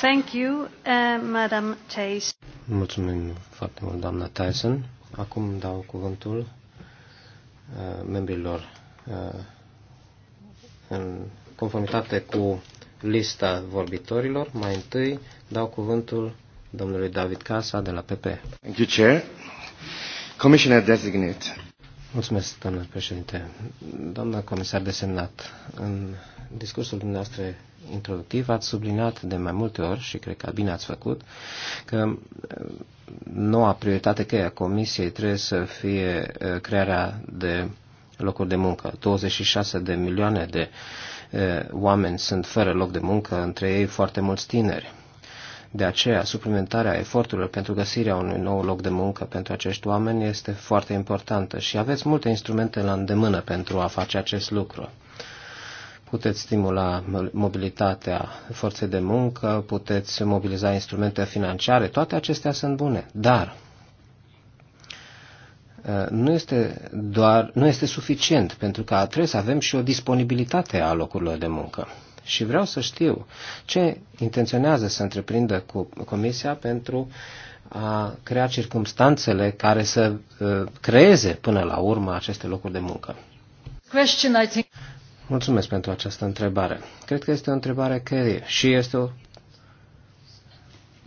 Thank you, uh, Madam Tyson. Mulțumim foarte mult, doamna Tyson. Acum dau cuvântul uh, membrilor uh, în conformitate cu lista vorbitorilor. Mai întâi dau cuvântul domnului David Casa de la PP. Thank you, Chair. Commissioner Designate, Mulțumesc, doamnă președinte. Doamna comisar de semnat. în discursul dumneavoastră introductiv ați subliniat de mai multe ori, și cred că bine ați făcut, că uh, noua prioritate cheie a Comisiei trebuie să fie uh, crearea de locuri de muncă. 26 de milioane de uh, oameni sunt fără loc de muncă, între ei foarte mulți tineri. De aceea, suplimentarea eforturilor pentru găsirea unui nou loc de muncă pentru acești oameni este foarte importantă și aveți multe instrumente la îndemână pentru a face acest lucru puteți stimula mobilitatea forței de muncă, puteți mobiliza instrumente financiare, toate acestea sunt bune, dar ă, nu este, doar, nu este suficient, pentru că trebuie să avem și o disponibilitate a locurilor de muncă și vreau să știu ce intenționează să întreprindă cu Comisia pentru a crea circumstanțele care să uh, creeze până la urmă aceste locuri de muncă. Mulțumesc pentru această întrebare. Cred că este o întrebare care și este o,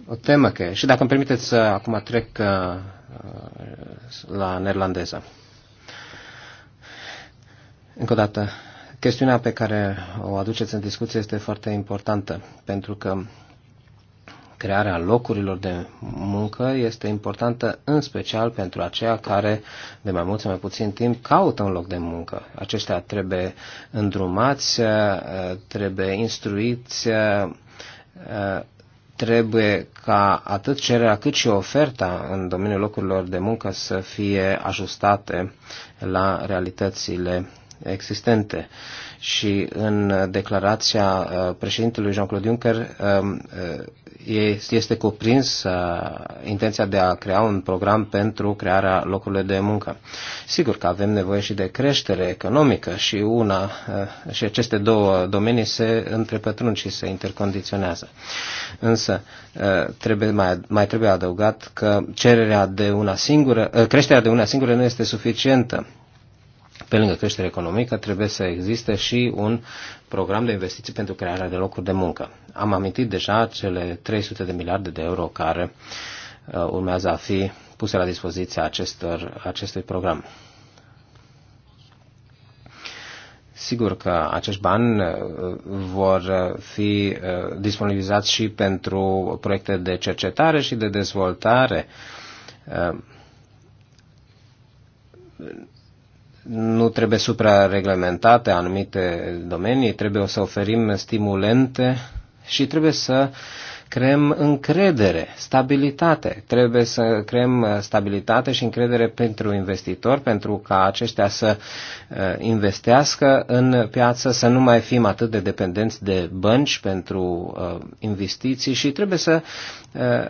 o temă care Și dacă îmi permiteți să acum trec uh, la neerlandeză. Încă o dată, Chestiunea pe care o aduceți în discuție este foarte importantă, pentru că crearea locurilor de muncă este importantă în special pentru aceia care de mai mult sau mai puțin timp caută un loc de muncă. Aceștia trebuie îndrumați, trebuie instruiți, trebuie ca atât cererea cât și oferta în domeniul locurilor de muncă să fie ajustate la realitățile existente. Și în declarația uh, președintelui Jean-Claude Juncker um, uh, este cuprins uh, intenția de a crea un program pentru crearea locurilor de muncă. Sigur că avem nevoie și de creștere economică și una și aceste două domenii se întrepătrund și se intercondiționează. Însă trebuie mai, mai trebuie adăugat că cererea de una singură, creșterea de una singură nu este suficientă pe lângă creștere economică, trebuie să existe și un program de investiții pentru crearea de locuri de muncă. Am amintit deja cele 300 de miliarde de euro care uh, urmează a fi puse la dispoziția acestor, acestui program. Sigur că acești bani uh, vor fi uh, disponibilizați și pentru proiecte de cercetare și de dezvoltare nu trebuie suprareglementate anumite domenii, trebuie să oferim stimulente și trebuie să creăm încredere, stabilitate. Trebuie să creăm uh, stabilitate și încredere pentru investitori, pentru ca aceștia să uh, investească în piață, să nu mai fim atât de dependenți de bănci pentru uh, investiții și trebuie să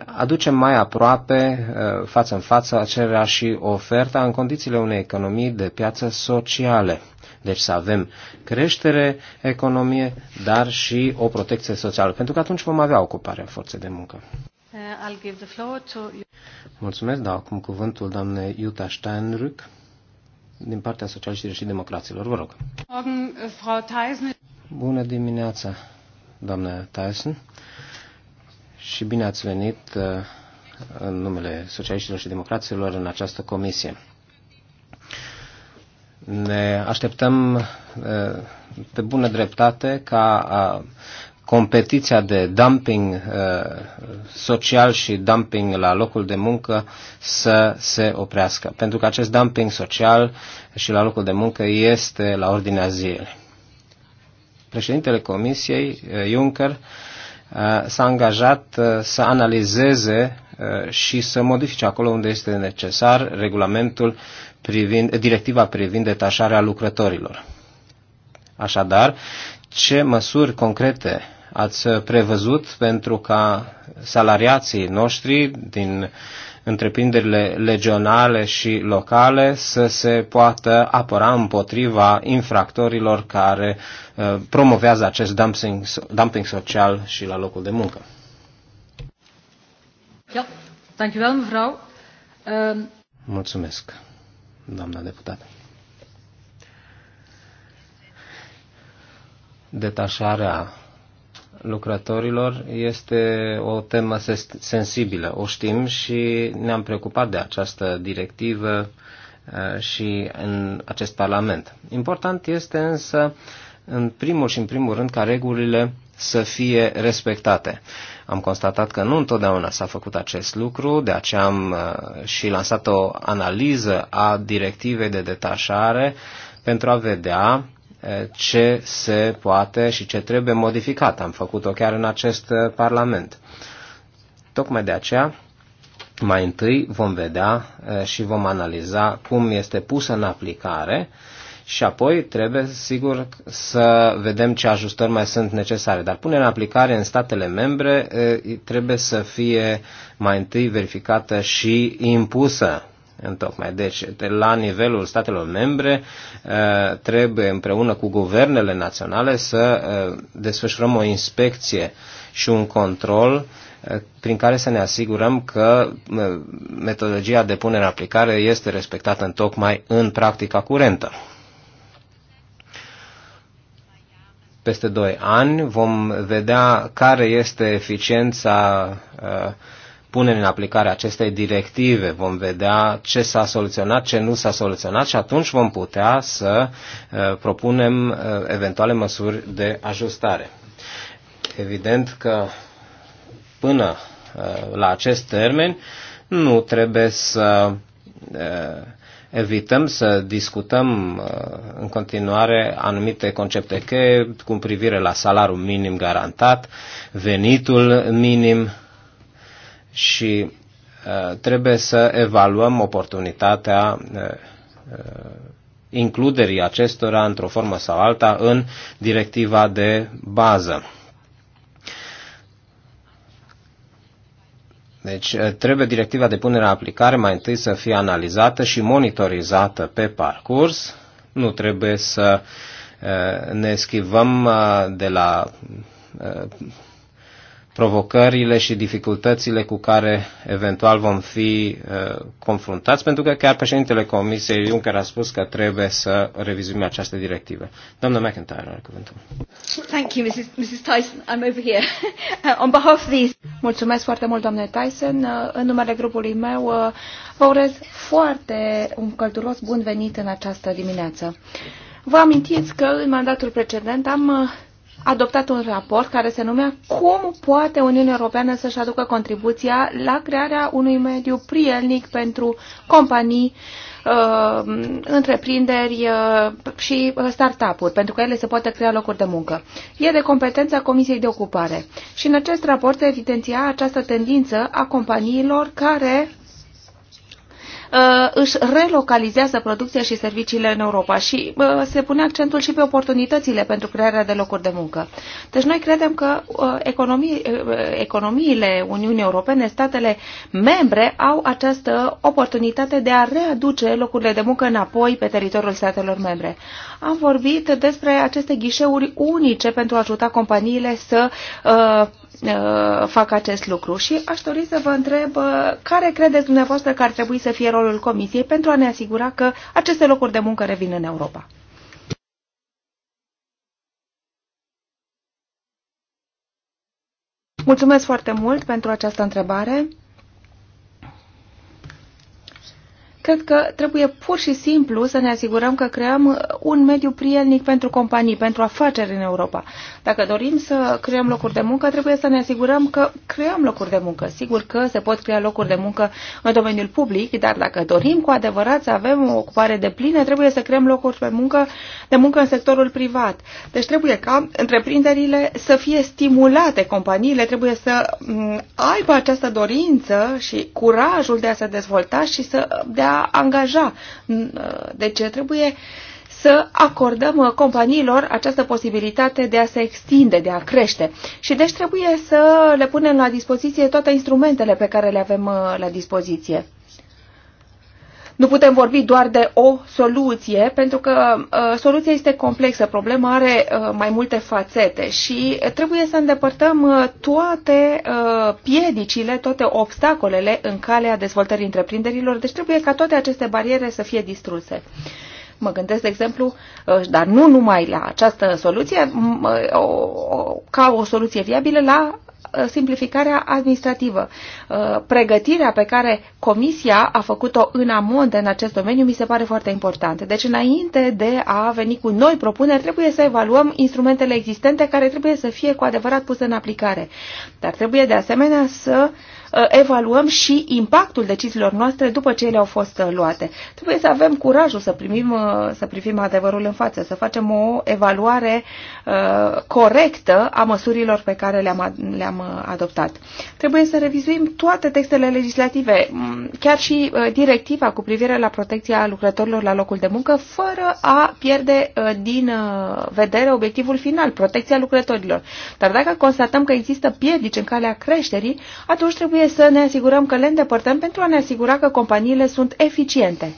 aducem mai aproape, față în față, cererea și oferta în condițiile unei economii de piață sociale. Deci să avem creștere, economie, dar și o protecție socială, pentru că atunci vom avea ocuparea forței de muncă. Uh, I'll give the floor to... Mulțumesc, dau acum cuvântul doamnei Jutta Steinrück din partea socialiștilor și democraților. Vă rog. Uh, Bună dimineața, doamnă Tyson, și bine ați venit uh, în numele socialiștilor și democraților în această comisie. Ne așteptăm pe bună dreptate ca competiția de dumping social și dumping la locul de muncă să se oprească. Pentru că acest dumping social și la locul de muncă este la ordinea zilei. Președintele Comisiei, Juncker, s-a angajat să analizeze și să modifice acolo unde este necesar regulamentul privind, directiva privind detașarea lucrătorilor. Așadar, ce măsuri concrete ați prevăzut pentru ca salariații noștri din întreprinderile legionale și locale să se poată apăra împotriva infractorilor care uh, promovează acest dumping, dumping social și la locul de muncă. Ja, dankjewel mevrouw. Ehm, Mulțumesc doamna deputată. Detașarea lucrătorilor este o temă sensibilă, o știm și ne-am preocupat de această directivă uh, și în acest Parlament. Important este însă, în primul și în primul rând, ca regulile să fie respectate. Am constatat că nu întotdeauna s-a făcut acest lucru, de aceea am uh, și lansat o analiză a directivei de detașare pentru a vedea uh, ce se poate și ce trebuie modificat. Am făcut-o chiar în acest uh, Parlament. Tocmai de aceea, mai întâi vom vedea și vom analiza cum este pusă în aplicare uh, și apoi trebuie, sigur, să vedem ce ajustări mai sunt necesare. Dar punerea în aplicare în statele membre trebuie să fie mai întâi verificată și impusă în tocmai. Deci, la nivelul statelor membre, trebuie împreună cu guvernele naționale să desfășurăm o inspecție și un control prin care să ne asigurăm că metodologia de punere în aplicare este respectată în tocmai în practica curentă. peste 2 ani vom vedea care este eficiența uh, punerii în aplicare acestei directive, vom vedea ce s-a soluționat, ce nu s-a soluționat și atunci vom putea să uh, propunem uh, eventuale măsuri de ajustare. Evident că până la acest termen nu trebuie să evităm să discutăm uh, în continuare anumite concepte cheie cu privire la salarul minim garantat, venitul minim și uh, trebuie să evaluăm oportunitatea uh, includerii acestora într-o formă sau alta în directiva de bază. Deci eh, trebuie directiva de punere în aplicare mai întâi să fie analizată și monitorizată pe parcurs. Nu trebuie să eh, ne schivăm eh, de la provocările și dificultățile cu care eventual vom fi uh, confruntați, pentru că chiar președintele Comisiei Juncker a spus că trebuie să revizuim această directivă. Doamna McIntyre are cuvântul. Thank you, Mrs. Mrs. Tyson. I'm over here. Uh, on behalf of these... Mulțumesc foarte mult, doamne Tyson. Uh, în numele grupului meu uh, vă urez foarte un călduros bun venit în această dimineață. Vă amintiți că în mandatul precedent am adoptat un raport care se numea Cum poate Uniunea Europeană să-și aducă contribuția la crearea unui mediu prielnic pentru companii, uh, întreprinderi uh, și uh, up uri pentru că ele se poate crea locuri de muncă. E de competența Comisiei de Ocupare. Și în acest raport se evidenția această tendință a companiilor care Uh, își relocalizează producția și serviciile în Europa și uh, se pune accentul și pe oportunitățile pentru crearea de locuri de muncă. Deci noi credem că uh, economii, economiile Uniunii Europene, statele membre, au această oportunitate de a readuce locurile de muncă înapoi pe teritoriul statelor membre. Am vorbit despre aceste ghișeuri unice pentru a ajuta companiile să uh, Uh, fac acest lucru și aș dori să vă întreb uh, care credeți dumneavoastră că ar trebui să fie rolul Comisiei pentru a ne asigura că aceste locuri de muncă revin în Europa. Mulțumesc foarte mult pentru această întrebare. Cred că trebuie pur și simplu să ne asigurăm că creăm un mediu prielnic pentru companii, pentru afaceri în Europa. Dacă dorim să creăm locuri de muncă, trebuie să ne asigurăm că creăm locuri de muncă. Sigur că se pot crea locuri de muncă în domeniul public, dar dacă dorim cu adevărat să avem o ocupare de plină, trebuie să creăm locuri de muncă, de muncă în sectorul privat. Deci trebuie ca întreprinderile să fie stimulate, companiile trebuie să mm, aibă această dorință și curajul de a se dezvolta și să dea a angaja. Uh, deci trebuie să acordăm uh, companiilor această posibilitate de a se extinde, de a crește. Și deci trebuie să le punem la dispoziție toate instrumentele pe care le avem uh, la dispoziție. Nu putem vorbi doar de o soluție, pentru că uh, soluția este complexă, problema are uh, mai multe fațete și trebuie să îndepărtăm uh, toate uh, piedicile, toate obstacolele în calea dezvoltării întreprinderilor, deci trebuie ca toate aceste bariere să fie distruse. Uh, Mă gândesc, de exemplu, uh, dar nu numai la această soluție, uh, ca o soluție viabilă la uh, simplificarea administrativă. Pregătirea pe care Comisia a făcut-o în amont în acest domeniu mi se pare foarte importantă. Deci, înainte de a veni cu noi propuneri, trebuie să evaluăm instrumentele existente care trebuie să fie cu adevărat puse în aplicare. Dar trebuie de asemenea să uh, Uh, evaluăm și impactul deciziilor noastre după ce ele au fost uh, luate. Trebuie să avem curajul să, primim, uh, să privim adevărul în față, să facem o evaluare corectă a măsurilor pe care le-am, le-am adoptat. Trebuie să revizuim toate textele legislative, mm, chiar și directiva cu privire la protecția lucrătorilor la locul de muncă, fără a pierde din vedere obiectivul final, protecția lucrătorilor. Dar dacă constatăm că există piedici în calea creșterii, atunci trebuie trebuie să ne asigurăm că le îndepărtăm pentru a ne asigura că companiile sunt eficiente.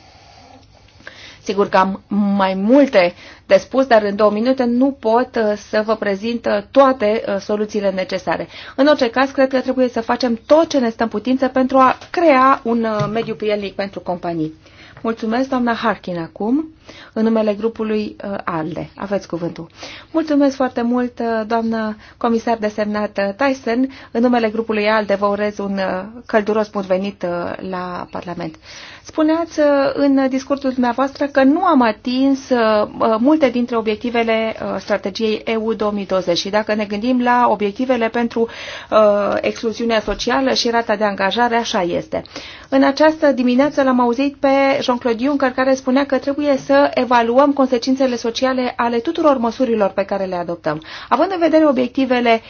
Sigur că am mai multe de spus, dar în două minute nu pot uh, să vă prezint uh, toate uh, soluțiile necesare. În orice caz, cred că trebuie să facem tot ce ne stă în putință pentru a crea un mediu prielnic pentru companii. Mulțumesc, doamna Harkin, acum în numele grupului uh, ALDE. Aveți cuvântul. Mulțumesc foarte mult, uh, doamnă comisar desemnat Tyson. În numele grupului ALDE vă urez un uh, călduros bun venit la Parlament. Spuneați în discursul dumneavoastră că nu am atins multe dintre obiectivele strategiei EU 2020 și dacă ne gândim la obiectivele pentru excluziunea socială și rata de angajare, așa este. În această dimineață l-am auzit pe Jean-Claude Juncker care spunea că trebuie să să evaluăm consecințele sociale ale tuturor măsurilor pe care le adoptăm. Având în vedere obiectivele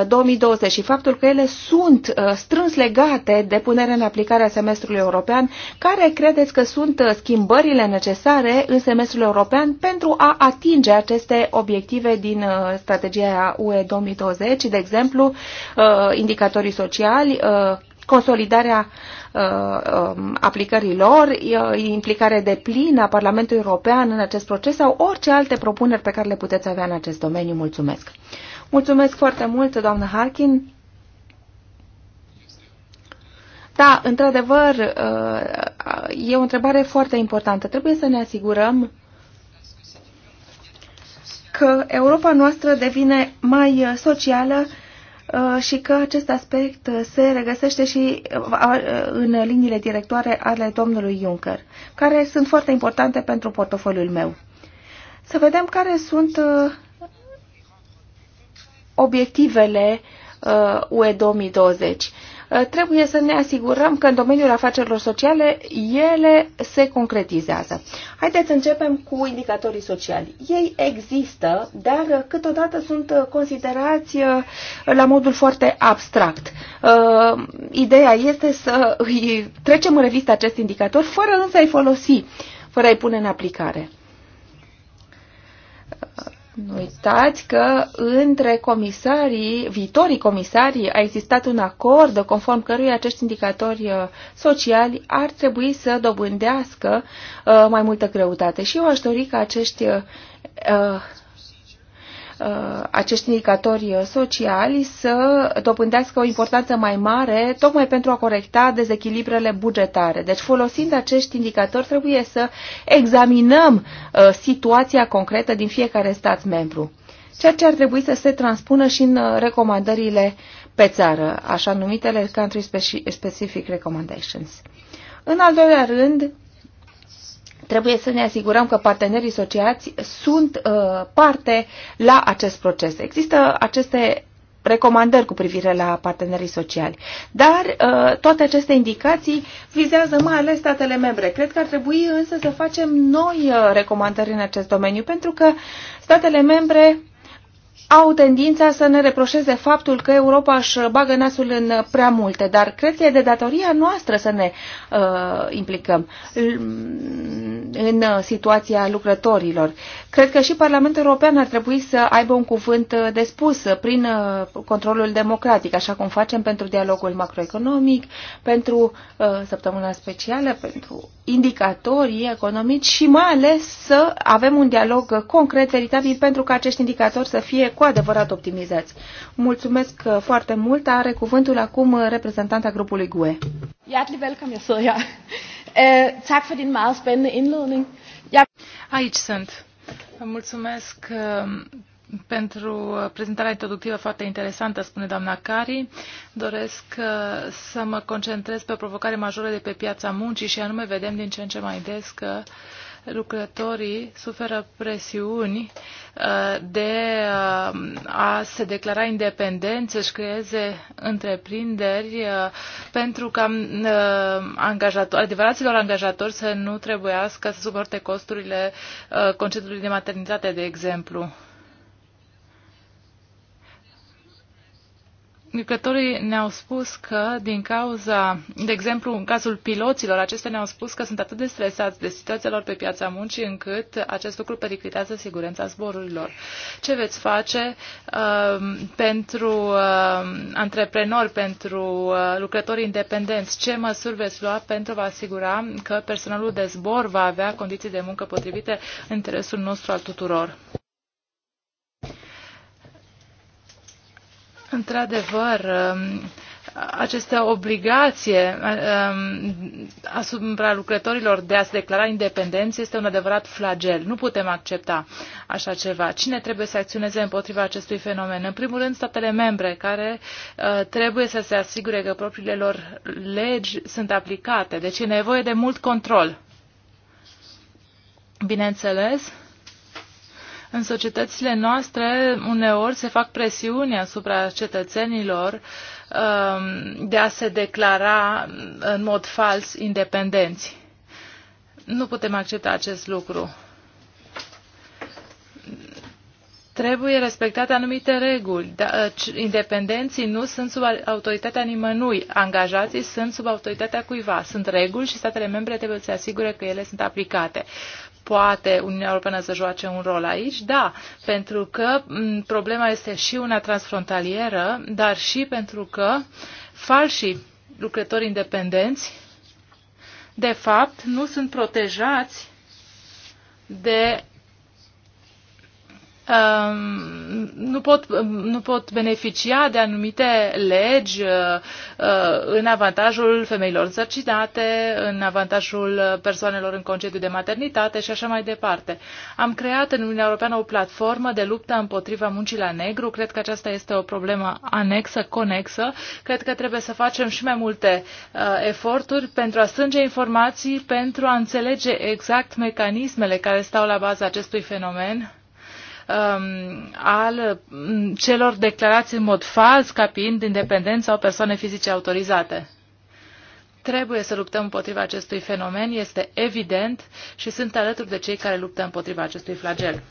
uh, 2020 și faptul că ele sunt uh, strâns legate de punerea în aplicare a semestrului european, care credeți că sunt uh, schimbările necesare în semestrul european pentru a atinge aceste obiective din uh, strategia UE 2020, de exemplu, uh, indicatorii sociali, uh, consolidarea uh, Uh, um, aplicării lor, implicare de plin a Parlamentului European în acest proces sau orice alte propuneri pe care le puteți avea în acest domeniu. Mulțumesc! Mulțumesc foarte mult, doamnă Harkin! Da, într-adevăr, uh, e o întrebare foarte importantă. Trebuie să ne asigurăm că Europa noastră devine mai uh, socială Uh, și că acest aspect uh, se regăsește și uh, în liniile directoare ale domnului Juncker, care sunt foarte importante pentru portofoliul meu. Să vedem care sunt obiectivele UE 2020 Uh, trebuie să ne asigurăm că în domeniul afacerilor sociale ele se concretizează. Haideți să începem cu indicatorii sociali. Ei există, dar câteodată sunt considerați uh, la modul foarte abstract. Uh, ideea este să îi trecem în revistă acest indicator fără însă a-i folosi, fără a-i pune în aplicare nu uitați că între comisarii, viitorii comisarii, a existat un acord conform căruia acești indicatori uh, sociali ar trebui să dobândească uh, mai multă greutate. Și eu aș dori ca acești uh, Uh, acești indicatori sociali să dobândească o importanță mai mare tocmai pentru a corecta dezechilibrele bugetare. Deci folosind acești indicatori trebuie să examinăm uh, situația concretă din fiecare stat membru, ceea ce ar trebui să se transpună și în uh, recomandările pe țară, așa numitele Country Specific Recommendations. În al doilea rând, trebuie să ne asigurăm că partenerii sociați sunt uh, parte la acest proces. Există aceste recomandări cu privire la partenerii sociali. Dar uh, toate aceste indicații vizează mai ales statele membre. Cred că ar trebui însă să facem noi uh, recomandări în acest domeniu, pentru că statele membre au tendința să ne reproșeze faptul că Europa își bagă nasul în prea multe, dar cred că e de datoria noastră să ne uh, implicăm în situația lucrătorilor. Cred că și Parlamentul European ar trebui să aibă un cuvânt de spus prin uh, controlul democratic, așa cum facem pentru dialogul macroeconomic, pentru uh, săptămâna specială, pentru indicatorii economici și mai ales să avem un dialog concret, veritabil, pentru ca acești indicatori să fie fie cu adevărat optimizați. Mulțumesc uh, foarte mult. Are cuvântul acum uh, reprezentanta grupului GUE. Hjertelig velkommen, jeg sidder her. Øh, tak for din meget spændende indledning. Aici sunt. Mulțumesc uh, pentru prezentarea introductivă foarte interesantă, spune doamna Cari. Doresc să mă concentrez pe o provocare majoră de pe piața muncii și anume vedem din ce în ce mai des că lucrătorii suferă presiuni uh, de uh, a se declara independenți, să-și creeze întreprinderi uh, pentru ca angajator, adevăraților angajatori să nu trebuiască să suporte costurile concediului de maternitate, de exemplu. lucrătorii ne-au spus că din cauza, de exemplu, în cazul piloților, acestea ne-au spus că sunt atât de stresați de situația lor pe piața muncii încât acest lucru periclitează siguranța zborurilor. Ce veți face uh, pentru uh, antreprenori, pentru uh, lucrători independenți? Ce măsuri veți lua pentru a vă asigura că personalul de zbor va avea condiții de muncă potrivite în interesul nostru al tuturor? Într-adevăr, um, această obligație um, asupra lucrătorilor de a se declara independenți este un adevărat flagel. Nu putem accepta așa ceva. Cine trebuie să acționeze împotriva acestui fenomen? În primul rând, statele membre, care uh, trebuie să se asigure că propriile lor legi sunt aplicate. Deci e nevoie de mult control. Bineînțeles, în societățile noastre, uneori, se fac presiuni asupra cetățenilor um, de a se declara în mod fals independenți. Nu putem accepta acest lucru. Trebuie respectate anumite reguli. Da, independenții nu sunt sub autoritatea nimănui. Angajații sunt sub autoritatea cuiva. Sunt reguli și statele membre trebuie să se asigure că ele sunt aplicate poate Uniunea Europeană să joace un rol aici? Da, pentru că problema este și una transfrontalieră, dar și pentru că falsii lucrători independenți, de fapt, nu sunt protejați de nu pot, nu pot beneficia de anumite legi uh, uh, în avantajul femeilor însărcinate, în avantajul persoanelor în concediu de maternitate și așa mai departe. Am creat în Uniunea Europeană o platformă de luptă împotriva muncii la negru. Cred că aceasta este o problemă anexă, conexă. Cred că trebuie să facem și mai multe uh, eforturi pentru a strânge informații, pentru a înțelege exact mecanismele care stau la baza acestui fenomen Um, al mm, celor declarați în mod fals ca fiind independenți sau persoane fizice autorizate. Trebuie să luptăm împotriva acestui fenomen, este evident și sunt alături de cei care luptă împotriva acestui flagel.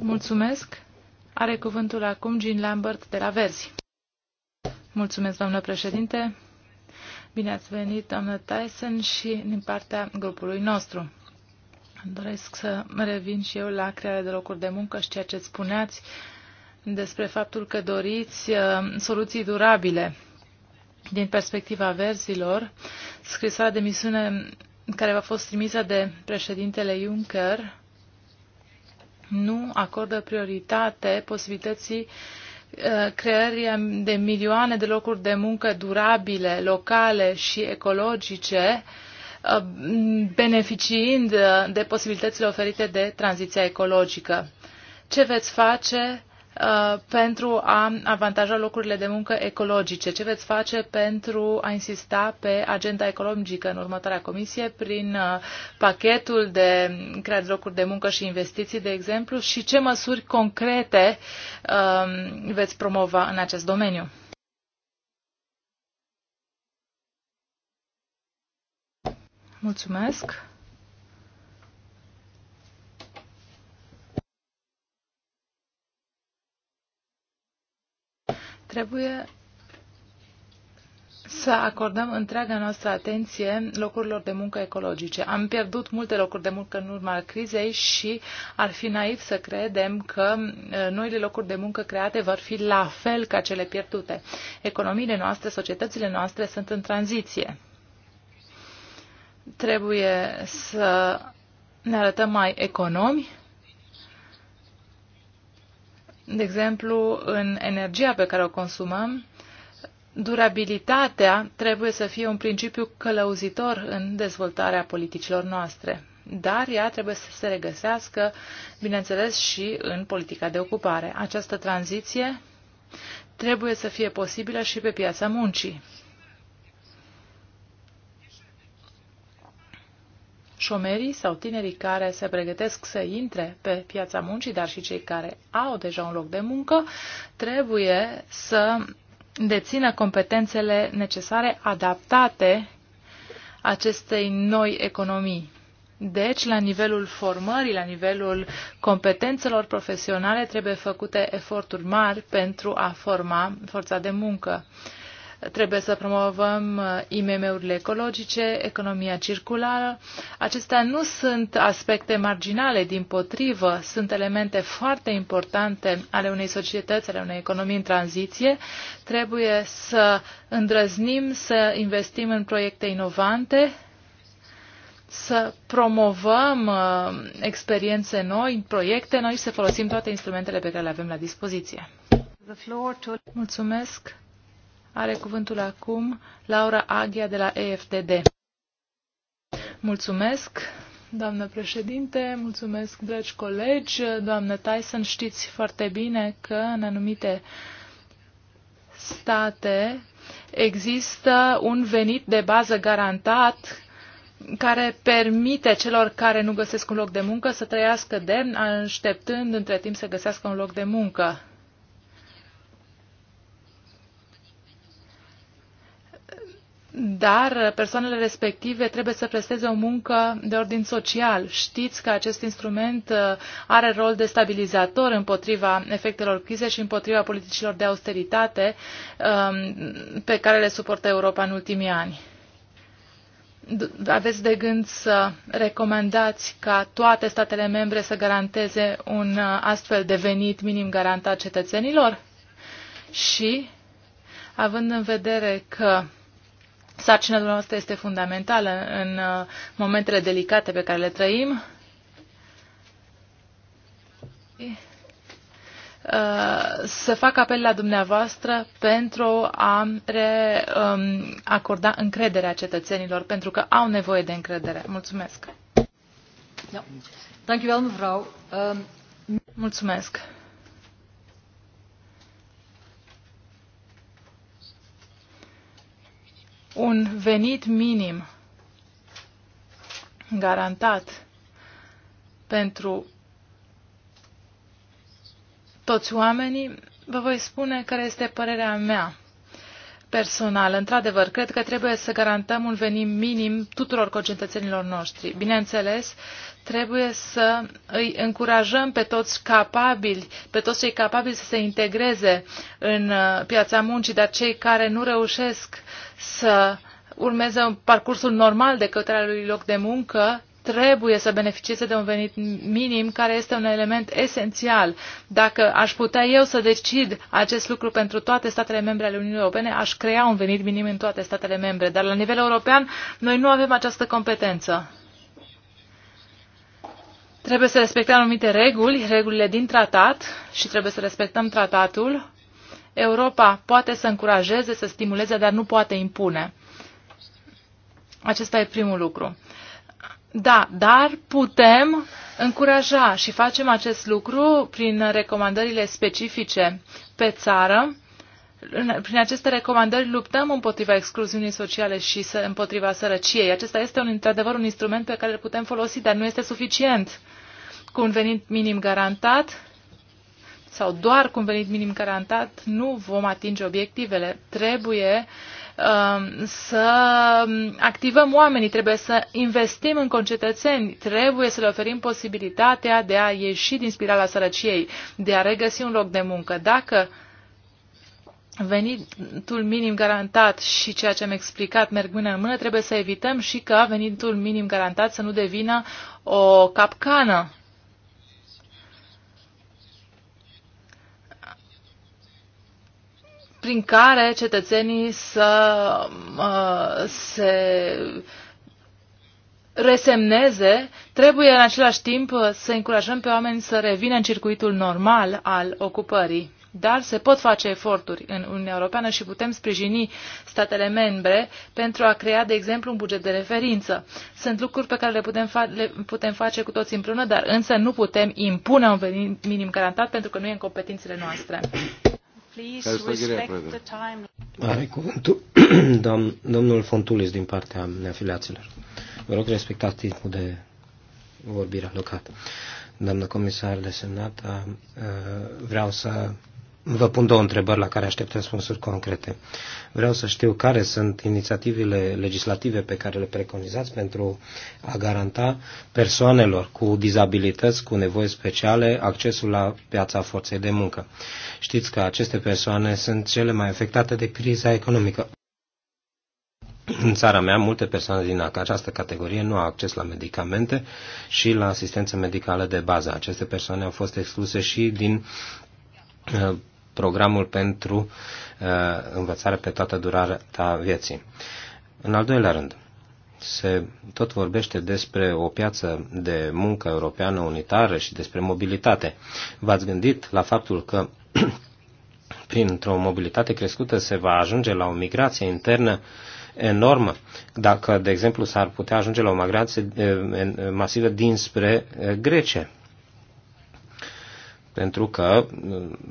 Mulțumesc. Are cuvântul acum Jean Lambert de la Verzi. Mulțumesc, doamnă președinte. Bine ați venit, doamnă Tyson, și din partea grupului nostru. Doresc să revin și eu la crearea de locuri de muncă și ceea ce spuneați despre faptul că doriți uh, soluții durabile. Din perspectiva verzilor, scrisoarea de misiune care v-a fost trimisă de președintele Juncker nu acordă prioritate posibilității uh, creării de milioane de locuri de muncă durabile, locale și ecologice uh, beneficiind uh, de posibilitățile oferite de tranziția ecologică. Ce veți face uh, pentru a avantaja locurile de muncă ecologice? Ce veți face pentru a insista pe agenda ecologică în următoarea comisie prin uh, pachetul de creat locuri de muncă și investiții, de exemplu, și ce măsuri concrete um, veți promova în acest domeniu? Mulțumesc. Trebuie să acordăm întreaga noastră atenție locurilor de muncă ecologice. Am pierdut multe locuri de muncă în urma crizei și ar fi naiv să credem că noile locuri de muncă create vor fi la fel ca cele pierdute. Economiile noastre, societățile noastre sunt în tranziție. Trebuie să ne arătăm mai economi. De exemplu, în energia pe care o consumăm, durabilitatea trebuie să fie un principiu călăuzitor în dezvoltarea politicilor noastre dar ea trebuie să se regăsească, bineînțeles, și în politica de ocupare. Această tranziție trebuie să fie posibilă și pe piața muncii. șomerii sau tinerii care se pregătesc să intre pe piața muncii, dar și cei care au deja un loc de muncă, trebuie să dețină competențele necesare adaptate acestei noi economii. Deci, la nivelul formării, la nivelul competențelor profesionale, trebuie făcute eforturi mari pentru a forma forța de muncă. Trebuie să promovăm uh, IMM-urile ecologice, economia circulară. Acestea nu sunt aspecte marginale, din potrivă, sunt elemente foarte importante ale unei societăți, ale unei economii în tranziție. Trebuie să îndrăznim, să investim în proiecte inovante, să promovăm uh, experiențe noi, proiecte noi și să folosim toate instrumentele pe care le avem la dispoziție. Mulțumesc. Are cuvântul acum Laura Aghia de la EFTD. Mulțumesc, doamnă președinte, mulțumesc, dragi colegi. Doamnă Tyson, știți foarte bine că în anumite state există un venit de bază garantat care permite celor care nu găsesc un loc de muncă să trăiască demn, așteptând între timp să găsească un loc de muncă. dar persoanele respective trebuie să presteze o muncă de ordin social. Știți că acest instrument uh, are rol de stabilizator împotriva efectelor crize și împotriva politicilor de austeritate um, pe care le suportă Europa în ultimii ani. Aveți de gând să recomandați ca toate statele membre să garanteze un uh, astfel de venit minim garantat cetățenilor? Și, având în vedere că sarcina dumneavoastră este fundamentală în uh, momentele delicate pe care le trăim. Uh, să fac apel la dumneavoastră pentru a um, acorda încrederea cetățenilor, pentru că au nevoie de încredere. Mulțumesc! Ehm, Mulțumesc! un venit minim garantat pentru toți oamenii, vă voi spune care este părerea mea personal, într-adevăr, cred că trebuie să garantăm un venit minim tuturor concetățenilor noștri. Bineînțeles, trebuie să îi încurajăm pe toți capabili, pe toți cei capabili să se integreze în uh, piața muncii, dar cei care nu reușesc să urmeze parcursul normal de căutarea lui loc de muncă, trebuie să beneficieze de un venit minim, care este un element esențial. Dacă aș putea eu să decid acest lucru pentru toate statele membre ale Uniunii Europene, aș crea un venit minim în toate statele membre. Dar la nivel european, noi nu avem această competență. Trebuie să respectăm anumite reguli, regulile din tratat și trebuie să respectăm tratatul. Europa poate să încurajeze, să stimuleze, dar nu poate impune. Acesta e primul lucru. Da, dar putem încuraja și facem acest lucru prin recomandările specifice pe țară. Prin aceste recomandări luptăm împotriva excluziunii sociale și împotriva sărăciei. Acesta este, un într-adevăr, un instrument pe care îl putem folosi, dar nu este suficient. Cu un venit minim garantat sau doar cu un venit minim garantat nu vom atinge obiectivele. Trebuie uh, Um, să activăm oamenii, trebuie să investim în concetățeni, trebuie să le oferim posibilitatea de a ieși din spirala sărăciei, de a regăsi un loc de muncă. Dacă venitul minim garantat și ceea ce am explicat merg mână în mână, trebuie să evităm și ca venitul minim garantat să nu devină o capcană prin care cetățenii să uh, se resemneze, trebuie în același timp să încurajăm pe oameni să revină în circuitul normal al ocupării. Dar se pot face eforturi în Uniunea Europeană și putem sprijini statele membre pentru a crea, de exemplu, un buget de referință. Sunt lucruri pe care le putem, fa- le putem face cu toți împreună, dar însă nu putem impune un venit minim garantat pentru că nu e în competințele noastre. Please respect the Are cuvântul domnul Fontulis din partea neafiliaților. Vă rog respectați timpul de vorbire alocat. Doamnă comisar desemnat, uh, vreau să Vă pun două întrebări la care aștept răspunsuri concrete. Vreau să știu care sunt inițiativele legislative pe care le preconizați pentru a garanta persoanelor cu dizabilități, cu nevoi speciale, accesul la piața forței de muncă. Știți că aceste persoane sunt cele mai afectate de criza economică. În țara mea, multe persoane din această categorie nu au acces la medicamente și la asistență medicală de bază. Aceste persoane au fost excluse și din uh, programul pentru uh, învățare pe toată durata vieții. În al doilea rând, se tot vorbește despre o piață de muncă europeană unitară și despre mobilitate. V-ați gândit la faptul că printr-o mobilitate crescută se va ajunge la o migrație internă enormă. Dacă, de exemplu, s-ar putea ajunge la o migrație eh, masivă dinspre eh, Grecia, pentru că,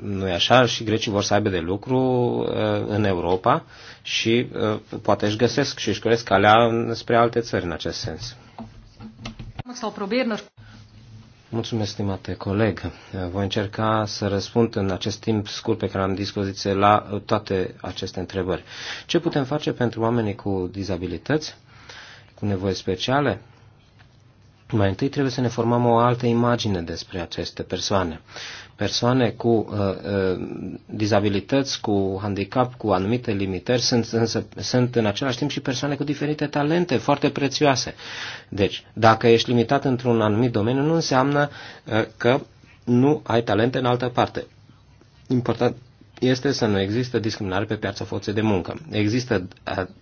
nu e așa, și grecii vor să aibă de lucru uh, în Europa și uh, poate își găsesc și își găsesc calea spre alte țări în acest sens. Mulțumesc, stimate coleg. Voi încerca să răspund în acest timp scurt pe care am dispoziție la toate aceste întrebări. Ce putem face pentru oamenii cu dizabilități, cu nevoi speciale? Mai întâi trebuie să ne formăm o altă imagine despre aceste persoane. Persoane cu uh, uh, dizabilități, cu handicap, cu anumite limitări, sunt, însă, sunt în același timp și persoane cu diferite talente foarte prețioase. Deci, dacă ești limitat într-un anumit domeniu, nu înseamnă uh, că nu ai talente în altă parte. Important este să nu există discriminare pe piața forței de muncă. Există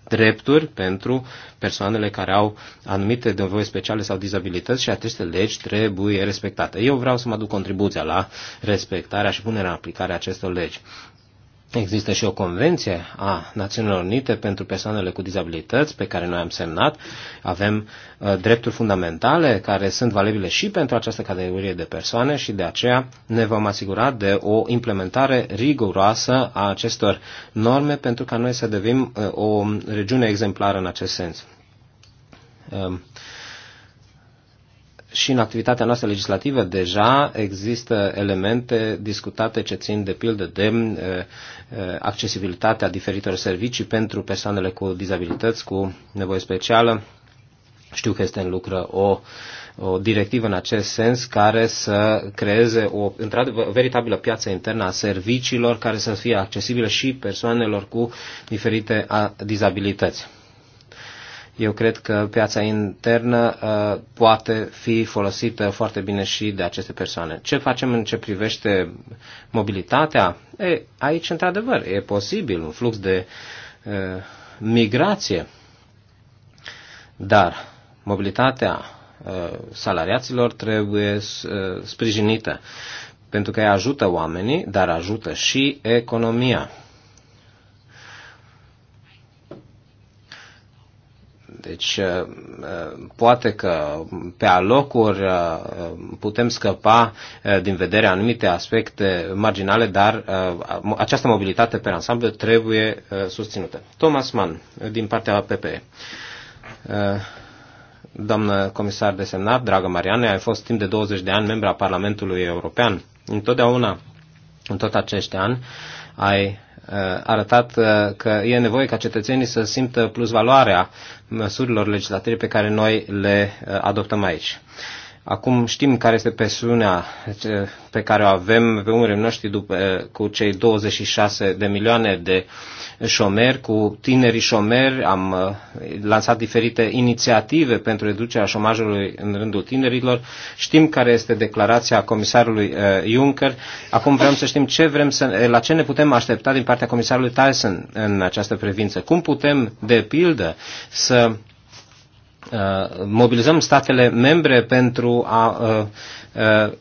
drepturi pentru persoanele care au anumite nevoi speciale sau dizabilități și aceste legi trebuie respectate. Eu vreau să mă aduc contribuția la respectarea și punerea în aplicare acestor legi. Există și o convenție a Națiunilor Unite pentru persoanele cu dizabilități pe care noi am semnat. Avem uh, drepturi fundamentale care sunt valabile și pentru această categorie de persoane și de aceea ne vom asigura de o implementare riguroasă a acestor norme pentru ca noi să devenim uh, o regiune exemplară în acest sens. Uh, și în activitatea noastră legislativă deja există elemente discutate ce țin de pildă de eh, eh, accesibilitatea diferitor servicii pentru persoanele cu dizabilități, cu nevoie specială. Știu că este în lucră o, o directivă în acest sens care să creeze o într-adevăr veritabilă piață internă a serviciilor care să fie accesibile și persoanelor cu diferite dizabilități. Eu cred că piața internă uh, poate fi folosită foarte bine și de aceste persoane. Ce facem în ce privește mobilitatea? E, aici, într-adevăr, e posibil un flux de uh, migrație, dar mobilitatea uh, salariaților trebuie uh, sprijinită, pentru că ajută oamenii, dar ajută și economia. Deci, uh, uh, poate că pe alocuri uh, putem scăpa din vedere anumite aspecte marginale, dar această mobilitate pe ansamblu trebuie susținută. Thomas Mann, din partea PPE. Doamnă comisar desemnat, dragă Mariane, ai fost timp de 20 de ani membra Parlamentului European. Întotdeauna, în tot acești ani, ai Uh, arătat uh, că e nevoie ca cetățenii să simtă plus valoarea măsurilor legislative pe care noi le uh, adoptăm aici. Acum știm care este presiunea pe care o avem pe umerii noștri după, cu cei 26 de milioane de uh, șomeri, cu tinerii șomeri, am uh, lansat diferite inițiative pentru reducerea șomajului în rândul tinerilor. Știm care este declarația comisarului uh, Juncker. Acum vrem să știm ce vrem să, la ce ne putem aștepta din partea comisarului Tyson în această privință. Cum putem, de pildă, să uh, mobilizăm statele membre pentru a, a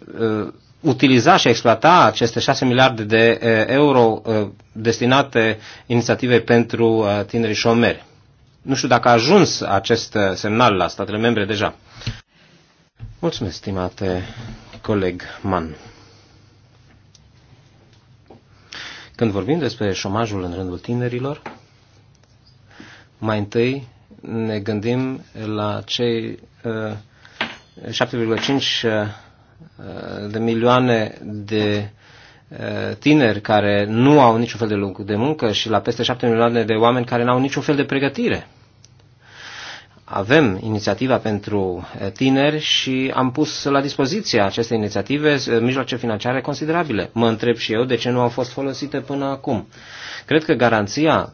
utiliza și exploata aceste 6 miliarde de eh, euro eh, destinate inițiativei pentru eh, tinerii șomeri. Nu știu dacă a ajuns acest semnal la statele membre deja. Mulțumesc, stimate coleg Mann. Când vorbim despre șomajul în rândul tinerilor, mai întâi ne gândim la cei uh, 7,5 Eh, de milioane de eh, tineri care nu au niciun fel de loc de muncă și la peste 7 milioane de oameni care nu au niciun fel de pregătire. Avem inițiativa pentru eh, tineri și am pus la dispoziție aceste inițiative mijloace financiare considerabile. Mă întreb și eu de ce nu au fost folosite până acum. Cred că garanția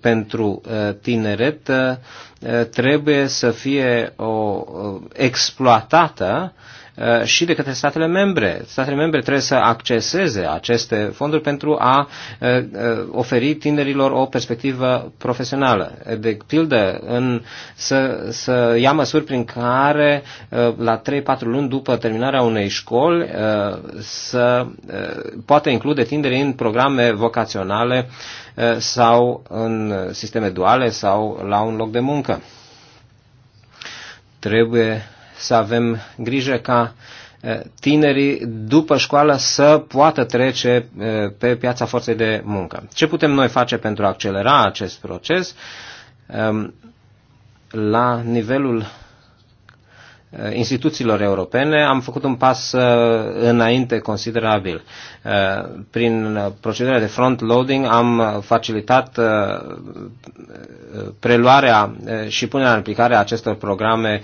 pentru tineret trebuie să fie o exploatată uh, Uh, și de către statele membre. Statele membre trebuie să acceseze aceste fonduri pentru a uh, uh, oferi tinerilor o perspectivă profesională. De pildă, în, să, să ia măsuri prin care la 3-4 luni după terminarea unei școli să poate include tinerii în programe vocaționale sau în sisteme duale sau la un loc de muncă. Trebuie să avem grijă ca tinerii după școală să poată trece pe piața forței de muncă. Ce putem noi face pentru a accelera acest proces? La nivelul Eh, instituțiilor europene, am făcut un pas eh, înainte considerabil. Eh, prin procedura de front-loading am facilitat preluarea și punerea în aplicare a acestor programe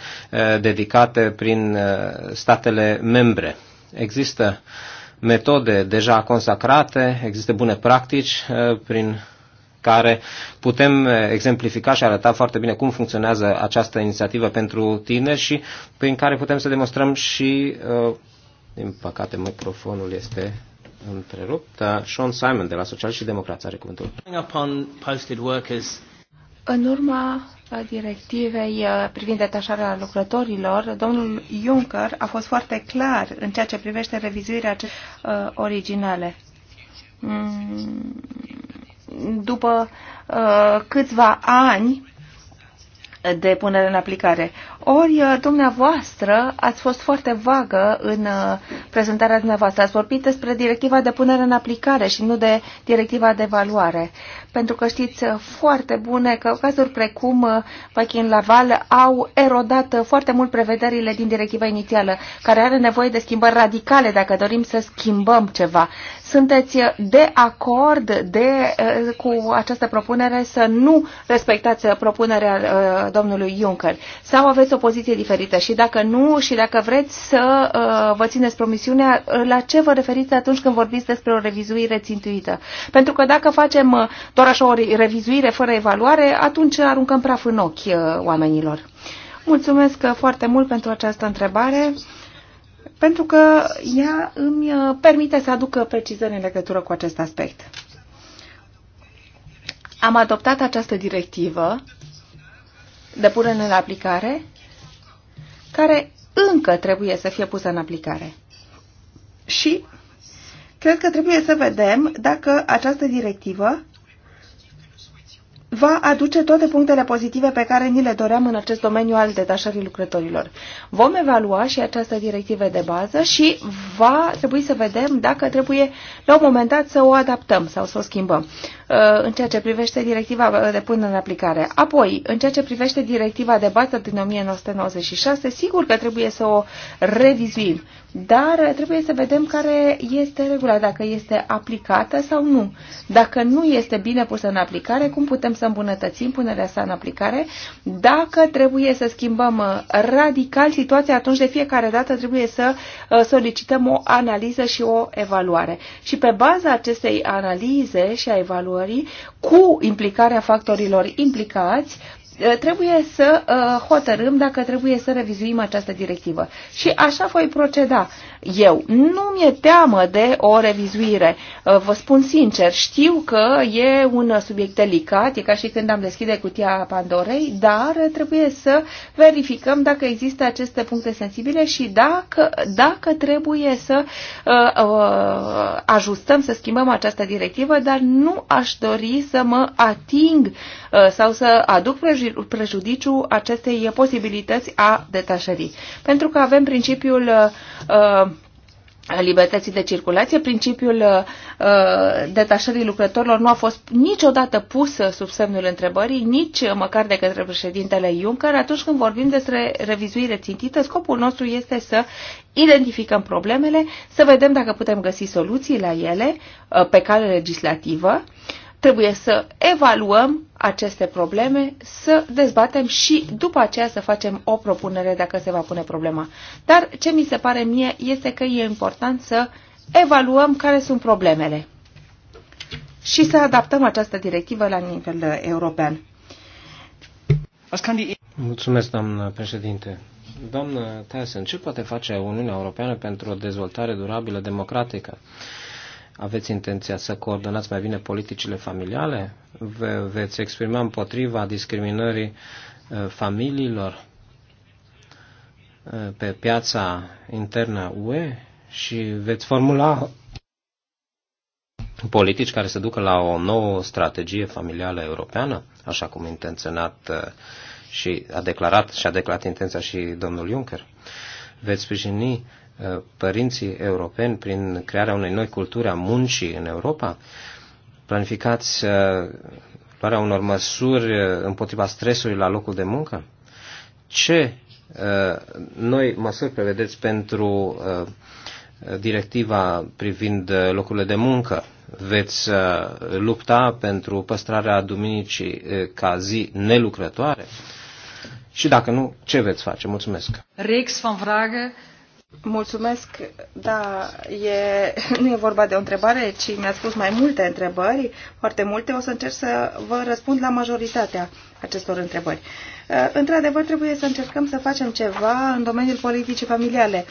dedicate prin statele membre. Există metode deja consacrate, există bune practici prin care putem eh, exemplifica și arăta foarte bine cum funcționează această inițiativă pentru tineri și prin care putem să demonstrăm și, eh, din păcate, microfonul este întrerupt. Eh, Sean Simon de la Social și Democrația are cuvântul. În urma directivei privind detașarea lucrătorilor, domnul Juncker a fost foarte clar în ceea ce privește revizuirea originale mm, după uh, câțiva ani de punere în aplicare. Ori uh, dumneavoastră ați fost foarte vagă în uh, prezentarea dumneavoastră. Ați vorbit despre directiva de punere în aplicare și nu de directiva de evaluare. Pentru că știți uh, foarte bune că cazuri precum Pachin Laval au erodat foarte mult prevederile din directiva inițială, care are nevoie de schimbări radicale dacă dorim să schimbăm ceva sunteți de acord de, cu această propunere să nu respectați propunerea domnului Juncker? Sau aveți o poziție diferită? Și dacă nu, și dacă vreți să vă țineți promisiunea, la ce vă referiți atunci când vorbiți despre o revizuire țintuită? Pentru că dacă facem doar așa o revizuire fără evaluare, atunci aruncăm praf în ochi oamenilor. Mulțumesc foarte mult pentru această întrebare pentru că ea îmi uh, permite să aducă precizări în legătură cu acest aspect. Am adoptat această directivă de punere în aplicare, care încă trebuie să fie pusă în aplicare. Și cred că trebuie să vedem dacă această directivă va aduce toate punctele pozitive pe care ni le doream în acest domeniu al detașării lucrătorilor. Vom evalua și această directivă de bază și va trebui să vedem dacă trebuie la un moment dat să o adaptăm sau să o schimbăm uh, în ceea ce privește directiva de până în aplicare. Apoi, în ceea ce privește directiva de bază din 1996, sigur că trebuie să o revizuim dar trebuie să vedem care este regula, dacă este aplicată sau nu. Dacă nu este bine pusă în aplicare, cum putem să îmbunătățim punerea sa în aplicare? Dacă trebuie să schimbăm uh, radical situația, atunci de fiecare dată trebuie să uh, solicităm o analiză și o evaluare. Și pe baza acestei analize și a evaluării, cu implicarea factorilor implicați, Eh, trebuie să eh, hotărâm dacă trebuie să revizuim această directivă. Și așa voi proceda eu. Nu mi-e teamă de o revizuire. Eh, vă spun sincer, știu că e un subiect delicat, e ca și când am deschide cutia Pandorei, dar trebuie să verificăm dacă există aceste puncte sensibile și dacă, dacă trebuie să uh, uh, ajustăm, să schimbăm această directivă, dar nu aș dori să mă ating uh, sau să aduc prejudicare prejudiciu acestei posibilități a detașării. Pentru că avem principiul uh, libertății de circulație, principiul uh, detașării lucrătorilor nu a fost niciodată pus sub semnul întrebării, nici măcar de către președintele Juncker. Atunci când vorbim despre revizuire țintită, scopul nostru este să identificăm problemele, să vedem dacă putem găsi soluții la ele uh, pe cale legislativă. Trebuie să evaluăm aceste probleme, să dezbatem și după aceea să facem o propunere dacă se va pune problema. Dar ce mi se pare mie este că e important să evaluăm care sunt problemele și să adaptăm această directivă la nivel european. Mulțumesc, doamnă președinte. Doamnă Tyson, ce poate face Uniunea Europeană pentru o dezvoltare durabilă democratică? Aveți intenția să coordonați mai bine politicile familiale? Ve- veți exprima împotriva discriminării uh, familiilor uh, pe piața internă UE și veți formula politici care să ducă la o nouă strategie familială europeană, așa cum intenționat uh, și a declarat și a declarat intenția și domnul Juncker. Veți sprijini Uh, părinții europeni prin crearea unei noi culturi a muncii în Europa? Planificați uh, luarea unor măsuri uh, împotriva stresului la locul de muncă? Ce noi măsuri prevedeți pentru directiva privind locurile de muncă? Veți lupta pentru păstrarea duminicii ca zi nelucrătoare? Și dacă nu, ce veți face? Mulțumesc! Reeks van vragen Mulțumesc, da, e, nu e vorba de o întrebare, ci mi-ați spus mai multe întrebări, foarte multe. O să încerc să vă răspund la majoritatea acestor întrebări. Uh, Uh, într-adevăr trebuie să încercăm să facem ceva în domeniul politicii familiale,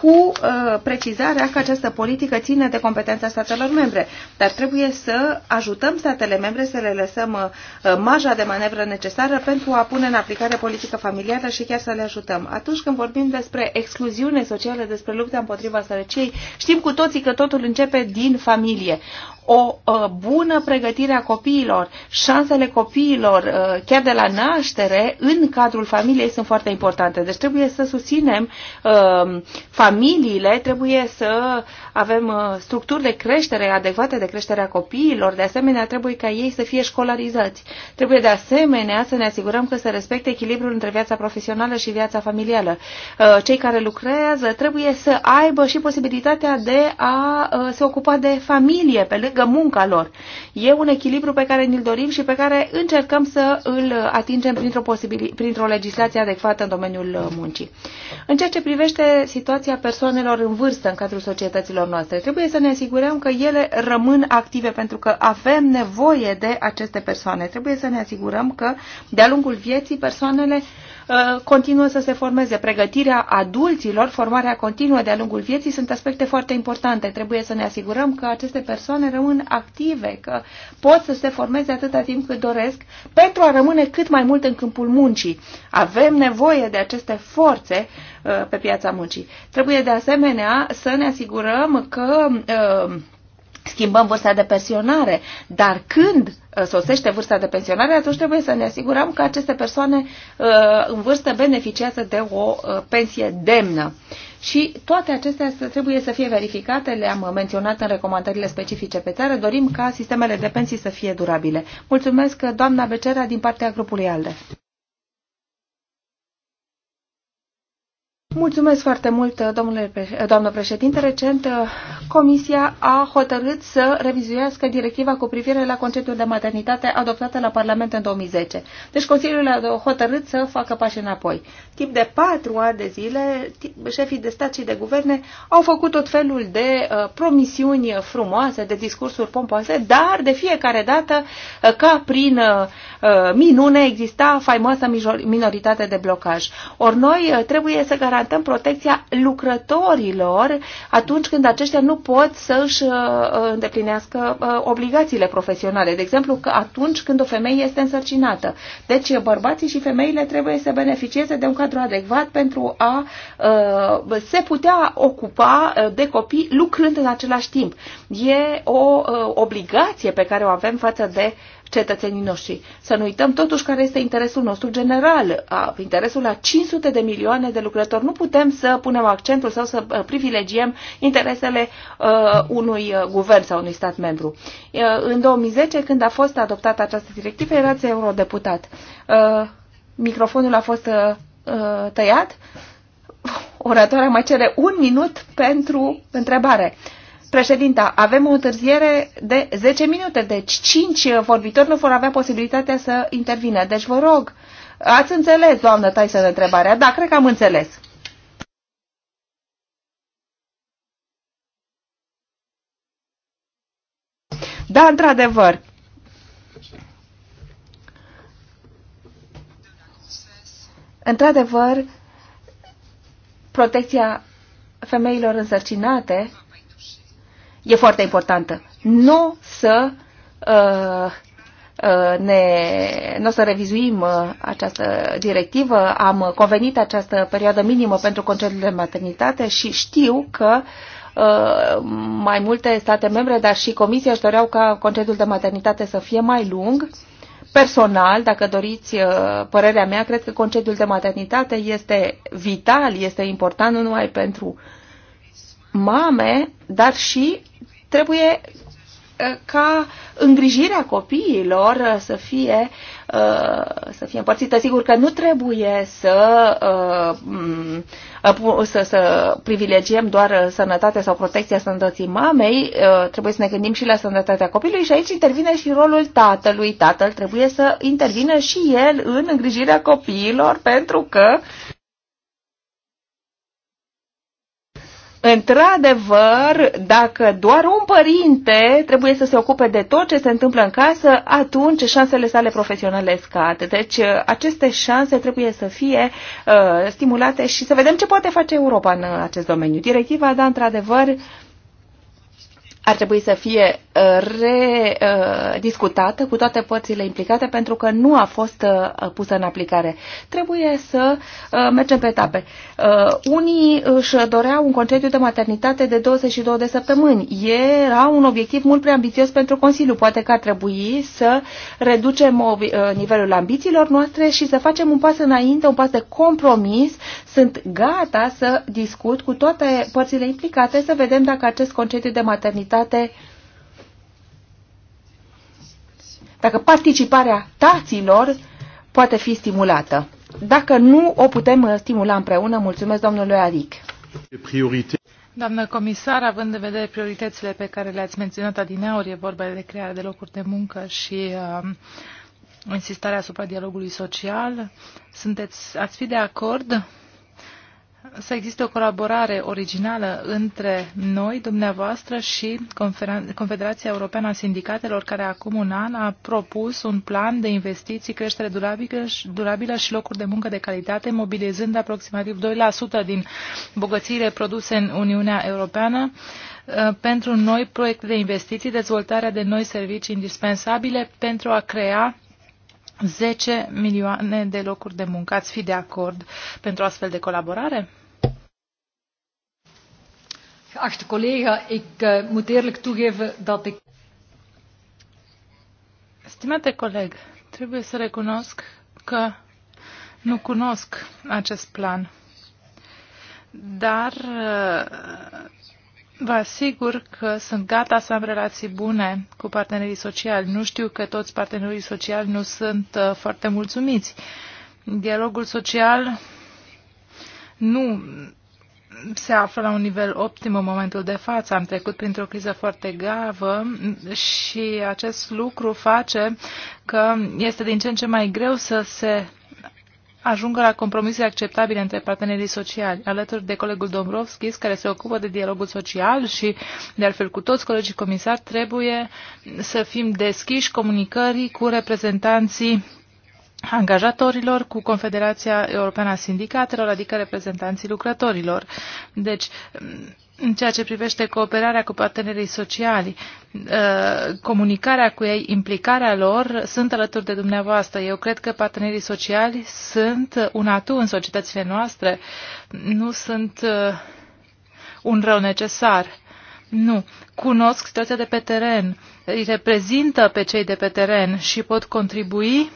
cu uh, precizarea că această politică ține de competența statelor membre, dar trebuie să ajutăm statele membre să le lăsăm uh, marja de manevră necesară pentru a pune în aplicare politică familială și chiar să le ajutăm. Atunci când vorbim despre excluziune socială, despre lupta împotriva sărăciei, știm cu toții că totul începe din familie o uh, bună pregătire a copiilor, șansele copiilor uh, chiar de la naștere în cadrul familiei sunt foarte importante. Deci trebuie să susținem uh, familiile, trebuie să avem uh, structuri de creștere adecvate, de creșterea copiilor, de asemenea trebuie ca ei să fie școlarizați. Trebuie de asemenea să ne asigurăm că se respecte echilibrul între viața profesională și viața familială. Uh, cei care lucrează trebuie să aibă și posibilitatea de a uh, se ocupa de familie pe lângă munca lor. E un echilibru pe care ni-l dorim și pe care încercăm să îl atingem printr-o, printr-o legislație adecvată în domeniul muncii. În ceea ce privește situația persoanelor în vârstă în cadrul societăților politicilor noastre. Trebuie să ne asigurăm că ele rămân active pentru că avem nevoie de aceste persoane. Trebuie să ne asigurăm că de-a lungul vieții persoanele Uh, continuă să se formeze. Pregătirea adulților, formarea continuă de-a lungul vieții sunt aspecte foarte importante. Trebuie să ne asigurăm că aceste persoane rămân active, că pot să se formeze atâta timp cât doresc pentru a rămâne cât mai mult în câmpul muncii. Avem nevoie de aceste forțe uh, pe piața muncii. Trebuie de asemenea să ne asigurăm că uh, schimbăm vârsta de pensionare, dar când uh, sosește vârsta de pensionare, atunci trebuie să ne asigurăm că aceste persoane uh, în vârstă beneficiază de o uh, pensie demnă. Și toate acestea trebuie să fie verificate, le-am menționat în recomandările specifice pe țară, dorim ca sistemele de pensii să fie durabile. Mulțumesc, doamna Becera, din partea grupului ALDE. Mulțumesc foarte mult, domnule, doamnă președinte. Recent, Comisia a hotărât să revizuiască directiva cu privire la concediul de maternitate adoptată la Parlament în 2010. Deci Consiliul a hotărât să facă pași înapoi. Tip de patru ani de zile, șefii de stat și de guverne au făcut tot felul de uh, promisiuni frumoase, de discursuri pompoase, dar de fiecare dată, uh, ca prin uh, minune, exista faimoasa minoritate de blocaj. Ori noi trebuie să garantăm garantăm protecția lucrătorilor atunci când aceștia nu pot să își uh, îndeplinească uh, obligațiile profesionale, de exemplu că atunci când o femeie este însărcinată. Deci bărbații și femeile trebuie să beneficieze de un cadru adecvat pentru a uh, se putea ocupa de copii lucrând în același timp. E o obligație pe care o avem față de cetățenii noștri. Să nu uităm totuși care este interesul nostru general, interesul la 500 de milioane de lucrători. Nu putem să punem accentul sau să privilegiem interesele uh, unui guvern sau unui stat membru. Uh, în 2010, când a fost adoptată această directivă, erați eurodeputat. Uh, microfonul a fost uh, tăiat. Oratoarea mai cere un minut pentru întrebare. Uh, Președinta, avem o întârziere de 10 minute, deci 5 vorbitori nu vor avea posibilitatea să intervină. Deci vă rog, ați înțeles, doamnă Tyson, întrebarea? Da, cred că am înțeles. Da, într-adevăr. Într-adevăr, protecția femeilor însărcinate e foarte importantă. Nu să uh, uh ne, nu o să revizuim uh, această directivă. Am convenit această perioadă minimă pentru concediul de maternitate și știu că uh, mai multe state membre, dar și Comisia își doreau ca concediul de maternitate să fie mai lung. Personal, dacă doriți părerea mea, cred că concediul de maternitate este vital, este important nu numai pentru mame, dar și Trebuie uh, ca îngrijirea copiilor uh, să fie, uh, să fie împărțită. Sigur că nu trebuie să, mm, să, să privilegiem doar sănătatea sau protecția sănătății mamei, trebuie să ne gândim și la sănătatea copilului și aici intervine și rolul tatălui. Tatăl trebuie să intervină și el în îngrijirea copiilor pentru că uh, Într-adevăr, dacă doar un părinte trebuie să se ocupe de tot ce se întâmplă în casă, atunci șansele sale profesionale scad. Deci uh, aceste șanse trebuie să fie uh, stimulate și să vedem ce poate face Europa în acest domeniu. Directiva, da, într-adevăr, ar trebui să fie rediscutată cu toate părțile implicate pentru că nu a fost uh, pusă în aplicare. Trebuie să uh, mergem pe etape. Uh, unii își doreau un concediu de maternitate de 22 de săptămâni. Era un obiectiv mult prea ambițios pentru Consiliu. Poate că ar trebui să reducem nivelul ambițiilor noastre și să facem un pas înainte, un pas de compromis. Sunt gata să discut cu toate părțile implicate să vedem dacă acest concediu de maternitate dacă participarea taților poate fi stimulată. Dacă nu, o putem uh, stimula împreună. Mulțumesc domnului Adic. Doamnă comisar, având în vedere prioritățile pe care le-ați menționat adineauri, e vorba de crearea de locuri de muncă și uh, insistarea asupra dialogului social, sunteți, ați fi de acord să existe o colaborare originală între noi, dumneavoastră și Confederația Europeană a Sindicatelor, care acum un an a propus un plan de investiții, creștere durabilă și locuri de muncă de calitate, mobilizând aproximativ 2% din bogățiile produse în Uniunea Europeană uh, pentru noi proiecte de investiții, dezvoltarea de noi servicii indispensabile pentru a crea 10 milioane de locuri de muncă. Ați fi de acord pentru astfel de colaborare? Geachte collega, ik uh, moet eerlijk toegeven dat ik... Stimate coleg, trebuie să recunosc că nu cunosc acest plan, dar eh, vă asigur că sunt gata să am relații bune cu partenerii sociali. Nu știu că toți partenerii sociali nu sunt eh, foarte mulțumiți. Dialogul social nu se află la un nivel optim în momentul de față. Am trecut printr-o criză foarte gravă și acest lucru face că este din ce în ce mai greu să se ajungă la compromisuri acceptabile între partenerii sociali. Alături de colegul Dombrovskis, care se ocupă de dialogul social și, de altfel, cu toți colegii comisari, trebuie să fim deschiși comunicării cu reprezentanții angajatorilor, cu Confederația Europeană a Sindicatelor, adică reprezentanții lucrătorilor. Deci, în ceea ce privește cooperarea cu partenerii sociali, uh, comunicarea cu ei, implicarea lor, sunt alături de dumneavoastră. Eu cred că partenerii sociali sunt un atu în societățile noastre, nu sunt uh, un rău necesar. Nu. Cunosc situația de pe teren, îi reprezintă pe cei de pe teren și pot contribui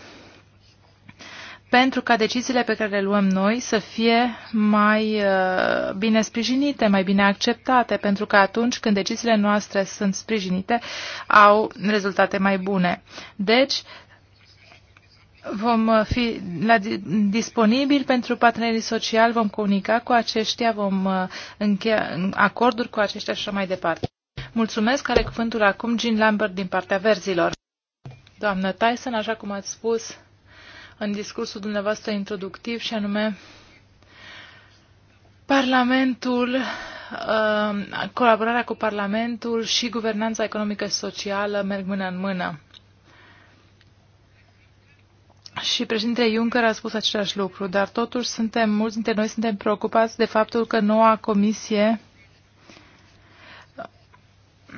pentru ca deciziile pe care le luăm noi să fie mai uh, bine sprijinite, mai bine acceptate, pentru că atunci când deciziile noastre sunt sprijinite, au rezultate mai bune. Deci, vom uh, fi la, disponibili pentru partenerii sociali, vom comunica cu aceștia, vom uh, încheia acorduri cu aceștia și așa mai departe. Mulțumesc, are cuvântul acum Jean Lambert din partea verzilor. Doamnă Tyson, așa cum ați spus, în discursul dumneavoastră introductiv și anume Parlamentul, uh, colaborarea cu Parlamentul și guvernanța economică socială merg mână în mână. Și președintele Juncker a spus același lucru, dar totuși suntem, mulți dintre noi suntem preocupați de faptul că noua comisie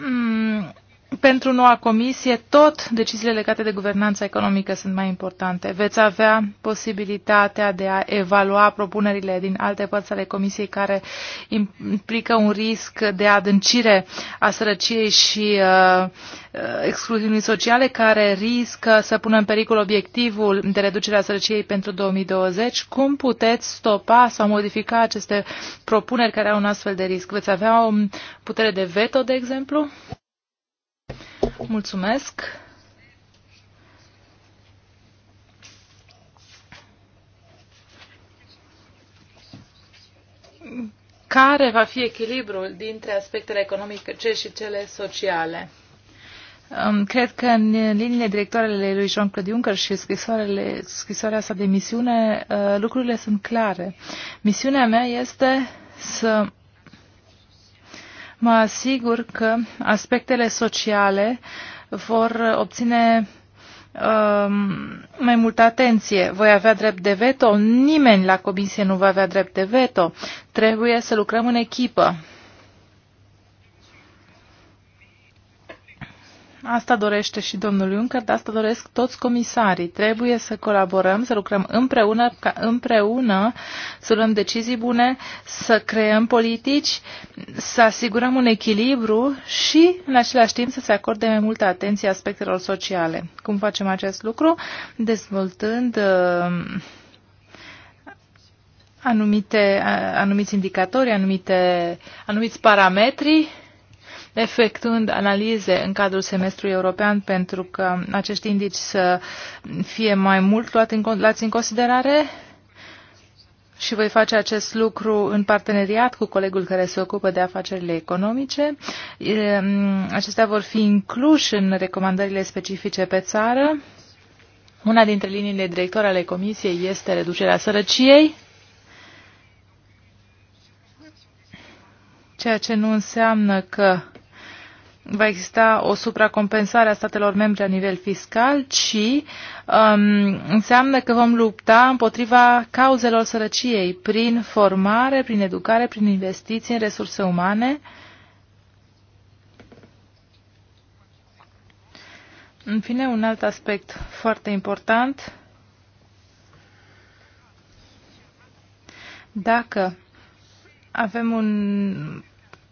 mm, pentru noua comisie, tot deciziile legate de guvernanța economică sunt mai importante. Veți avea posibilitatea de a evalua propunerile din alte părți ale comisiei care implică un risc de adâncire a sărăciei și uh, uh excluziunii sociale, care riscă să pună în pericol obiectivul de reducere a sărăciei pentru 2020. Cum puteți stopa sau modifica aceste propuneri care au un astfel de risc? Veți avea o putere de veto, de exemplu? Mulțumesc. Care va fi echilibrul dintre aspectele economice și cele sociale? Cred că în liniile directoarele lui Jean-Claude Juncker și scrisoarea sa de misiune, uh, lucrurile sunt clare. Misiunea mea este să mă asigur că aspectele sociale vor obține um, mai multă atenție. Voi avea drept de veto? Nimeni la comisie nu va avea drept de veto. Trebuie să lucrăm în echipă. Asta dorește și domnul Juncker, dar asta doresc toți comisarii. Trebuie să colaborăm, să lucrăm împreună, ca împreună să luăm decizii bune, să creăm politici, să asigurăm un echilibru și, în același timp, să se acorde mai multă atenție aspectelor sociale. Cum facem acest lucru? Dezvoltând uh, anumite, uh, anumiți indicatori, anumite, anumiți parametri efectuând analize în cadrul semestrului european pentru că acești indici să fie mai mult luați în considerare? și voi face acest lucru în parteneriat cu colegul care se ocupă de afacerile economice. Acestea vor fi incluși în recomandările specifice pe țară. Una dintre liniile directoare ale Comisiei este reducerea sărăciei, ceea ce nu înseamnă că va exista o supracompensare a statelor membre la nivel fiscal, ci um, înseamnă că vom lupta împotriva cauzelor sărăciei prin formare, prin educare, prin investiții în resurse umane. În fine, un alt aspect foarte important. Dacă avem un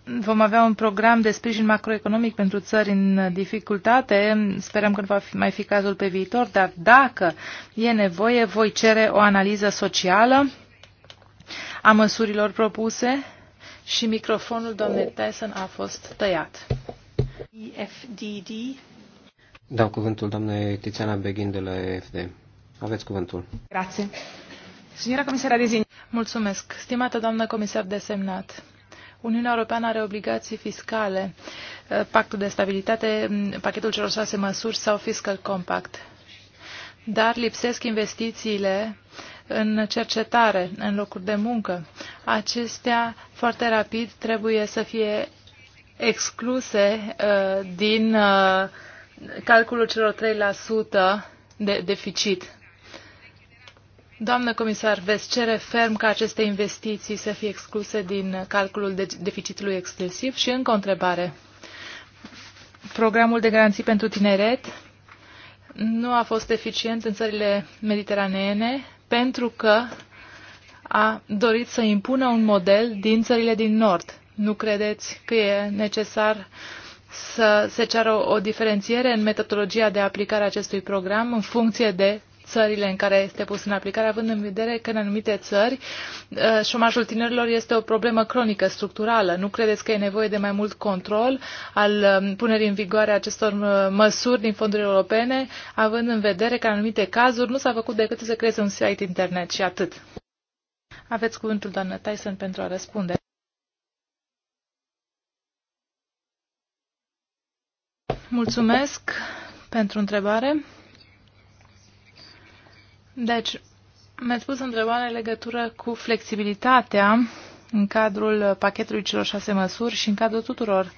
vom avea un program de sprijin macroeconomic pentru țări în dificultate. Sperăm că nu va mai fi cazul pe viitor, dar dacă e nevoie, voi cere o analiză socială a măsurilor propuse și microfonul domnului Tyson a fost tăiat. EFDD. Dau cuvântul doamnei Tiziana Beghin de la EFD. Aveți cuvântul. Grație. Signora comisară Mulțumesc. Stimată doamnă comisar desemnat. Uniunea Europeană are obligații fiscale, eh, pactul de stabilitate, mm, pachetul celor șase măsuri sau fiscal compact. Dar lipsesc investițiile în cercetare, în locuri de muncă. Acestea foarte rapid trebuie să fie excluse uh, din uh, calculul celor 3% de deficit. Doamnă comisar, veți cere ferm ca aceste investiții să fie excluse din calculul de deficitului excesiv? Și încă o întrebare. Programul de garanții pentru tineret nu a fost eficient în țările mediteraneene pentru că a dorit să impună un model din țările din Nord. Nu credeți că e necesar să se ceară o, o diferențiere în metodologia de aplicare a acestui program în funcție de țările în care este pus în aplicare, având în vedere că în anumite țări uh, șomajul tinerilor este o problemă cronică, structurală. Nu credeți că e nevoie de mai mult control al um, punerii în vigoare acestor uh, măsuri din fonduri europene, având în vedere că în anumite cazuri nu s-a făcut decât să creeze un site internet și atât? Aveți cuvântul, doamnă Tyson, pentru a răspunde. Mulțumesc pentru întrebare. Deci, mi-ați pus întrebare în legătură cu flexibilitatea în cadrul pachetului celor șase măsuri și în cadrul tuturor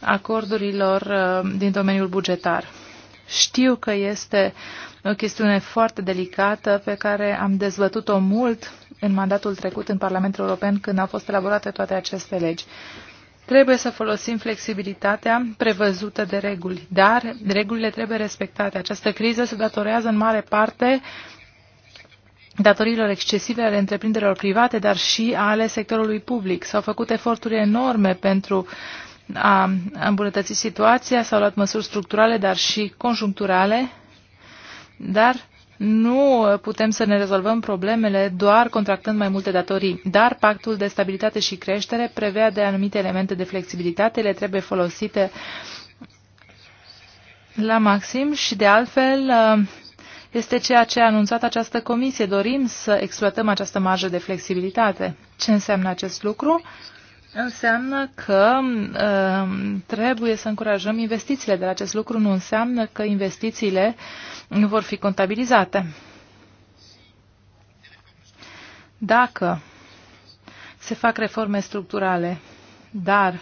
acordurilor uh, din domeniul bugetar. Știu că este o chestiune foarte delicată pe care am dezbătut-o mult în mandatul trecut în Parlamentul European când au fost elaborate toate aceste legi. Trebuie să folosim flexibilitatea prevăzută de reguli, dar regulile trebuie respectate. Această criză se datorează în mare parte datoriilor excesive ale întreprinderilor private, dar și ale sectorului public. S-au făcut eforturi enorme pentru a îmbunătăți situația, s-au luat măsuri structurale, dar și conjuncturale, dar nu putem să ne rezolvăm problemele doar contractând mai multe datorii, dar pactul de stabilitate și creștere de anumite elemente de flexibilitate, le trebuie folosite la maxim și de altfel este ceea ce a anunțat această comisie. Dorim să exploatăm această marjă de flexibilitate. Ce înseamnă acest lucru? înseamnă că uh, trebuie să încurajăm investițiile, dar acest lucru nu înseamnă că investițiile nu vor fi contabilizate. Dacă se fac reforme structurale, dar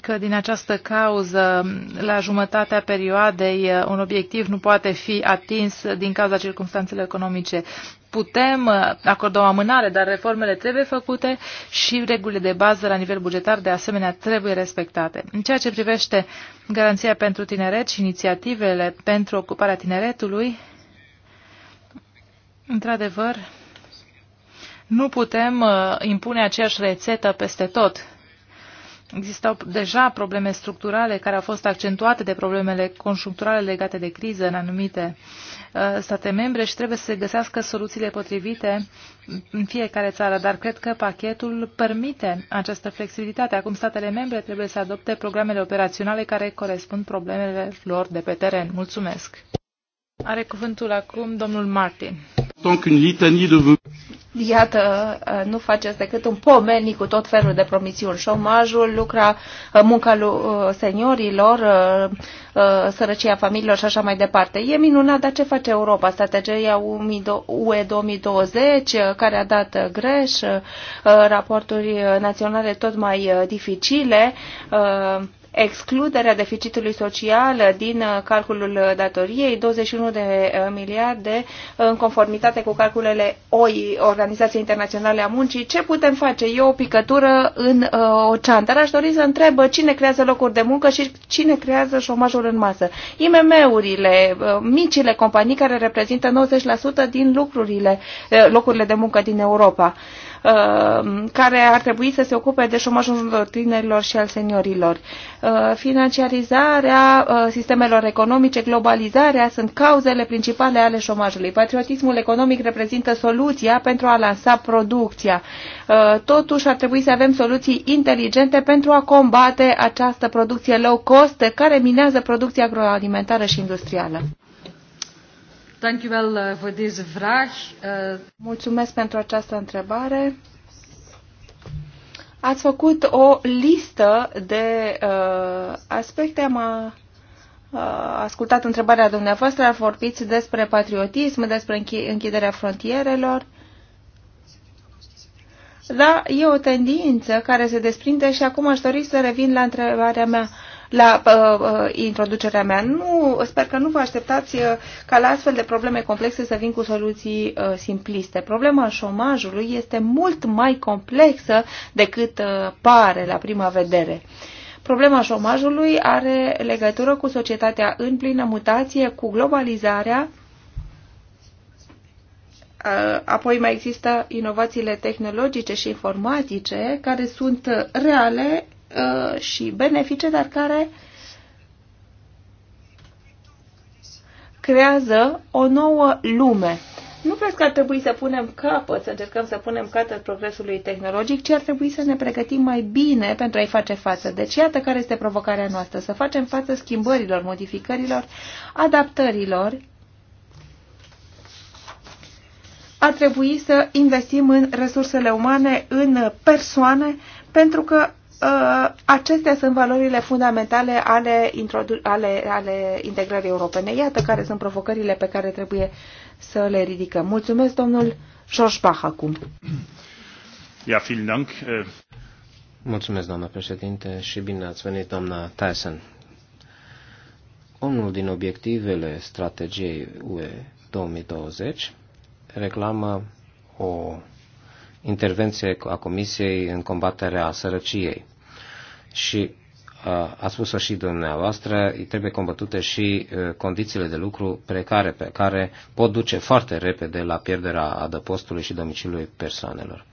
că din această cauză, la jumătatea perioadei, un obiectiv nu poate fi atins din cauza circunstanțelor economice putem uh, acorda o amânare, dar reformele trebuie făcute și regulile de bază la nivel bugetar de asemenea trebuie respectate. În ceea ce privește garanția pentru tineret și inițiativele pentru ocuparea tineretului, într-adevăr, nu putem uh, impune aceeași rețetă peste tot Existau deja probleme structurale care au fost accentuate de problemele conjuncturale legate de criză în anumite uh, state membre și trebuie să se găsească soluțiile potrivite în fiecare țară, dar cred că pachetul permite această flexibilitate. Acum statele membre trebuie să adopte programele operaționale care corespund problemele lor de pe teren. Mulțumesc! Are cuvântul acum domnul Martin iată, uh, nu faceți decât un pomeni cu tot felul de promisiuni. Șomajul, lucra, uh, munca uh, seniorilor, sărăcia familiilor și așa mai departe. E minunat, dar ce face Europa? Strategia UE 2020, care a dat greș, raporturi naționale tot mai dificile, excluderea deficitului social din uh, calculul datoriei, 21 de uh, miliarde uh, în conformitate cu calculele OI, Organizației Internaționale a Muncii. Ce putem face? E o picătură în uh, ocean, dar aș dori să întreb cine creează locuri de muncă și cine creează șomajul în masă. IMM-urile, uh, micile companii care reprezintă 90% din lucrurile, uh, locurile de muncă din Europa. Uh, Uh, care ar trebui să se ocupe de șomajul tinerilor și al seniorilor. Uh, financiarizarea uh, sistemelor economice, globalizarea sunt cauzele principale ale șomajului. Patriotismul economic reprezintă soluția pentru a lansa producția. Totuși ar trebui să avem soluții inteligente pentru a combate această producție low cost care minează producția agroalimentară și industrială. Eh, vraag. Eh, Mulțumesc pentru această întrebare. Ați făcut o listă de uh, aspecte. Am uh, ascultat întrebarea dumneavoastră. Vorbiți despre patriotism, despre închiderea frontierelor. Da, e o tendință care se desprinde și acum aș dori să revin la întrebarea mea. Uh, la uh, uh, introducerea mea. Nu, sper că nu vă așteptați uh, ca la astfel de probleme complexe să vin cu soluții uh, simpliste. Problema șomajului este mult mai complexă decât uh, pare la prima vedere. Problema șomajului are legătură cu societatea în plină mutație, cu globalizarea, uh, Apoi mai există inovațiile tehnologice și informatice care sunt reale Uh, și benefice, dar care creează o nouă lume. Nu cred că ar trebui să punem capăt, să încercăm să punem capăt progresului tehnologic, ci ar trebui să ne pregătim mai bine pentru a-i face față. Deci iată care este provocarea noastră, să facem față schimbărilor, modificărilor, adaptărilor. Ar trebui să investim în resursele umane, în persoane, pentru că Uh, acestea sunt valorile fundamentale ale, ale, ale integrării europene. Iată care sunt provocările pe care trebuie să le ridicăm. Mulțumesc, domnul George Bach, acum. Ja, vielen Dank. Äh, Mulțumesc, doamna președinte, și bine ați venit, doamna Tyson. Unul din obiectivele strategiei UE 2020 reclamă o intervenție a Comisiei în combaterea sărăciei. Și a spus-o și dumneavoastră, trebuie combătute și condițiile de lucru precare pe care pot duce foarte repede la pierderea adăpostului și domiciliului persoanelor.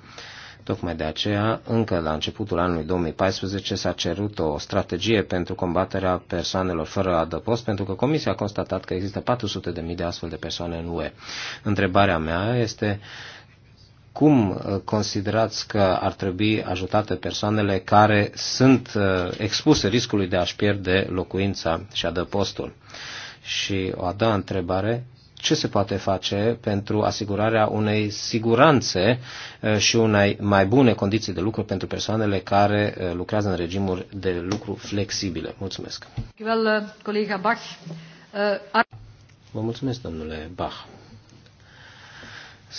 Tocmai de aceea, încă la începutul anului 2014 s-a cerut o strategie pentru combaterea persoanelor fără adăpost, pentru că Comisia a constatat că există 400.000 de, astfel de persoane în UE. Întrebarea mea este cum uh, considerați că ar trebui ajutate persoanele care sunt uh, expuse riscului de a-și pierde locuința și adăpostul? Și o a doua întrebare, ce se poate face pentru asigurarea unei siguranțe uh, și unei mai bune condiții de lucru pentru persoanele care lucrează în regimuri de lucru flexibile? Mulțumesc! Eh, eh, Vă mulțumesc, domnule Bach.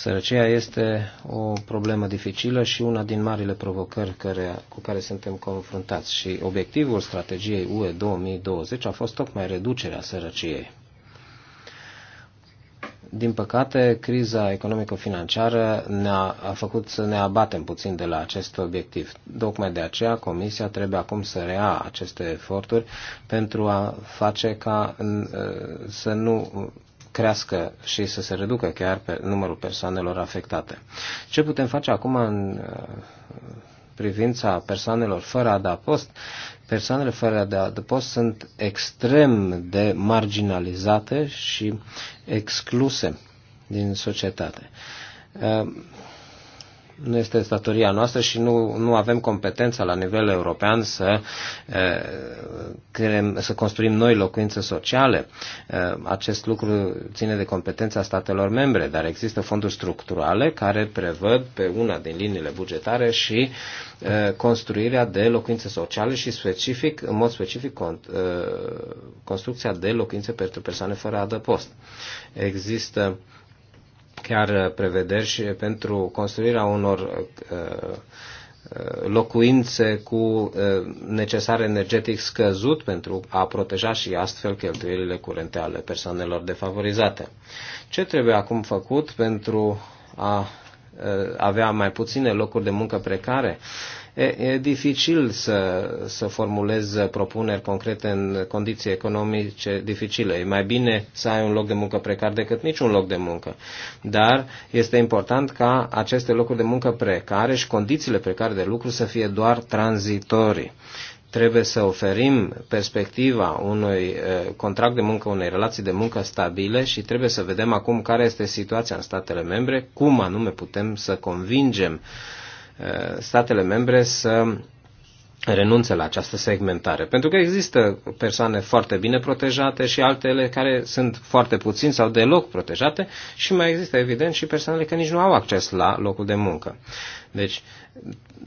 Sărăcia este o problemă dificilă și una din marile provocări care, cu care suntem confruntați și obiectivul strategiei UE 2020 a fost tocmai reducerea sărăciei. Din păcate, criza economico-financiară ne-a a făcut să ne abatem puțin de la acest obiectiv. Tocmai de aceea, Comisia trebuie acum să rea aceste eforturi pentru a face ca să nu crească și să se reducă chiar pe numărul persoanelor afectate. Ce putem face acum în uh, privința persoanelor fără adapost? Persoanele fără adăpost sunt extrem de marginalizate și excluse din societate uh, nu este statoria noastră și nu, nu avem competența la nivel european să, să construim noi locuințe sociale. Acest lucru ține de competența statelor membre, dar există fonduri structurale care prevăd pe una din liniile bugetare și construirea de locuințe sociale și specific, în mod specific construcția de locuințe pentru persoane fără adăpost. Există chiar uh, prevederi și uh, pentru construirea unor uh, locuințe cu necesar energetic scăzut pentru a proteja și astfel cheltuielile curente ale persoanelor defavorizate. Ce trebuie acum făcut pentru a avea mai puține locuri de muncă precare? E, e dificil să, să formulez propuneri concrete în condiții economice dificile. E mai bine să ai un loc de muncă precar decât niciun loc de muncă. Dar este important ca aceste locuri de muncă precare și condițiile precare de lucru să fie doar tranzitorii trebuie să oferim perspectiva unui contract de muncă, unei relații de muncă stabile și trebuie să vedem acum care este situația în statele membre, cum anume putem să convingem uh, Uh, statele membre să renunțe la această segmentare. Pentru că există persoane foarte bine protejate și altele care sunt foarte puțin sau deloc protejate și mai există, evident, și persoanele care nici nu au acces la locul de muncă. Deci,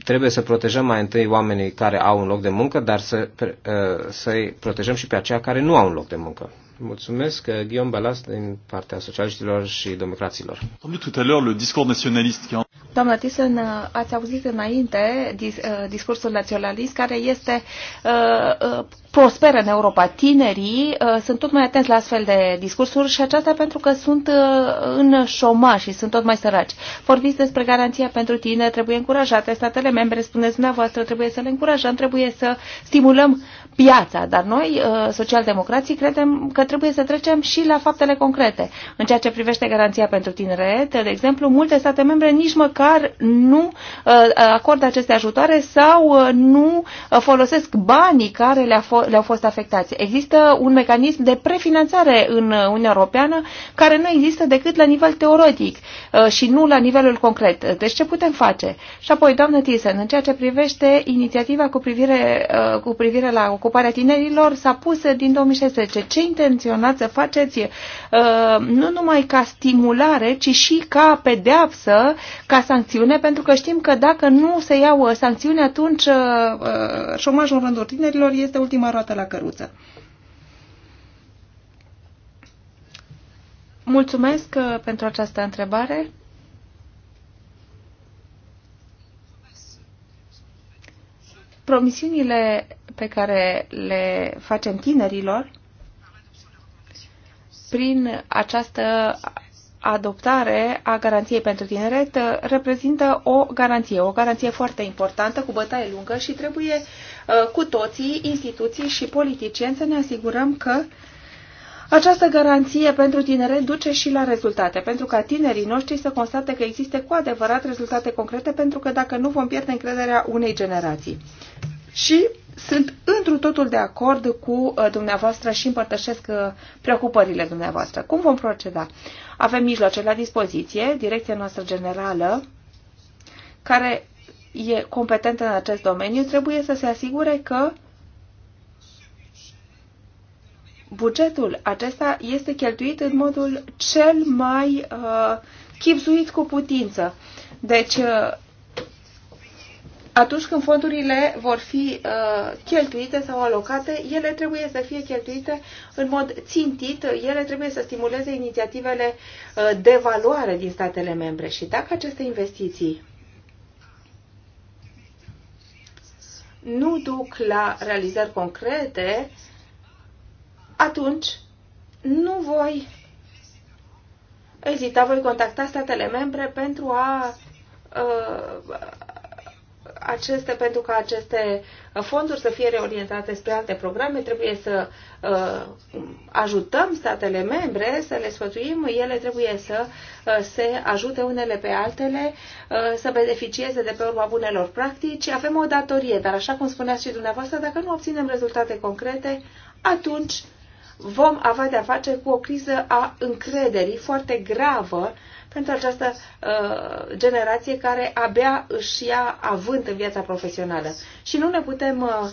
trebuie să protejăm mai întâi oamenii care au un loc de muncă, dar să, uh, să-i protejăm și pe aceia care nu au un loc de muncă. Mulțumesc, uh, Guillaume Balas, din partea socialiștilor și democraților. Tout le discours nationaliste Doamna Thyssen, ați auzit înainte dis, uh, discursul naționalist care este uh, uh, prosperă în Europa. Tinerii uh, sunt tot mai atenți la astfel de discursuri și aceasta pentru că sunt uh, în șomaj și sunt tot mai săraci. Vorbiți despre garanția pentru tine, trebuie încurajate statele membre, spuneți dumneavoastră, trebuie să le încurajăm, trebuie să stimulăm piața, dar noi, uh, socialdemocrații, credem că trebuie să trecem și la faptele concrete. În ceea ce privește garanția pentru tineret, de exemplu, multe state membre nici măcar nu uh, acordă aceste ajutoare sau uh, nu folosesc banii care le-au fost afectați. Există un mecanism de prefinanțare în Uniunea Europeană care nu există decât la nivel teoretic și nu la nivelul concret. Deci ce putem face? Și apoi, doamnă Thyssen, în ceea ce privește inițiativa cu privire, cu privire la ocupare ocuparea tinerilor s-a pus din 2016. Ce intenționați să faceți uh, nu numai ca stimulare, ci și ca pedeapsă, ca sancțiune, pentru că știm că dacă nu se iau uh, sancțiuni, atunci uh, șomajul în rândul tinerilor este ultima roată la căruță. Mulțumesc pentru această întrebare. promisiunile pe care le facem tinerilor prin această adoptare a garanției pentru tineret uh, reprezintă o garanție, o garanție foarte importantă, cu bătaie lungă și trebuie uh, cu toții, instituții și politicieni să ne asigurăm că această garanție pentru tinere duce și la rezultate, pentru ca tinerii noștri să constate că există cu adevărat rezultate concrete, pentru că dacă nu vom pierde încrederea unei generații. Și sunt întru totul de acord cu uh, dumneavoastră și împărtășesc uh, preocupările dumneavoastră. Cum vom proceda? Avem mijloace la dispoziție, direcția noastră generală, care e competentă în acest domeniu, trebuie să se asigure că bugetul acesta este cheltuit în modul cel mai uh, chipzuit cu putință. Deci, uh, atunci când fondurile vor fi uh, cheltuite sau alocate, ele trebuie să fie cheltuite în mod țintit, ele trebuie să stimuleze inițiativele uh, de valoare din statele membre. Și dacă aceste investiții nu duc la realizări concrete, uh, atunci nu voi ezita, voi contacta statele membre pentru a uh, aceste, pentru ca aceste fonduri să fie reorientate spre alte programe, trebuie să uh, ajutăm statele membre, să le sfătuim, ele trebuie să uh, se ajute unele pe altele, uh, să beneficieze de pe urma bunelor practici. Avem o datorie, dar așa cum spuneați și dumneavoastră, dacă nu obținem rezultate concrete, atunci uh, vom avea de-a face cu o criză a încrederii foarte gravă pentru această uh, generație care abia își ia avânt în viața profesională. Și nu ne putem uh,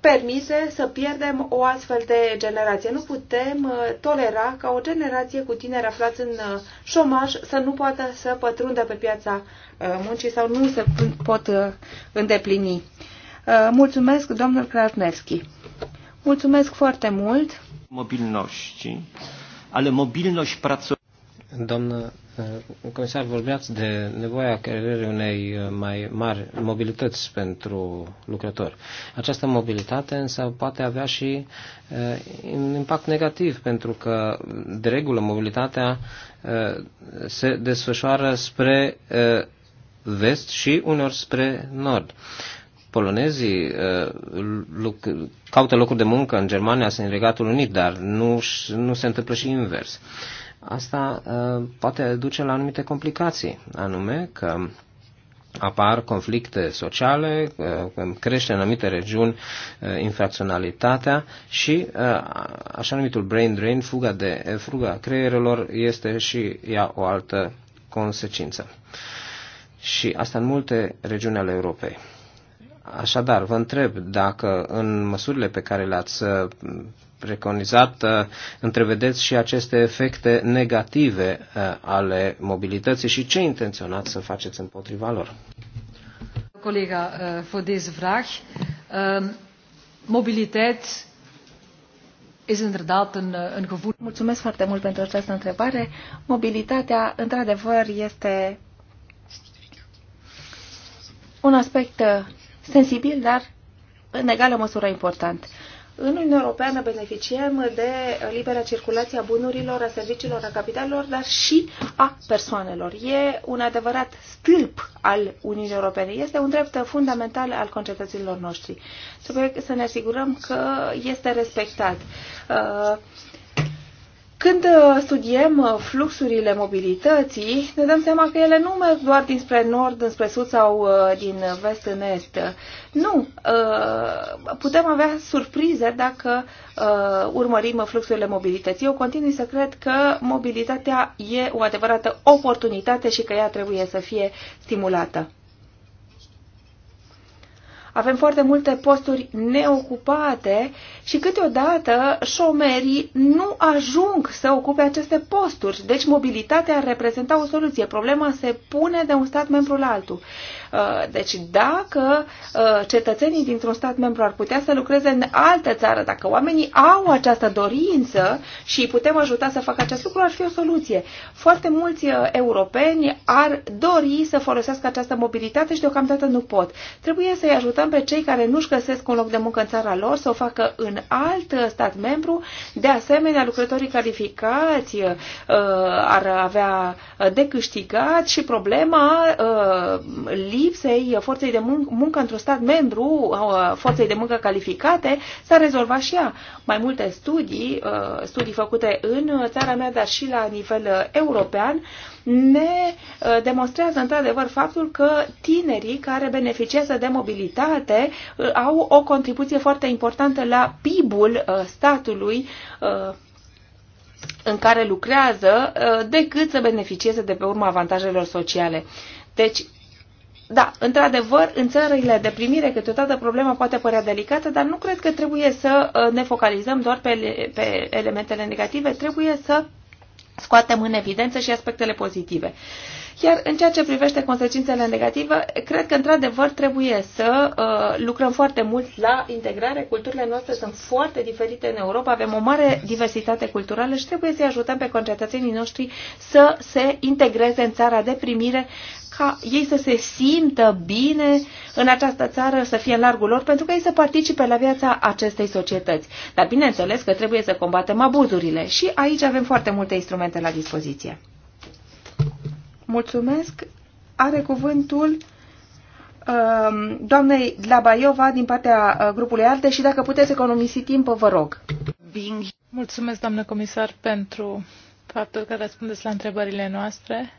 permite să pierdem o astfel de generație. Nu putem uh, tolera ca o generație cu tineri aflați în uh, șomaj să nu poată să pătrundă pe piața uh, muncii sau nu se pot uh, îndeplini. Uh, mulțumesc, domnul Krasnevski. Mulțumesc foarte mult mobilności, ale mobilność pracowników. Doamnă eh, comisar, vorbeați de nevoia creării unei eh, mai mari mobilități pentru lucrători. Această mobilitate însă poate avea și eh, un impact negativ, pentru că de regulă mobilitatea se desfășoară spre vest și uneori spre nord polonezii uh, caută locuri de muncă în Germania sau în Regatul Unit, dar nu, nu se întâmplă și invers. Asta uh, poate duce la anumite complicații, anume că apar conflicte sociale, uh, crește în anumite regiuni uh, infracționalitatea și uh, așa numitul brain drain, fuga de fuga creierelor, este și ea o altă consecință. Și asta în multe regiuni ale Europei. Așadar, vă întreb dacă în măsurile pe care le-ați uh, preconizat uh, întrevedeți și aceste efecte negative uh, ale mobilității și ce intenționați să faceți împotriva lor. Colega, voor deze vraag. gevoel. Mulțumesc foarte mult pentru această întrebare. Mobilitatea, într-adevăr, este un aspect sensibil, dar în egală măsură important. În Uniunea Europeană beneficiem de libera circulație a bunurilor, a serviciilor, a capitalelor, dar și a persoanelor. E un adevărat stâlp al Uniunii Europene. Este un drept fundamental al concetățenilor noștri. Trebuie să ne asigurăm că este respectat. Uh, când uh, studiem uh, fluxurile mobilității, ne dăm seama că ele nu merg doar dinspre nord, înspre sud sau uh, din vest în est. Nu. Putem avea surprize dacă urmărim fluxurile mobilității. Eu continui să cred că mobilitatea e o adevărată oportunitate și că ea trebuie să fie stimulată. Avem foarte multe posturi neocupate și câteodată șomerii nu ajung să ocupe aceste posturi. Deci mobilitatea ar reprezenta o soluție. Problema se pune de un stat membru la altul. Uh, deci dacă uh, cetățenii dintr-un stat membru ar putea să lucreze în altă țară, dacă oamenii au această dorință și îi putem ajuta să facă acest lucru, ar fi o soluție. Foarte mulți uh, europeni ar dori să folosească această mobilitate și deocamdată nu pot. Trebuie să-i ajutăm pe cei care nu-și găsesc un loc de muncă în țara lor să o facă în alt stat membru. De asemenea, lucrătorii calificați ar avea de câștigat și problema li lipsei forței de muncă, muncă într-un stat membru, uh, forței de muncă calificate, s-a rezolvat și ea. Mai multe studii, uh, studii făcute în țara mea, dar și la nivel uh, european, ne demonstrează într-adevăr faptul că tinerii care beneficiază de mobilitate au o contribuție foarte importantă la PIB-ul statului în care lucrează decât să beneficieze de pe urma avantajelor sociale. Deci, da, într-adevăr, în țările de primire câteodată problema poate părea delicată, dar nu cred că trebuie să uh, ne focalizăm doar pe, pe elementele negative, trebuie să scoatem în evidență și aspectele pozitive. Iar în ceea ce privește consecințele negative, cred că într-adevăr trebuie să uh, lucrăm foarte mult la integrare. Culturile noastre sunt foarte diferite în Europa, avem o mare diversitate culturală și trebuie să-i ajutăm pe concetățenii noștri să se integreze în țara de primire ca ei să se simtă bine în această țară, să fie în largul lor, pentru că ei să participe la viața acestei societăți. Dar bineînțeles că trebuie să combatem abuzurile și aici avem foarte multe instrumente la dispoziție. Mulțumesc. Are cuvântul um, doamnei Dlabaiova din partea uh, grupului Arte și dacă puteți economisi timp, vă rog. Mulțumesc, doamnă comisar, pentru faptul că răspundeți la întrebările noastre.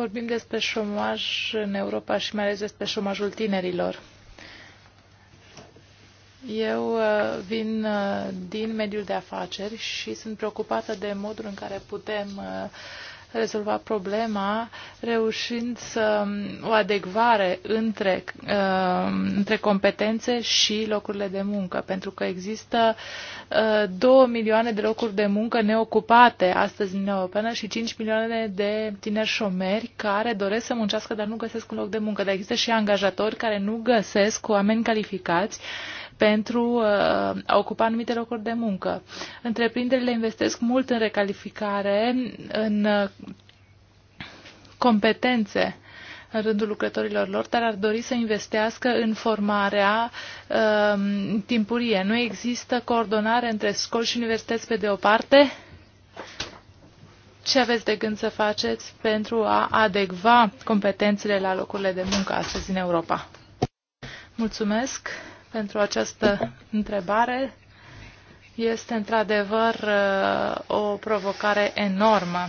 Vorbim despre șomaj în Europa și mai ales despre șomajul tinerilor. Eu uh, vin uh, din mediul de afaceri și sunt preocupată de modul în care putem uh, rezolva problema reușind să um, o adecvare între, um, între competențe și locurile de muncă, pentru că există uh, milioane de locuri de muncă neocupate astăzi în Europa Europeană și 5 milioane de tineri șomeri care doresc să muncească, dar nu găsesc un loc de muncă. Dar există și angajatori care nu găsesc oameni calificați pentru uh, a ocupa anumite locuri de muncă. Întreprinderile investesc mult în recalificare, în uh, competențe în rândul lucrătorilor lor, dar ar dori să investească în formarea um, timpurie. Nu există coordonare între școli și universități pe de o parte. Ce aveți de gând să faceți pentru a adecva competențele la locurile de muncă astăzi în Europa? Mulțumesc! pentru această întrebare. Este într-adevăr uh, o provocare enormă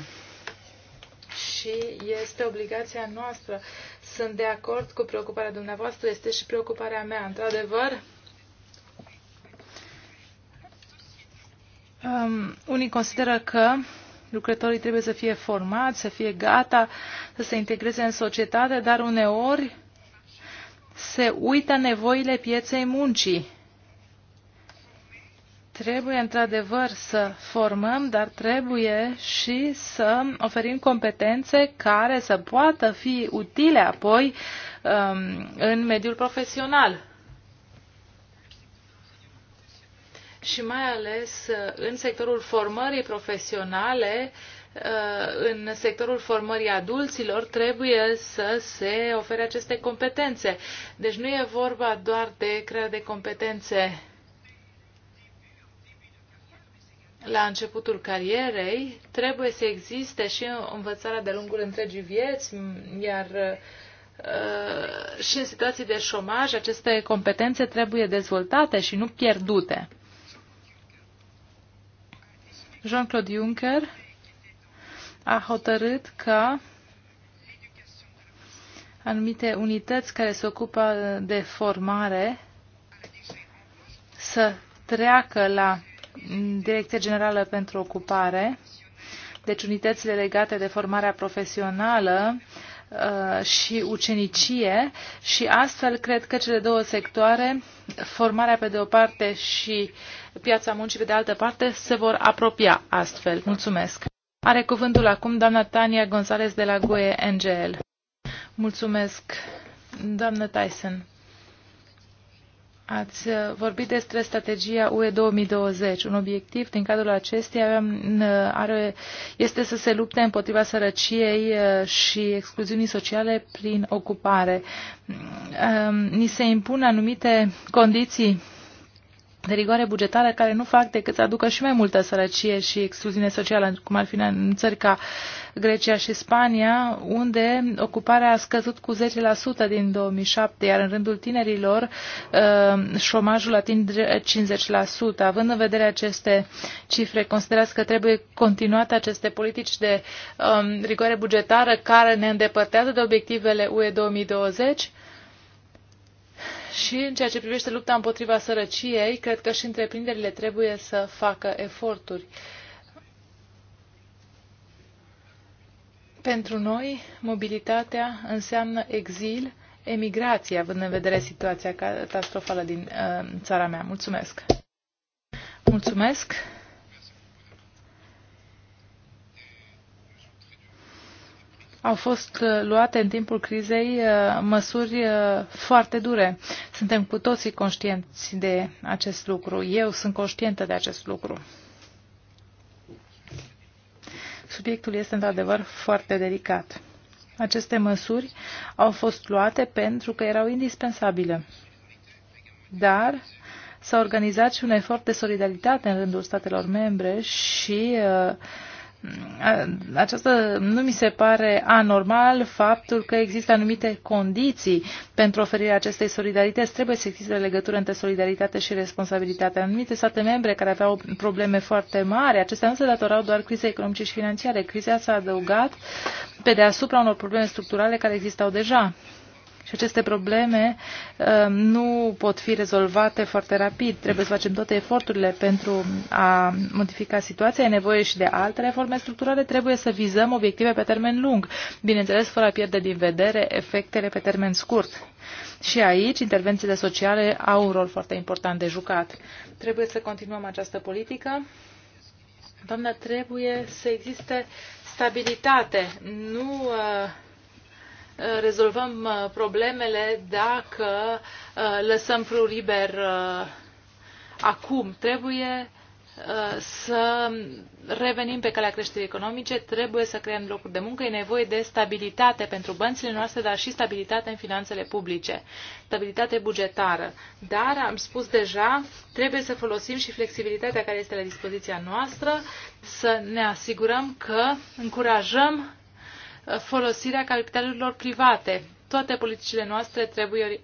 și este obligația noastră. Sunt de acord cu preocuparea dumneavoastră, este și preocuparea mea. Într-adevăr, um, unii consideră că lucrătorii trebuie să fie formați, să fie gata, să se integreze în societate, dar uneori se uită nevoile pieței muncii. Trebuie într-adevăr să formăm, dar trebuie și să oferim competențe care să poată fi utile apoi um, în mediul profesional. Și mai ales uh, în sectorul formării profesionale, uh, Uh, în sectorul formării adulților trebuie să se ofere aceste competențe. Deci nu e vorba doar de crearea de competențe la începutul carierei, trebuie să existe și învățarea de lungul întregii vieți, iar uh, și în situații de șomaj aceste competențe trebuie dezvoltate și nu pierdute. Jean-Claude Juncker a hotărât ca anumite unități care se ocupă de formare să treacă la Direcția Generală pentru Ocupare, deci unitățile legate de formarea profesională uh, și ucenicie și astfel cred că cele două sectoare, formarea pe de o parte și piața muncii pe de altă parte, se vor apropia astfel. Mulțumesc! Are cuvântul acum doamna Tania González de la GUE NGL. Mulțumesc, doamnă Tyson. Ați uh, vorbit despre strategia UE 2020. Un obiectiv din cadrul acesteia um, uh, are, este să se lupte împotriva sărăciei uh, și excluziunii sociale prin ocupare. Mm, um, ni se impun anumite condiții de rigoare bugetară care nu fac decât să aducă și mai multă sărăcie și excluziune socială, cum ar fi în țări ca Grecia și Spania, unde ocuparea a scăzut cu 10% din 2007, iar în rândul tinerilor uh, șomajul atinge 50%. Având în vedere aceste cifre, considerați că trebuie continuate aceste politici de um, rigoare bugetară care ne îndepărtează de obiectivele UE 2020? Și în ceea ce privește lupta împotriva sărăciei, cred că și întreprinderile trebuie să facă eforturi. Pentru noi, mobilitatea înseamnă exil, emigrație, având în vedere situația catastrofală din uh, țara mea. Mulțumesc! Mulțumesc! au fost uh, luate în timpul crizei uh, măsuri uh, foarte dure. Suntem cu toții conștienți de acest lucru. Eu sunt conștientă de acest lucru. Subiectul este într-adevăr foarte delicat. Aceste măsuri au fost luate pentru că erau indispensabile. Dar s-a organizat și un efort de solidaritate în rândul statelor membre și uh, Mm, această, nu mi se pare anormal faptul că există anumite condiții pentru oferirea acestei solidarități. Trebuie să existe legătură între solidaritate și responsabilitate. Anumite state membre care aveau probleme foarte mari, acestea nu se datorau doar crizei economice și financiare. Criza s-a adăugat pe deasupra unor probleme structurale care existau deja. Și aceste probleme um, nu pot fi rezolvate foarte rapid. Trebuie să facem toate eforturile pentru a modifica situația. E nevoie și de alte reforme structurale. Trebuie să vizăm obiective pe termen lung. Bineînțeles, fără a pierde din vedere efectele pe termen scurt. Și aici, intervențiile sociale au un rol foarte important de jucat. Trebuie să continuăm această politică. Doamna, trebuie să existe stabilitate, nu uh, rezolvăm uh, problemele dacă uh, lăsăm frul liber uh, acum. Trebuie să revenim pe calea creșterii economice, trebuie să creăm locuri de muncă, e nevoie de stabilitate pentru bănțile noastre, dar și stabilitate în finanțele publice, stabilitate bugetară. Dar, am spus deja, trebuie să folosim și flexibilitatea care este la dispoziția noastră, să ne asigurăm că încurajăm folosirea capitalurilor private. Toate politicile noastre trebuie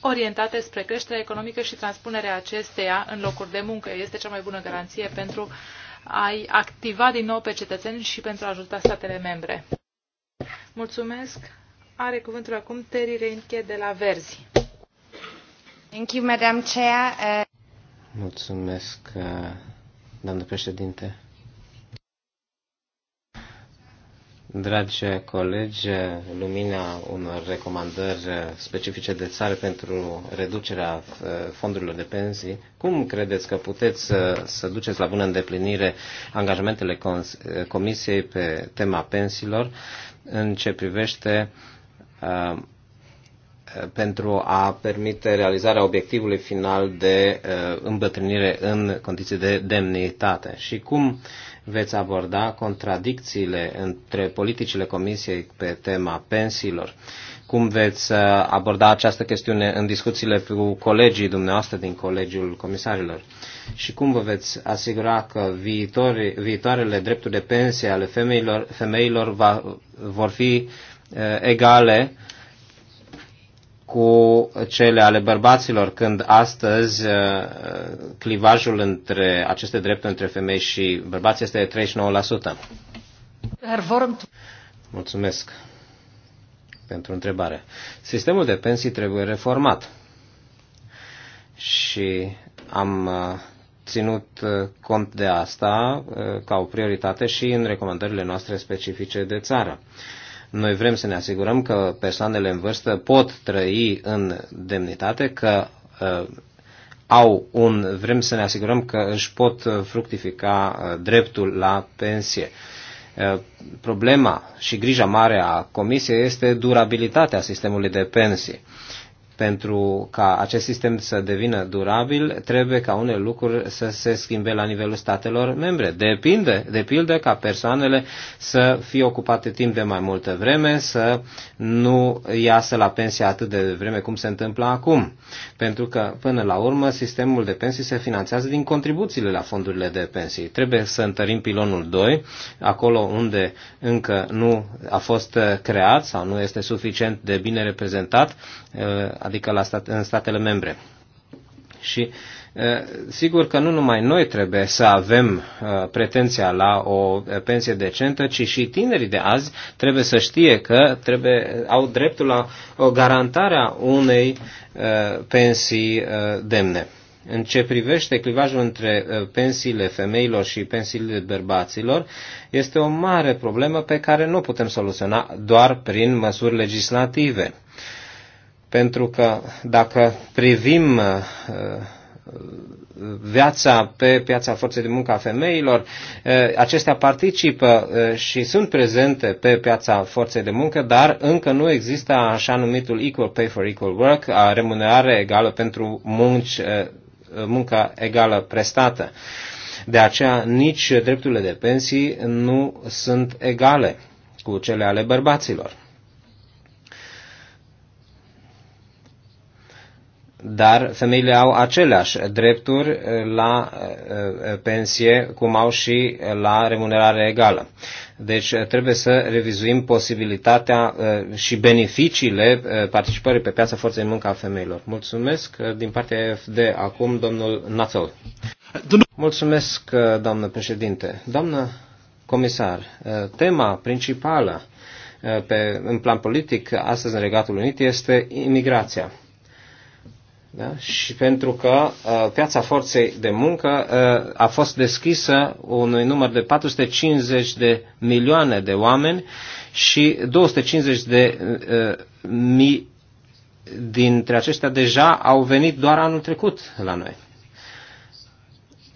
orientate spre creșterea economică și transpunerea acesteia în locuri de muncă. Este cea mai bună garanție pentru a-i activa din nou pe cetățeni și pentru a ajuta statele membre. Mulțumesc. Are cuvântul acum Terry Reinke de la Verzi. Thank you, Madam Chair. Uh, Mulțumesc, uh, doamnă președinte. Dragi colegi, lumina unor recomandări specifice de țară pentru reducerea uh, fondurilor de pensii, cum credeți că puteți să, uh, să duceți la bună îndeplinire angajamentele Comisiei pe tema pensiilor în ce privește uh, pentru a permite realizarea obiectivului final de uh, îmbătrânire în condiții de demnitate și cum veți aborda contradicțiile între politicile Comisiei pe tema pensiilor? Cum veți uh, aborda această chestiune în discuțiile cu colegii dumneavoastră din Colegiul Comisarilor? Și cum vă veți asigura că viitoare, viitoarele drepturi de pensie ale femeilor, femeilor va, vor fi uh, egale uh, cu cele ale bărbaților, când astăzi uh, clivajul între aceste drepturi între femei și bărbați este de 39%. Mulțumesc pentru întrebare. Sistemul de pensii trebuie reformat și am uh, ținut uh, cont de asta ca o prioritate și în recomandările noastre specifice de țară. Noi vrem să ne asigurăm că persoanele în vârstă pot trăi în demnitate, că uh, au un, vrem să ne asigurăm că își pot fructifica uh, dreptul la pensie. Uh, problema și grija mare a Comisiei este durabilitatea sistemului de pensii. Uh, pentru ca acest sistem să devină durabil, trebuie ca unele lucruri să se schimbe la nivelul statelor membre. Depinde, de pildă, ca persoanele să fie ocupate timp de mai multă vreme, să nu iasă la pensie atât de vreme cum se întâmplă acum. Pentru că, până la urmă, sistemul de pensii se finanțează din contribuțiile la fondurile de pensii. Trebuie să întărim pilonul 2, acolo unde încă nu a fost creat sau nu este suficient de bine reprezentat, adică la stat, în statele membre. Și sigur că nu numai noi trebuie să avem pretenția la o pensie decentă, ci și tinerii de azi trebuie să știe că trebuie, au dreptul la o garantarea unei pensii demne. În ce privește clivajul între pensiile femeilor și pensiile bărbaților, este o mare problemă pe care nu putem soluționa doar prin măsuri legislative pentru că dacă privim uh, uh, viața pe piața forței de muncă a femeilor, uh, acestea participă și sunt prezente pe piața forței de muncă, dar încă nu există așa numitul equal pay for equal work, a remunerare egală pentru munci, munca egală prestată. De aceea nici drepturile de pensii nu sunt egale cu cele ale bărbaților. dar femeile au aceleași drepturi la eh, eh, pensie cum au și la remunerare egală. Deci eh, trebuie să revizuim posibilitatea și beneficiile participării pe piața forței de muncă a femeilor. Mulțumesc din partea FD acum domnul Națol. Mulțumesc, doamnă președinte. Doamnă comisar, tema principală pe, în plan politic astăzi în Regatul Unit este imigrația. Da? Și pentru că uh, piața forței de muncă uh, a fost deschisă unui număr de 450 de milioane de oameni și 250 de uh, mii dintre aceștia deja au venit doar anul trecut la noi.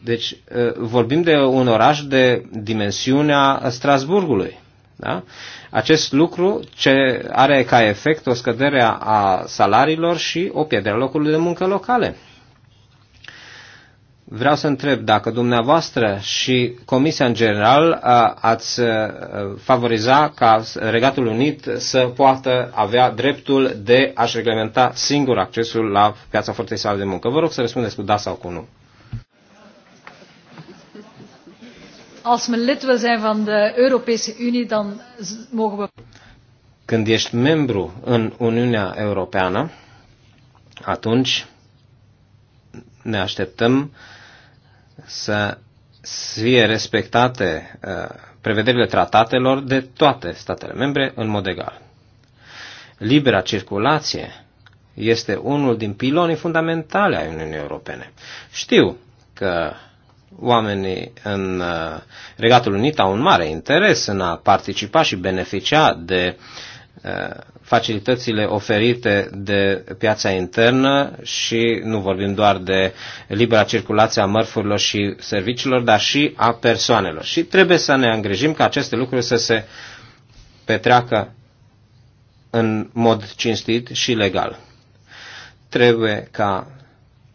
Deci uh, vorbim de un oraș de dimensiunea Strasburgului. Da? Acest lucru ce are ca efect o scădere a salariilor și o pierdere a locului de muncă locale. Vreau să întreb dacă dumneavoastră și Comisia în general uh, ați uh, favoriza ca Regatul Unit să poată avea dreptul de a-și reglementa singur accesul la piața forței sale de muncă. Vă rog să răspundeți cu da sau cu nu. Als men lid wil zijn van de Europese Unie, dan mogen we. Când ești membru în Uniunea Europeană, atunci ne așteptăm să fie respectate uh, prevederile tratatelor de toate statele membre în mod egal. Libera circulație este unul din pilonii fundamentale ai Uniunii Europene. Știu că oamenii în uh, Regatul Unit au un mare interes în a participa și beneficia de uh, facilitățile oferite de piața internă și nu vorbim doar de libera circulație a mărfurilor și serviciilor, dar și a persoanelor. Și trebuie să ne îngrijim ca aceste lucruri să se petreacă în mod cinstit și legal. Trebuie ca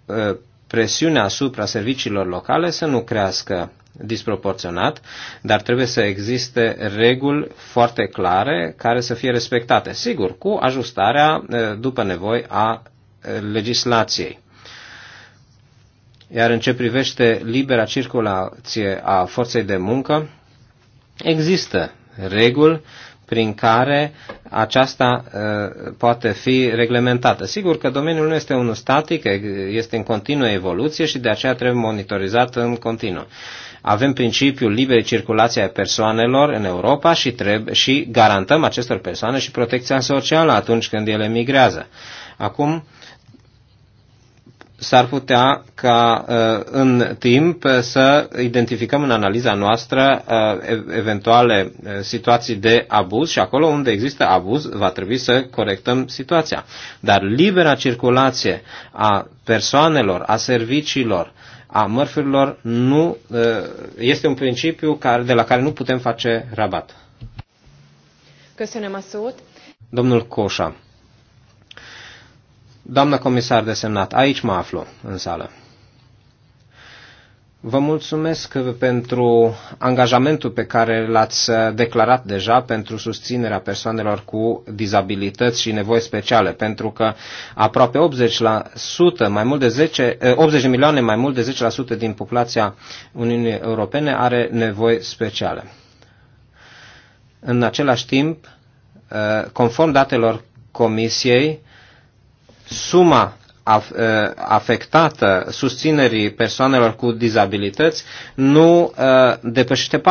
uh, presiunea asupra serviciilor locale să nu crească disproporționat, dar trebuie să existe reguli foarte clare care să fie respectate, sigur, cu ajustarea eh, după nevoi a eh, legislației. Iar în ce privește libera circulație a forței de muncă, există reguli prin care aceasta uh, poate fi reglementată. Sigur că domeniul nu este unul static, este în continuă evoluție și de aceea trebuie monitorizat în continuu. Avem principiul liberei circulației a persoanelor în Europa și, trebuie, și garantăm acestor persoane și protecția socială atunci când ele migrează. Acum, s-ar putea ca uh, în timp uh, să identificăm în analiza noastră uh, eventuale situații de abuz și acolo unde există abuz va trebui să corectăm situația. Dar libera circulație a persoanelor, a serviciilor, a mărfurilor nu este un principiu care, de la care nu putem face rabat. să ne Domnul Coșa. Doamna comisar desemnat, aici mă aflu, în sală. Vă mulțumesc pentru angajamentul pe care l-ați declarat deja pentru susținerea persoanelor cu dizabilități și nevoi speciale, pentru că aproape 80%, mai mult de 10, 80 eh, de milioane, mai mult de 10% din populația Uniunii Europene are nevoi speciale. În același timp, eh, conform datelor Comisiei, suma eh, afectată susținerii persoanelor cu dizabilități nu eh, depășește 4%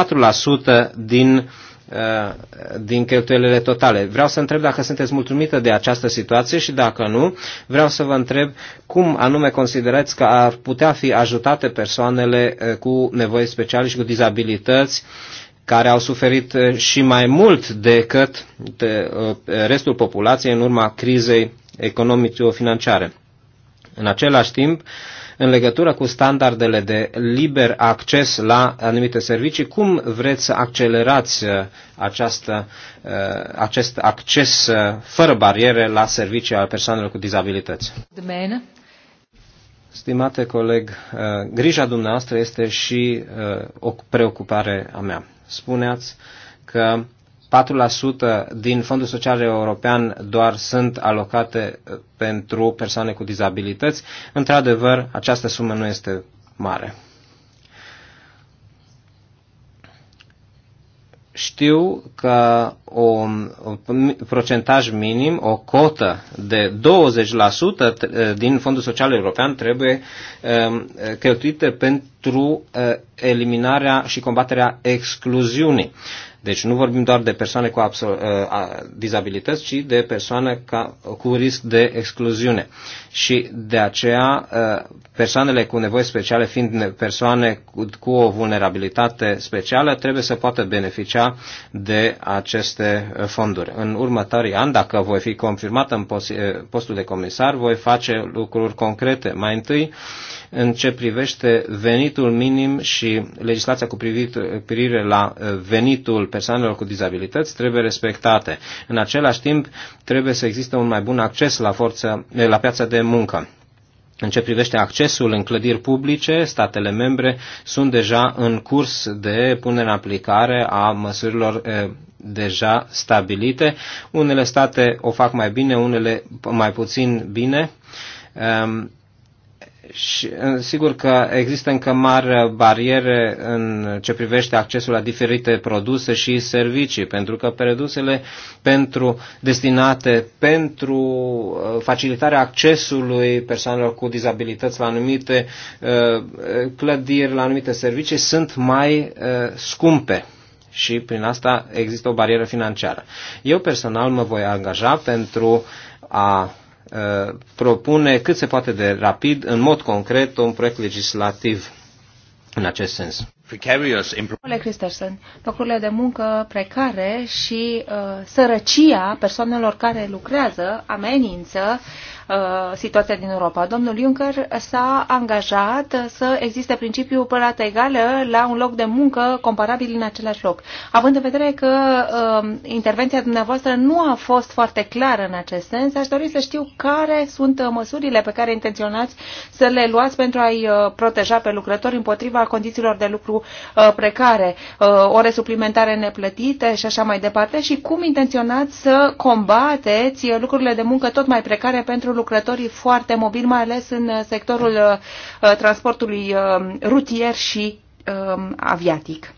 din, eh, din cheltuielile totale. Vreau să întreb dacă sunteți mulțumită de această situație și dacă nu, vreau să vă întreb cum anume considerați că ar putea fi ajutate persoanele cu nevoi speciale și cu dizabilități care au suferit și mai mult decât de restul populației în urma crizei economico-financiare. În același timp, în legătură cu standardele de liber acces la anumite servicii, cum vreți să accelerați uh, această, uh, acest acces uh, fără bariere la servicii al persoanelor cu dizabilități? Stimate coleg, grija dumneavoastră este și o preocupare a mea. Spuneați că 4% din Fondul Social European doar sunt alocate uh, pentru persoane cu dizabilități. Într-adevăr, această sumă nu este mare. știu că o, o procentaj minim, o cotă de 20% uh, din Fondul Social European trebuie um, cheltuită pentru uh, eliminarea și combaterea excluziunii. Deci nu vorbim doar de persoane cu uh, dizabilități, ci de persoane ca, cu risc de excluziune. Și de aceea uh, persoanele cu nevoi speciale, fiind persoane cu, cu o vulnerabilitate specială, trebuie să poată beneficia de aceste uh, fonduri. În următorii ani, dacă voi fi confirmat în postul de comisar, voi face lucruri concrete. Mai întâi, în ce privește venitul minim și legislația cu privire la uh, venitul persoanelor cu dizabilități trebuie respectate. În același timp, trebuie să existe un mai bun acces la, forță, eh, la piața de muncă. În ce privește accesul în clădiri publice, statele membre sunt deja în curs de punere în aplicare a măsurilor eh, deja stabilite. Unele state o fac mai bine, unele mai puțin bine. Ehm, și sigur că există încă mari bariere în ce privește accesul la diferite produse și servicii, pentru că produsele pentru, destinate pentru uh, facilitarea accesului persoanelor cu dizabilități la anumite uh, clădiri, la anumite servicii, sunt mai uh, scumpe și prin asta există o barieră financiară. Eu personal mă voi angaja pentru a Uh, propune cât se poate de rapid, în mod concret, un proiect legislativ în acest sens. Domnule Christensen, locurile de muncă precare și uh, sărăcia persoanelor care lucrează amenință uh, Uh, situația din Europa. Domnul Juncker s-a angajat să existe principiul plată egală la un loc de muncă comparabil în același loc. Având în vedere că uh, intervenția dumneavoastră nu a fost foarte clară în acest sens, aș dori să știu care sunt uh, măsurile pe care intenționați să le luați pentru a-i proteja pe lucrători împotriva condițiilor de lucru precare, ore suplimentare neplătite și așa mai departe și cum intenționați să combateți lucrurile de muncă tot mai precare pentru lucrătorii foarte mobili, mai ales în uh, sectorul uh, uh, transportului rutier și um, aviatic.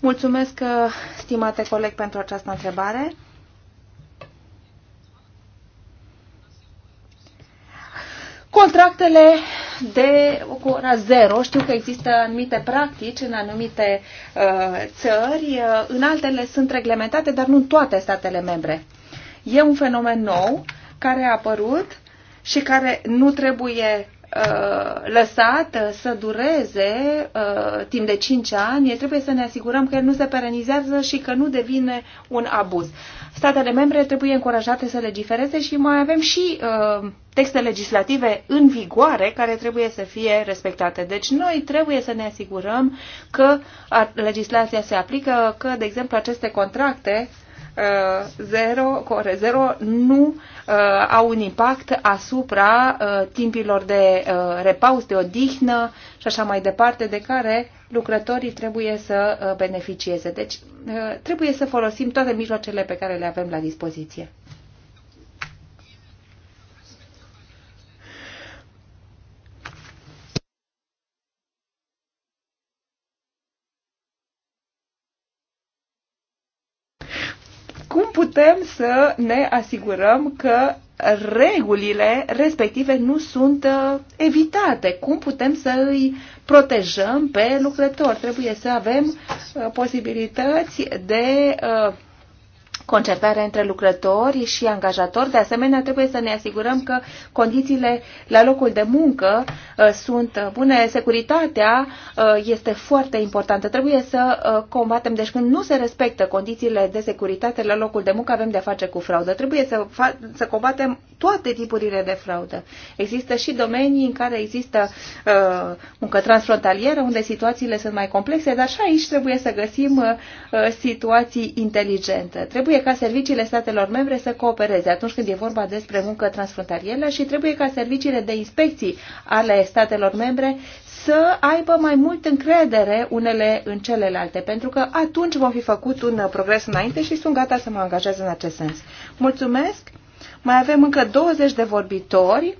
Mulțumesc, stimate coleg, pentru această întrebare. Contractele de cu ora zero, știu că există anumite practici în anumite uh, țări, în altele sunt reglementate, dar nu în toate statele membre. E un fenomen nou care a apărut și care nu trebuie uh, lăsat uh, să dureze uh, timp de 5 ani, trebuie să ne asigurăm că el nu se perenizează și că nu devine un abuz. Statele membre trebuie încurajate să legifereze și mai avem și texte legislative în vigoare care trebuie să fie respectate. Deci noi trebuie să ne asigurăm că legislația se aplică, că, de exemplu, aceste contracte uh, Uh, zero, core zero nu uh, au un impact asupra uh, timpilor de repaus, de odihnă și așa mai departe, de care lucrătorii trebuie să beneficieze. Deci trebuie să folosim toate mijloacele pe care le avem la dispoziție. putem să ne asigurăm că regulile respective nu sunt uh, evitate. Cum putem să îi protejăm pe lucrători? Trebuie să avem uh, posibilități de uh, concertarea între lucrători și angajatori. De asemenea, trebuie să ne asigurăm că condițiile la locul de muncă uh, sunt bune. Securitatea uh, este foarte importantă. Trebuie să uh, combatem. Deci când nu se respectă condițiile de securitate la locul de muncă, avem de-a face cu fraudă. Trebuie să, să combatem toate tipurile de fraudă. Există și domenii în care există uh, muncă transfrontalieră, unde situațiile sunt mai complexe, dar și aici trebuie să găsim uh, situații inteligente. Trebuie ca serviciile statelor membre să coopereze atunci când e vorba despre muncă transfrontalieră și trebuie ca serviciile de inspecții ale statelor membre să aibă mai mult încredere unele în celelalte, pentru că atunci vom fi făcut un progres înainte și sunt gata să mă angajez în acest sens. Mulțumesc! Mai avem încă 20 de vorbitori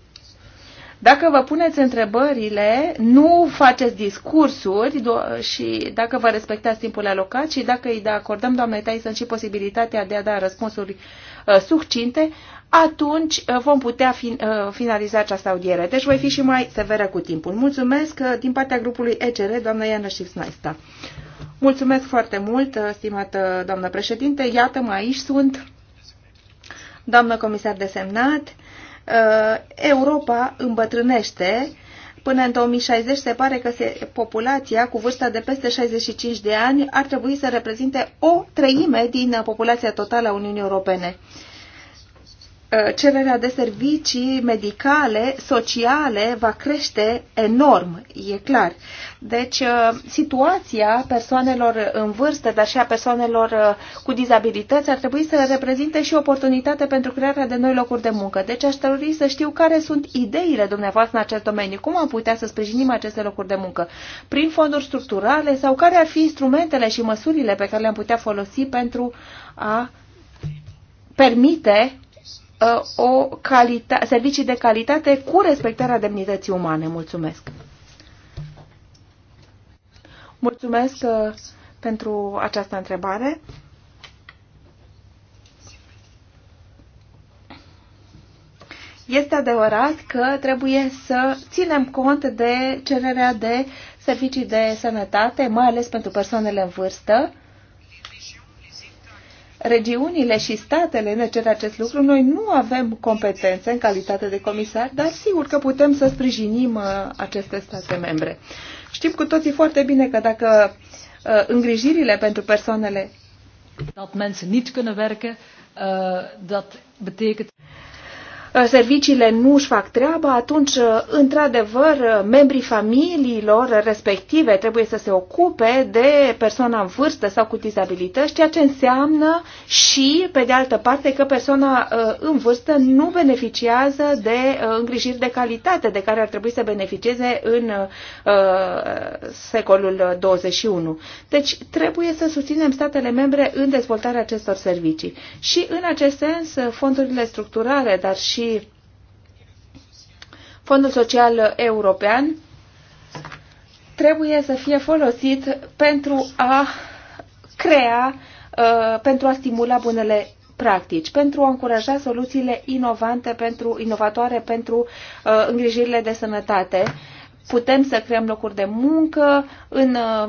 dacă vă puneți întrebările, nu faceți discursuri și dacă vă respectați timpul alocat și dacă îi acordăm doamnei Tyson și posibilitatea de a da răspunsuri uh, succinte, atunci uh, vom putea fi, uh, finaliza această audiere. Deci voi fi și mai severă cu timpul. Mulțumesc uh, din partea grupului ECR, doamna Iana Șifsnaista. Mulțumesc foarte mult, uh, stimată doamnă președinte. Iată-mă, aici sunt, doamnă comisar desemnat. Uh, Europa îmbătrânește. Până în 2060 se pare că se, populația cu vârsta de peste 65 de ani ar trebui să reprezinte o treime din uh, populația totală a Uniunii Europene. Uh, Uh, cererea de servicii medicale, sociale va crește enorm, e clar. Deci, uh, situația persoanelor în vârstă, dar și a persoanelor uh, cu dizabilități ar trebui să reprezinte și oportunitate pentru crearea de noi locuri de muncă. Deci, aș trebui să știu care sunt ideile dumneavoastră în acest domeniu. Cum am putea să sprijinim aceste locuri de muncă? Prin fonduri structurale sau care ar fi instrumentele și măsurile pe care le-am putea folosi pentru a permite Uh, o calita- servicii de calitate cu respectarea demnității umane. Mulțumesc! Mulțumesc uh, pentru această întrebare. Este adevărat că trebuie să ținem cont de cererea de servicii de sănătate, mai ales pentru persoanele în vârstă, regiunile și statele ne cer acest lucru. Noi nu avem competențe în calitate de comisar, dar sigur că putem să sprijinim uh, aceste state membre. Știm cu toții foarte bine că dacă uh, îngrijirile pentru persoanele dat mensen niet kunnen werken, uh, dat betekent Uh, serviciile nu își fac treaba, atunci, uh, într-adevăr, uh, membrii familiilor respective trebuie să se ocupe de persoana în vârstă sau cu dizabilități, ceea ce înseamnă și, pe de altă parte, că persoana în vârstă nu beneficiază de îngrijiri de calitate de care ar trebui să beneficieze în secolul 21. Deci, trebuie să susținem statele membre în dezvoltarea acestor servicii. Și, în acest sens, fondurile structurale, dar și și Fondul Social European trebuie să fie folosit pentru a crea, uh, pentru a stimula bunele practici, pentru a încuraja soluțiile inovante, pentru, inovatoare pentru uh, îngrijirile de sănătate. Putem să creăm locuri de muncă în uh,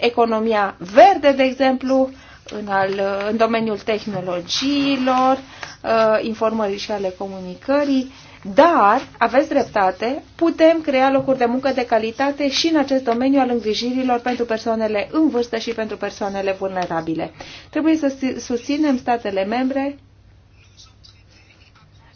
economia verde, de exemplu, în, al, în domeniul tehnologiilor, uh, informării și ale comunicării, dar, aveți dreptate, putem crea locuri de muncă de calitate și în acest domeniu al îngrijirilor pentru persoanele în vârstă și pentru persoanele vulnerabile. Trebuie să susținem statele membre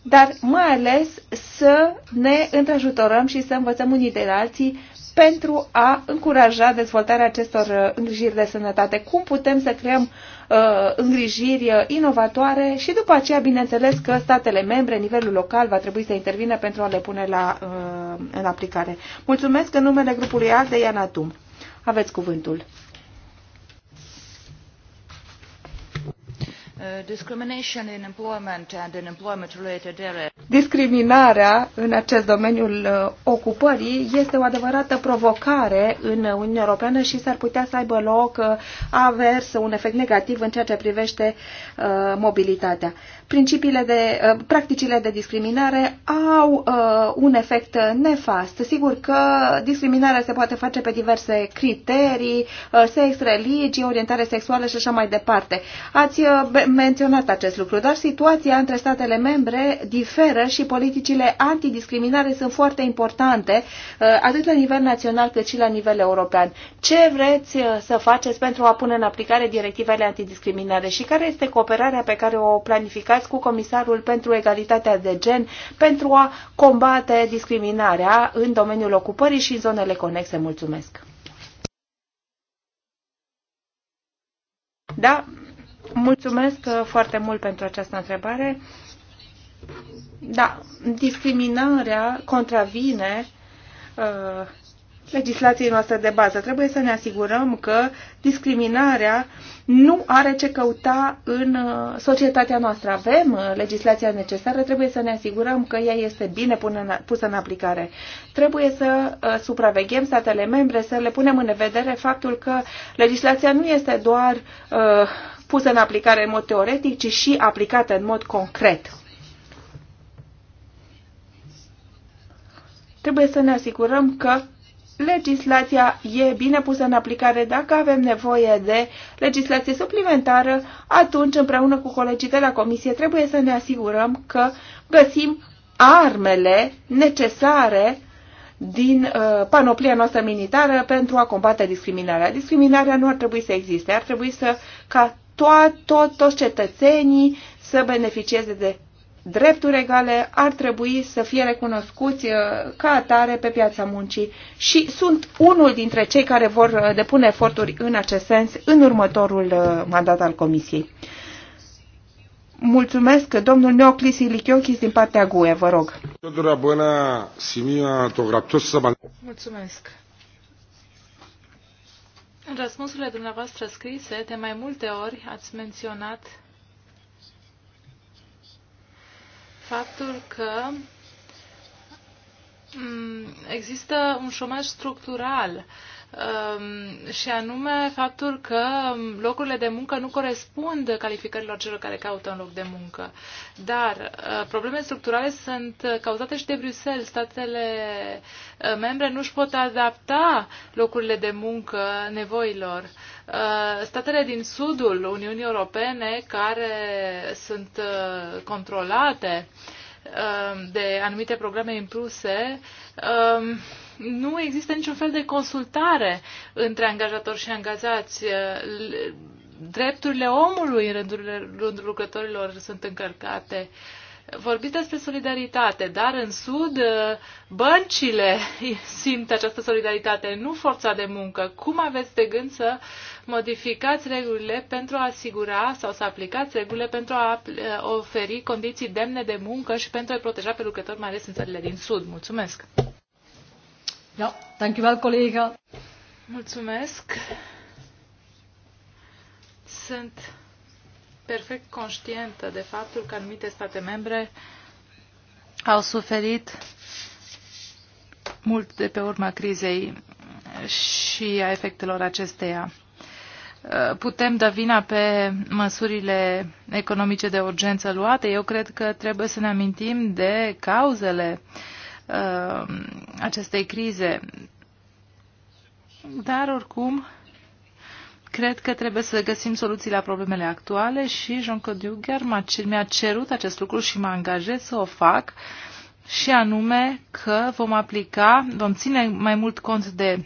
dar mai ales să ne întrajutorăm și să învățăm unii de alții pentru a încuraja dezvoltarea acestor uh, îngrijiri de sănătate. Cum putem să creăm Uh, îngrijiri uh, inovatoare și după aceea, bineînțeles, că statele membre, nivelul local, va trebui să intervină pentru a le pune la, uh, în aplicare. Mulțumesc în numele grupului ALDE, Iana Tum. Aveți cuvântul. Uh, Discriminarea în acest domeniul uh, ocupării este o adevărată provocare în Uniunea Europeană și s-ar putea să aibă loc uh, avers un efect negativ în ceea ce privește mobilitatea principiile de, uh, practicile de discriminare au uh, un efect nefast. Sigur că discriminarea se poate face pe diverse criterii, uh, sex, religie, orientare sexuală și așa mai departe. Ați uh, menționat acest lucru, dar situația între statele membre diferă și politicile antidiscriminare sunt foarte importante, uh, atât la nivel național cât și la nivel european. Ce vreți uh, să faceți pentru a pune în aplicare directivele antidiscriminare și care este cooperarea pe care o planificați implicați cu Comisarul pentru Egalitatea de Gen pentru a combate discriminarea în domeniul ocupării și în zonele conexe. Mulțumesc! Da, mulțumesc uh, foarte mult pentru această întrebare. Da, discriminarea contravine uh, legislației noastre de bază. Trebuie să ne asigurăm că discriminarea nu are ce căuta în uh, societatea noastră. Avem uh, legislația necesară, trebuie să ne asigurăm că ea este bine pusă în aplicare. Trebuie să uh, supraveghem statele membre, să le punem în vedere faptul că legislația nu este doar pusă în aplicare în mod teoretic, ci și aplicată în mod concret. Trebuie să ne asigurăm că legislația e bine pusă în aplicare, dacă avem nevoie de legislație suplimentară, atunci împreună cu colegii de la Comisie trebuie să ne asigurăm că găsim armele necesare din uh, panoplia noastră militară pentru a combate discriminarea. Discriminarea nu ar trebui să existe, ar trebui să ca toat, tot, toți cetățenii să beneficieze de drepturi egale ar trebui să fie recunoscuți uh, ca atare pe piața muncii și sunt unul dintre cei care vor uh, depune eforturi în acest sens în următorul uh, mandat al Comisiei. Mulțumesc, domnul Neoclis Ilichiochis din partea GUE, vă rog. Mulțumesc. În răspunsurile dumneavoastră scrise, de mai multe ori ați menționat faptul că mm, există un șomaj structural Um, și anume faptul că locurile de muncă nu corespund calificărilor celor care caută un loc de muncă. Dar uh, probleme structurale sunt cauzate și de Bruxelles. Statele uh, membre nu își pot adapta locurile de muncă nevoilor. Uh, statele din sudul Uniunii Europene care sunt controlate de anumite programe impuse um, nu există niciun fel de consultare între angajatori și angajați. Eh, drepturile omului în rândul, rândul lucrătorilor sunt încărcate. Vorbiți despre solidaritate, dar în Sud eh, băncile simt această solidaritate, nu forța de muncă. Cum aveți de gând să modificați regulile pentru a asigura sau să aplicați regulile pentru a eh, oferi condiții demne de muncă și pentru a proteja pe lucrători, mai ales în țările din Sud? Mulțumesc! Da, Mulțumesc. Sunt perfect conștientă de faptul că anumite state membre au suferit mult de pe urma crizei și a efectelor acesteia. Putem da vina pe măsurile economice de urgență luate. Eu cred că trebuie să ne amintim de cauzele uh, acestei crize. Dar, oricum, cred că trebuie să găsim soluții la problemele actuale și Jean-Claude Juncker mi-a cerut acest lucru și mă angajez să o fac și anume că vom aplica, vom ține mai mult cont de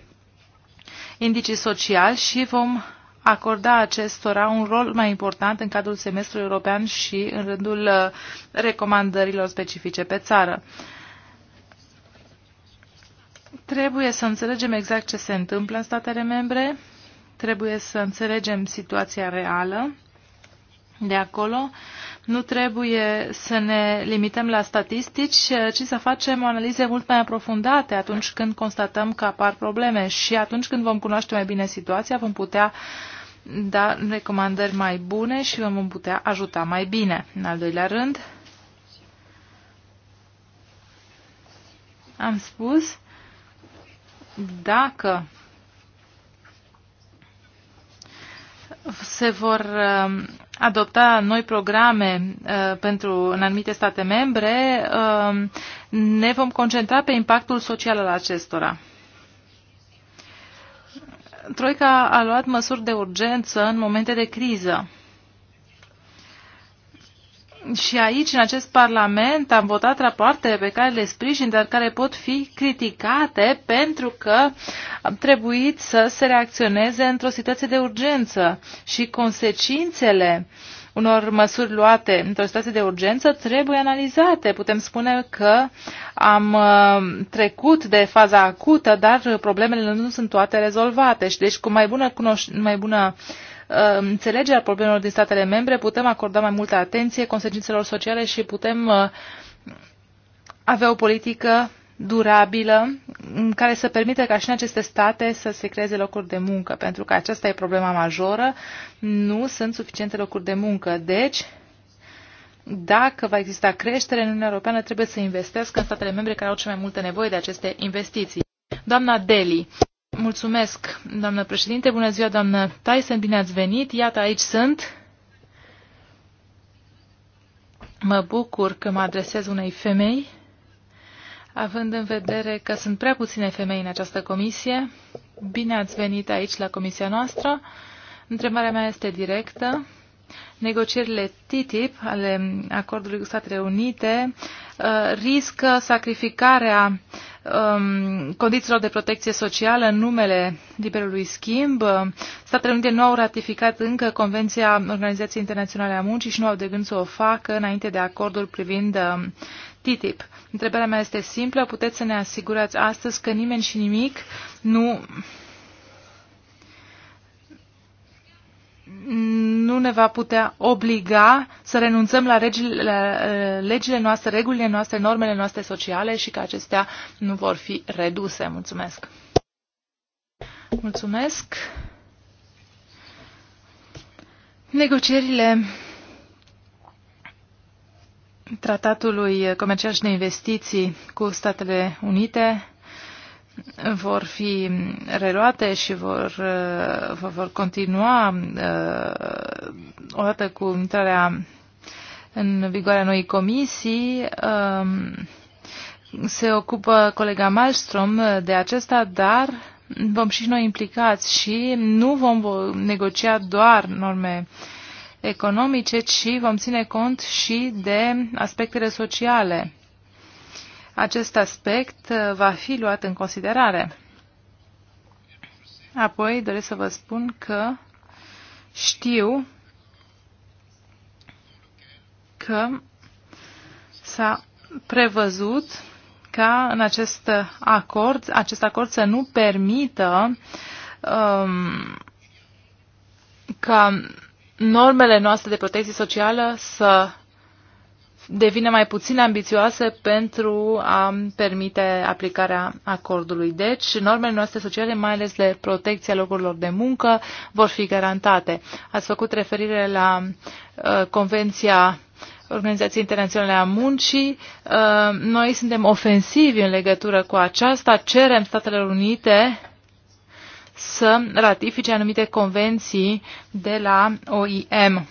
indicii sociali și vom acorda acestora un rol mai important în cadrul semestrului european și în rândul uh, recomandărilor specifice pe țară. Trebuie să înțelegem exact ce se întâmplă în statele membre, trebuie să înțelegem situația reală de acolo. Nu trebuie să ne limităm la statistici, ci să facem analize mult mai aprofundate atunci când constatăm că apar probleme și atunci când vom cunoaște mai bine situația, vom putea da recomandări mai bune și vom putea ajuta mai bine. În al doilea rând, am spus dacă se vor uh, adopta noi programe uh, pentru în anumite state membre, uh, ne vom concentra pe impactul social al acestora. Troica a luat măsuri de urgență în momente de criză și aici, în acest Parlament, am votat rapoarte pe care le sprijin, dar care pot fi criticate pentru că am trebuit să se reacționeze într-o situație de urgență și consecințele unor măsuri luate într-o situație de urgență trebuie analizate. Putem spune că am uh, trecut de faza acută, dar problemele nu sunt toate rezolvate și deci cu mai bună, cunoș- mai bună uh, Uh, înțelegerea problemelor din statele membre, putem acorda mai multă atenție consecințelor sociale și putem uh, avea o politică durabilă care să permită ca și în aceste state să se creeze locuri de muncă, pentru că aceasta e problema majoră, nu sunt suficiente locuri de muncă. Deci, dacă va exista creștere în Uniunea Europeană, trebuie să investească în statele membre care au cel mai multă nevoie de aceste investiții. Doamna Deli. Mulțumesc, doamnă președinte. Bună ziua, doamnă Tyson. Bine ați venit. Iată, aici sunt. Mă bucur că mă adresez unei femei, având în vedere că sunt prea puține femei în această comisie. Bine ați venit aici la comisia noastră. Întrebarea mea este directă. Negocierile TTIP ale acordului cu Statele Unite uh, riscă sacrificarea um, condițiilor de protecție socială în numele liberului schimb. Statele Unite nu au ratificat încă Convenția Organizației Internaționale a Muncii și nu au de gând să o facă înainte de acordul privind um, TTIP. Întrebarea mea este simplă. Puteți să ne asigurați astăzi că nimeni și nimic nu nu ne va putea obliga să renunțăm la, regile, la legile noastre, regulile noastre, normele noastre sociale și că acestea nu vor fi reduse. Mulțumesc! Mulțumesc! Negocierile tratatului comercial și de investiții cu Statele Unite vor fi reluate și vor, uh, vor continua uh, odată cu intrarea în vigoarea noii comisii. Um, se ocupă colega Malmström de acesta, dar vom și noi implicați și nu vom negocia doar norme economice, ci vom ține cont și de aspectele sociale acest aspect uh, va fi luat în considerare. Apoi doresc să vă spun că știu că s-a prevăzut ca în acest acord, acest acord să nu permită um, ca normele noastre de protecție socială să devine mai puțin ambițioase pentru a permite aplicarea acordului. Deci, normele noastre sociale, mai ales de protecția locurilor de muncă, vor fi garantate. Ați făcut referire la uh, Convenția Organizației Internaționale a Muncii. Uh, noi suntem ofensivi în legătură cu aceasta. Cerem Statele Unite să ratifice anumite convenții de la OIM.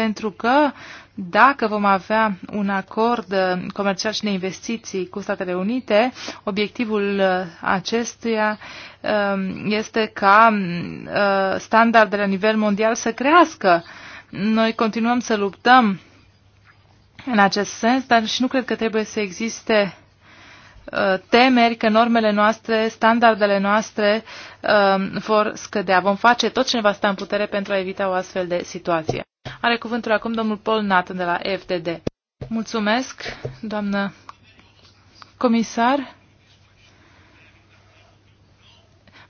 pentru că dacă vom avea un acord uh, comercial și de investiții cu Statele Unite, obiectivul uh, acestuia um, este ca uh, standardele la nivel mondial să crească. Noi continuăm să luptăm în acest sens, dar și nu cred că trebuie să existe temeri că normele noastre, standardele noastre um, vor scădea. Vom face tot ce ne va sta în putere pentru a evita o astfel de situație. Are cuvântul acum domnul Paul Nathan de la FDD. Mulțumesc, doamnă comisar.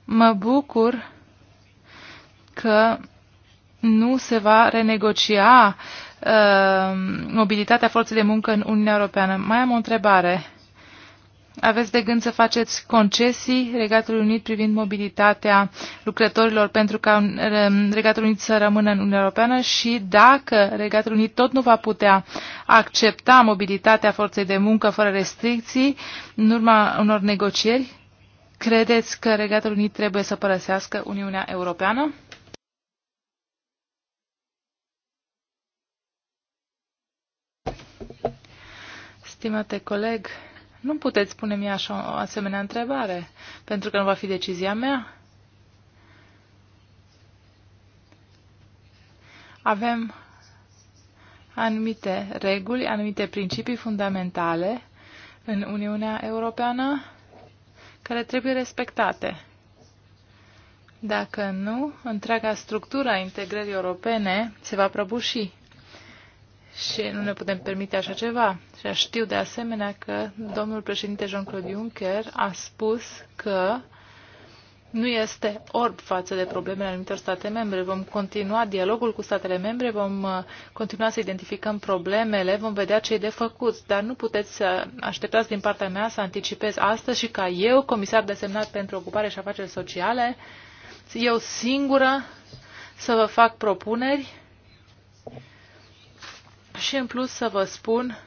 Mă bucur că nu se va renegocia uh, mobilitatea forței de muncă în Uniunea Europeană. Mai am o întrebare aveți de gând să faceți concesii Regatul Unit privind mobilitatea lucrătorilor pentru ca um, Regatul Unit să rămână în Uniunea Europeană și dacă Regatul Unit tot nu va putea accepta mobilitatea forței de muncă fără restricții în urma unor negocieri, credeți că Regatul Unit trebuie să părăsească Uniunea Europeană? Stimate coleg, nu puteți spune mie așa o asemenea întrebare, pentru că nu va fi decizia mea. Avem anumite reguli, anumite principii fundamentale în Uniunea Europeană care trebuie respectate. Dacă nu, întreaga structură a integrării europene se va prăbuși și nu ne putem permite așa ceva. Și știu de asemenea că domnul președinte Jean-Claude Juncker a spus că nu este orb față de problemele anumitor state membre. Vom continua dialogul cu statele membre, vom uh, continua să identificăm problemele, vom vedea ce e de făcut, dar nu puteți să așteptați din partea mea să anticipez astăzi și ca eu, comisar desemnat pentru ocupare și afaceri sociale, eu singură să vă fac propuneri și în plus să vă spun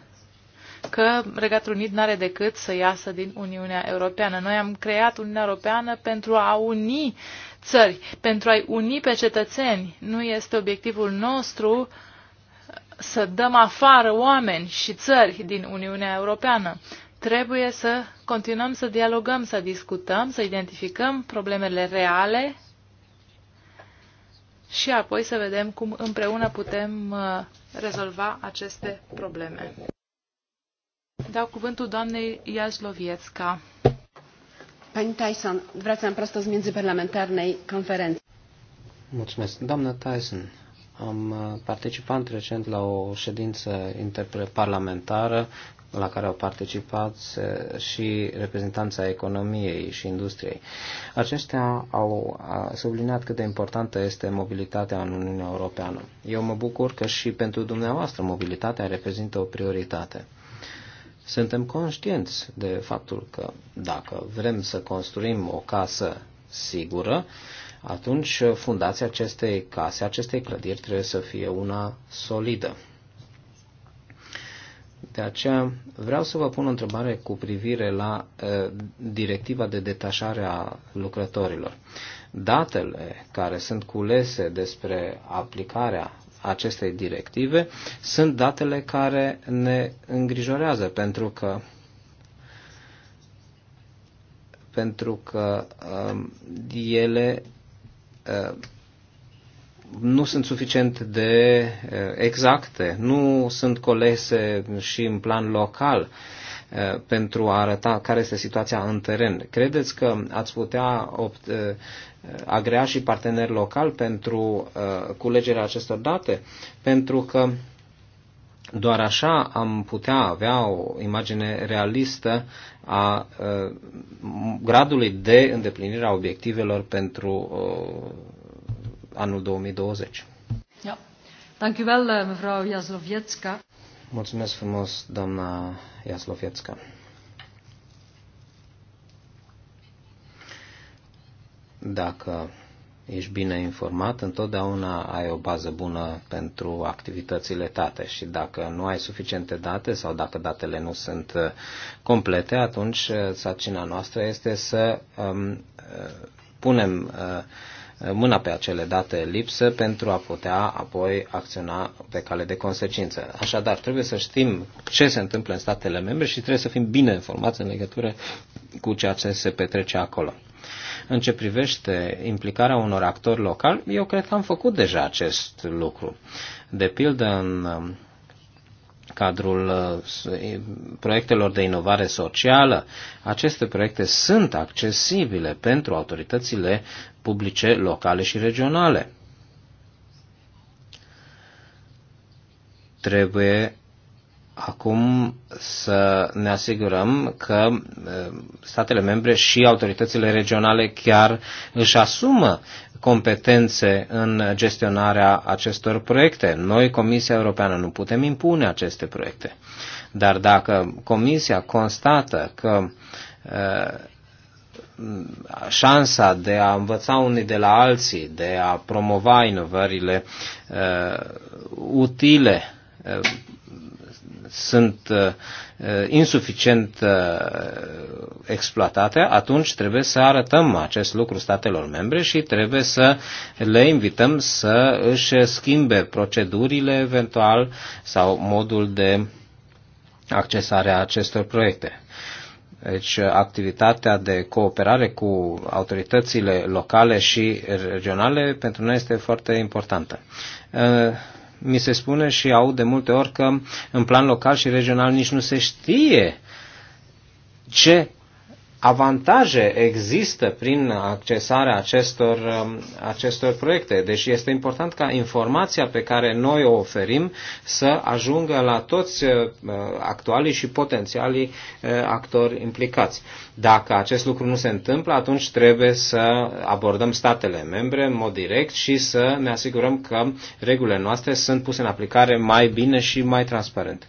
că Regatul Unit n-are decât să iasă din Uniunea Europeană. Noi am creat Uniunea Europeană pentru a uni țări, pentru a-i uni pe cetățeni. Nu este obiectivul nostru să dăm afară oameni și țări din Uniunea Europeană. Trebuie să continuăm să dialogăm, să discutăm, să identificăm problemele reale și apoi să vedem cum împreună putem uh, rezolva aceste probleme. Dau cuvântul doamnei Iazloviecka. Pani Tyson, wracam prosto z międzyparlamentarnej conferenței. Mulțumesc. Doamna Tyson, am participat recent la o ședință interparlamentară la care au participat și reprezentanța economiei și industriei. Aceștia au subliniat cât de importantă este mobilitatea în Uniunea Europeană. Eu mă bucur că și pentru dumneavoastră mobilitatea reprezintă o prioritate. Suntem conștienți de faptul că dacă vrem să construim o casă sigură, atunci fundația acestei case, acestei clădiri trebuie să fie una solidă. De aceea vreau să vă pun o întrebare cu privire la directiva de detașare a lucrătorilor. Datele care sunt culese despre aplicarea acestei directive sunt datele care ne îngrijorează pentru că pentru că um, ele uh, nu sunt suficient de eh, exacte, nu sunt colese și în plan local eh, pentru a arăta care este situația în teren. Credeți că ați putea opt, eh, agrea și parteneri local pentru culegerea acestor date? Pentru că doar așa am putea avea o imagine realistă a gradului de îndeplinire a obiectivelor pentru anul 2020. Ja. Dank u eh, mevrouw Jaslovietska. Mulțumesc frumos, doamna Jaslovietska. Dacă ești bine informat, întotdeauna ai o bază bună pentru activitățile tate și dacă nu ai suficiente date sau dacă datele nu sunt eh, complete, atunci eh, sarcina noastră este să um, punem uh, mâna pe acele date lipsă pentru a putea apoi acționa pe cale de consecință. Așadar, trebuie să știm ce se întâmplă în statele membre și trebuie să fim bine informați în legătură cu ceea ce se petrece acolo. În ce privește implicarea unor actori locali, eu cred că am făcut deja acest lucru. De pildă, în cadrul uh, proiectelor de inovare socială. Aceste proiecte sunt accesibile pentru autoritățile publice, locale și regionale. Trebuie acum să ne asigurăm că uh, statele membre și autoritățile regionale chiar își asumă competențe în gestionarea acestor proiecte. Noi, Comisia Europeană, nu putem impune aceste proiecte. Dar dacă Comisia constată că uh, șansa de a învăța unii de la alții, de a promova inovările uh, utile uh, sunt uh, Uh, insuficient uh, exploatate, atunci trebuie să arătăm acest lucru statelor membre și trebuie să le invităm să își schimbe procedurile eventual sau modul de accesare a acestor proiecte. Deci uh, activitatea de cooperare cu autoritățile locale și regionale pentru noi este foarte importantă mi se spune și aud de multe ori că în plan local și regional nici nu se știe ce avantaje există prin accesarea acestor, um, acestor proiecte. Deci este important ca informația pe care noi o oferim să ajungă la toți uh, actualii și potențialii uh, actori implicați. Dacă acest lucru nu se întâmplă, atunci trebuie să abordăm statele membre în mod direct și să ne asigurăm că regulile noastre sunt puse în aplicare mai bine și mai transparent.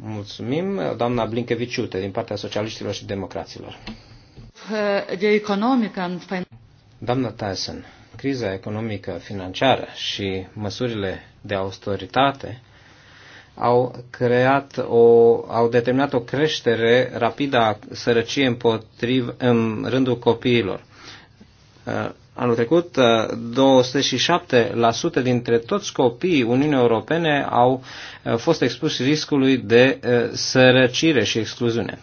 Mulțumim, doamna Blinkeviciute, din partea socialiștilor și democraților. De economică... Doamna Tyson, criza economică, financiară și măsurile de austeritate au creat o, au determinat o creștere rapidă a sărăciei împotriv, în rândul copiilor. Anul trecut, 207% uh, dintre toți copiii Uniunii Europene au uh, fost expuși riscului de uh, sărăcire și excluziune.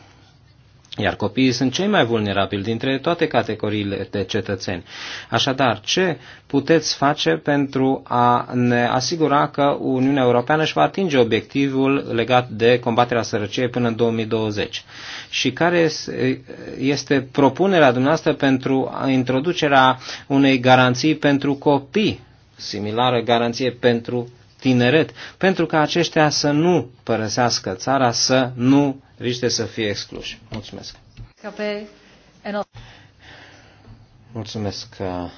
Iar copiii sunt cei mai vulnerabili dintre toate categoriile de cetățeni. Așadar, ce puteți face pentru a ne asigura că Uniunea Europeană își va atinge obiectivul legat de combaterea sărăciei până în 2020? Și care este propunerea dumneavoastră pentru introducerea unei garanții pentru copii, similară garanție pentru tineret, pentru ca aceștia să nu părăsească țara, să nu riște să fie excluși. Mulțumesc! Mulțumesc, uh,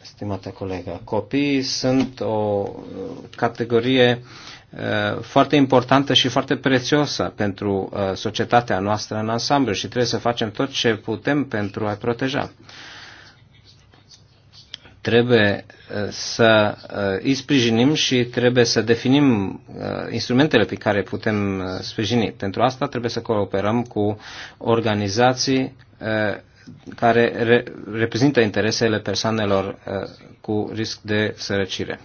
stimată colegă. Copiii sunt o uh, categorie uh, foarte importantă și foarte prețioasă pentru societatea noastră în ansamblu și trebuie să facem tot ce putem pentru a-i proteja. Trebuie uh, să uh, îi sprijinim și trebuie să definim uh, instrumentele pe care putem sprijini. Pentru asta trebuie să cooperăm cu organizații care re- reprezintă interesele persoanelor cu risc de sărăcire.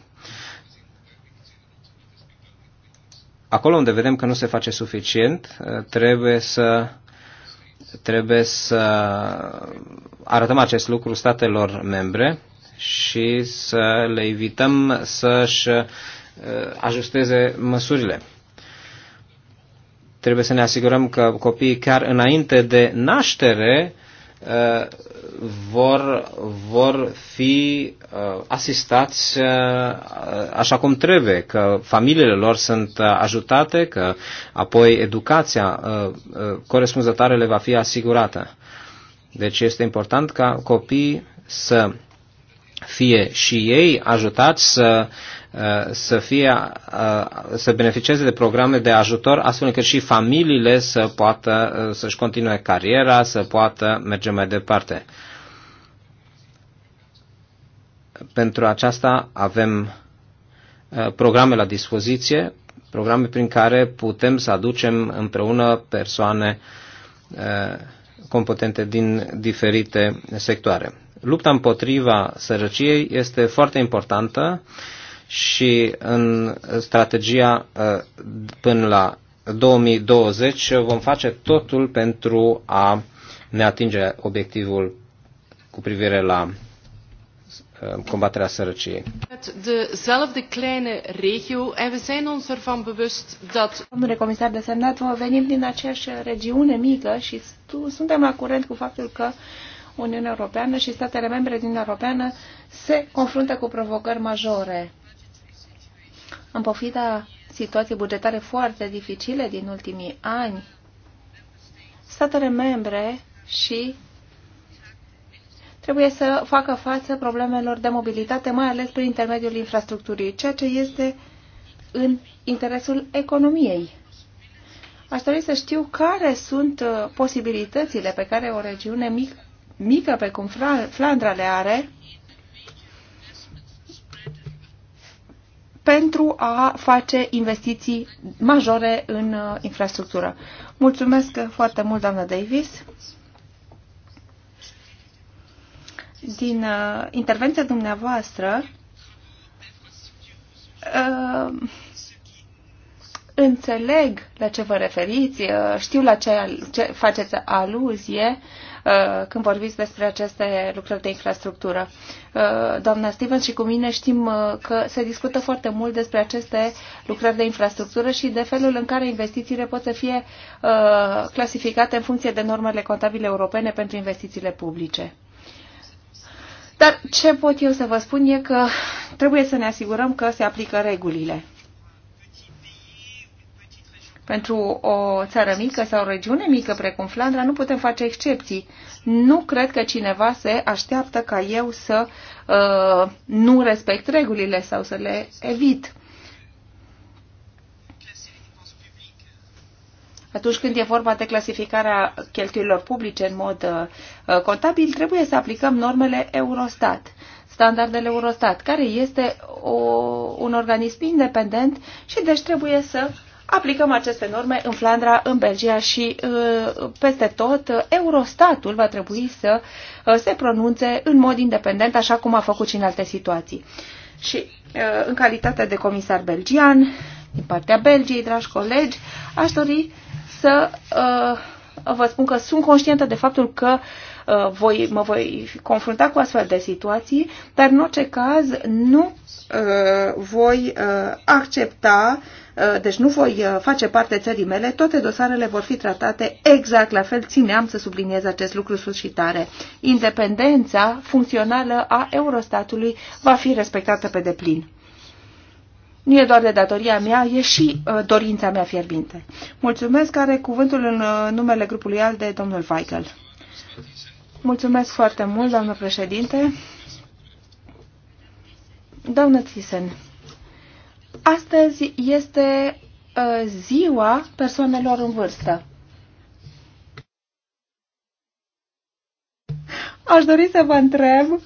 Acolo unde vedem că nu se face suficient, trebuie să trebuie să arătăm acest lucru statelor membre și să le evităm să-și uh, ajusteze măsurile. Trebuie să ne asigurăm că copiii chiar înainte de naștere uh, vor, vor fi uh, asistați așa cum trebuie, că familiile lor sunt ajutate, că apoi educația corespunzătoare le va fi asigurată. Deci este important ca copiii să fie și ei ajutați să, uh, să, fie, uh, să beneficieze de programe de ajutor, astfel încât și familiile să poată uh, să-și continue cariera, să poată merge mai departe. Pentru aceasta avem programe la dispoziție, programe prin care putem să aducem împreună persoane competente din diferite sectoare lupta împotriva sărăciei este foarte importantă și în strategia ă, până la 2020 vom face totul pentru a ne atinge obiectivul cu privire la ă, combaterea sărăciei. Dezelfde kleine regio en we zijn ons ervan bewust dat... Domnule comisar desemnat, venim din aceeași regiune mică și suntem la curent cu faptul că uh, Uniunea Europeană și statele membre din Europeană se confruntă cu provocări majore. În pofida situației bugetare foarte dificile din ultimii ani, statele membre și trebuie să facă față problemelor de mobilitate, mai ales prin intermediul infrastructurii, ceea ce este în interesul economiei. Aș dori să știu care sunt uh, posibilitățile pe care o regiune mică mică pe cum Flandra le are pentru a face investiții majore în uh, infrastructură. Mulțumesc foarte mult, doamna Davis. Din uh, intervenția dumneavoastră, uh, înțeleg la ce vă referiți, uh, știu la ce, ce faceți aluzie, Uh, când vorbiți despre aceste lucrări de infrastructură. Uh, doamna Stevens și cu mine știm uh, că se discută foarte mult despre aceste lucrări de infrastructură și de felul în care investițiile pot să fie clasificate în funcție de normele contabile europene pentru investițiile publice. Dar ce pot eu să vă spun e că trebuie să ne asigurăm că se aplică regulile. Pentru o țară mică sau o regiune mică precum Flandra nu putem face excepții. Nu cred că cineva se așteaptă ca eu să uh, nu respect regulile sau să le evit. Atunci când e vorba de clasificarea cheltuielor publice în mod uh, contabil, trebuie să aplicăm normele Eurostat, standardele Eurostat, care este o, un organism independent și deci trebuie să aplicăm aceste norme în Flandra, în Belgia și uh, peste tot. Eurostatul va trebui să uh, se pronunțe în mod independent, așa cum a făcut și în alte situații. Și uh, în calitate de comisar belgian, din partea Belgiei, dragi colegi, aș dori să vă spun că sunt conștientă de faptul că uh, Uh, voi, mă voi confrunta cu astfel de situații, dar în orice caz nu uh, voi uh, accepta, deci nu voi face parte țării mele, toate dosarele vor fi tratate exact la fel, țineam să subliniez acest lucru sus și tare. Independența funcțională a Eurostatului va fi respectată pe deplin. Nu e doar de datoria mea, e și uh, dorința mea fierbinte. Mulțumesc, are cuvântul în uh, numele grupului al de domnul Weigel. Mulțumesc foarte mult, doamnă președinte. Doamnă Tisen, astăzi este uh, ziua persoanelor în vârstă. Aș dori să vă întreb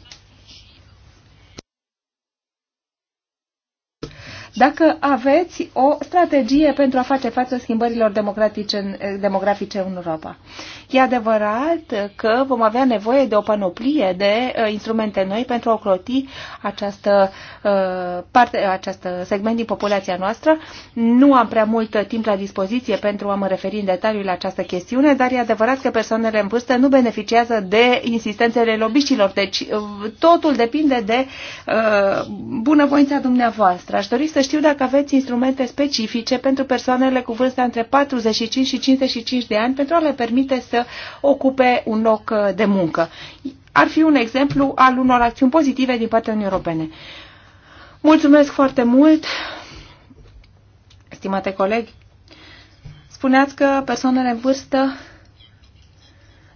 dacă aveți o strategie pentru a face față schimbărilor democratice în, demografice în Europa. E adevărat că vom avea nevoie de o panoplie de uh, instrumente noi pentru a ocroti această, uh, parte, acest segment din populația noastră. Nu am prea mult timp la dispoziție pentru a mă referi în detaliu la această chestiune, dar e adevărat că persoanele în vârstă nu beneficiază de insistențele lobiștilor. Deci uh, totul depinde de uh, bunăvoința dumneavoastră. Aș dori să știu dacă aveți instrumente specifice pentru persoanele cu vârsta între 45 și 55 de ani pentru a le permite să ocupe un loc uh, de muncă. Ar fi un exemplu al unor acțiuni pozitive din partea Uniunii Europene. Mulțumesc foarte mult, stimate colegi. Spuneați că persoanele în vârstă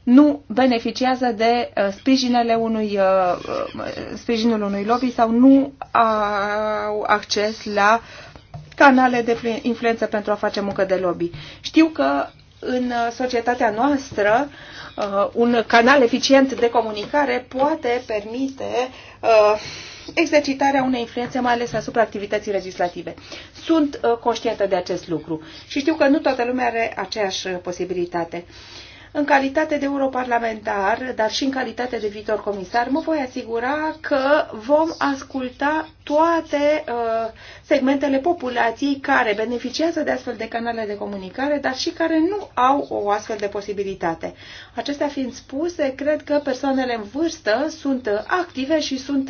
nu beneficiază de uh, sprijinele unui, uh, sprijinul unui lobby sau nu au acces la canale de influență pentru a face muncă de lobby. Știu că în uh, societatea noastră uh, un canal eficient de comunicare poate permite uh, exercitarea unei influențe, mai ales asupra activității legislative. Sunt conștientă de acest lucru și știu că nu toată lumea are aceeași posibilitate. În calitate de europarlamentar, dar și în calitate de viitor comisar, mă voi asigura că vom asculta toate uh, segmentele populației care beneficiază de astfel de canale de comunicare, dar și care nu au o astfel de posibilitate. Acestea fiind spuse, cred că persoanele în vârstă sunt active și sunt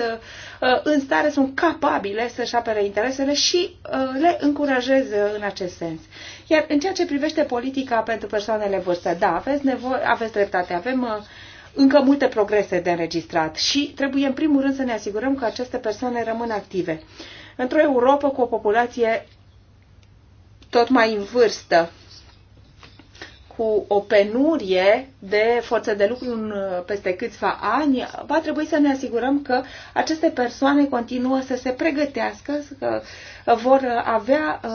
uh, în stare, sunt capabile să-și apere interesele și uh, le încurajez în acest sens. Iar în ceea ce privește politica pentru persoanele în vârstă, da, aveți, nevoie, aveți dreptate, avem uh, încă multe progrese de înregistrat și trebuie în primul rând să ne asigurăm că aceste persoane rămân active într-o Europa cu o populație tot mai în vârstă, cu o penurie de forță de lucru în peste câțiva ani, va trebui să ne asigurăm că aceste persoane continuă să se pregătească, că vor avea uh,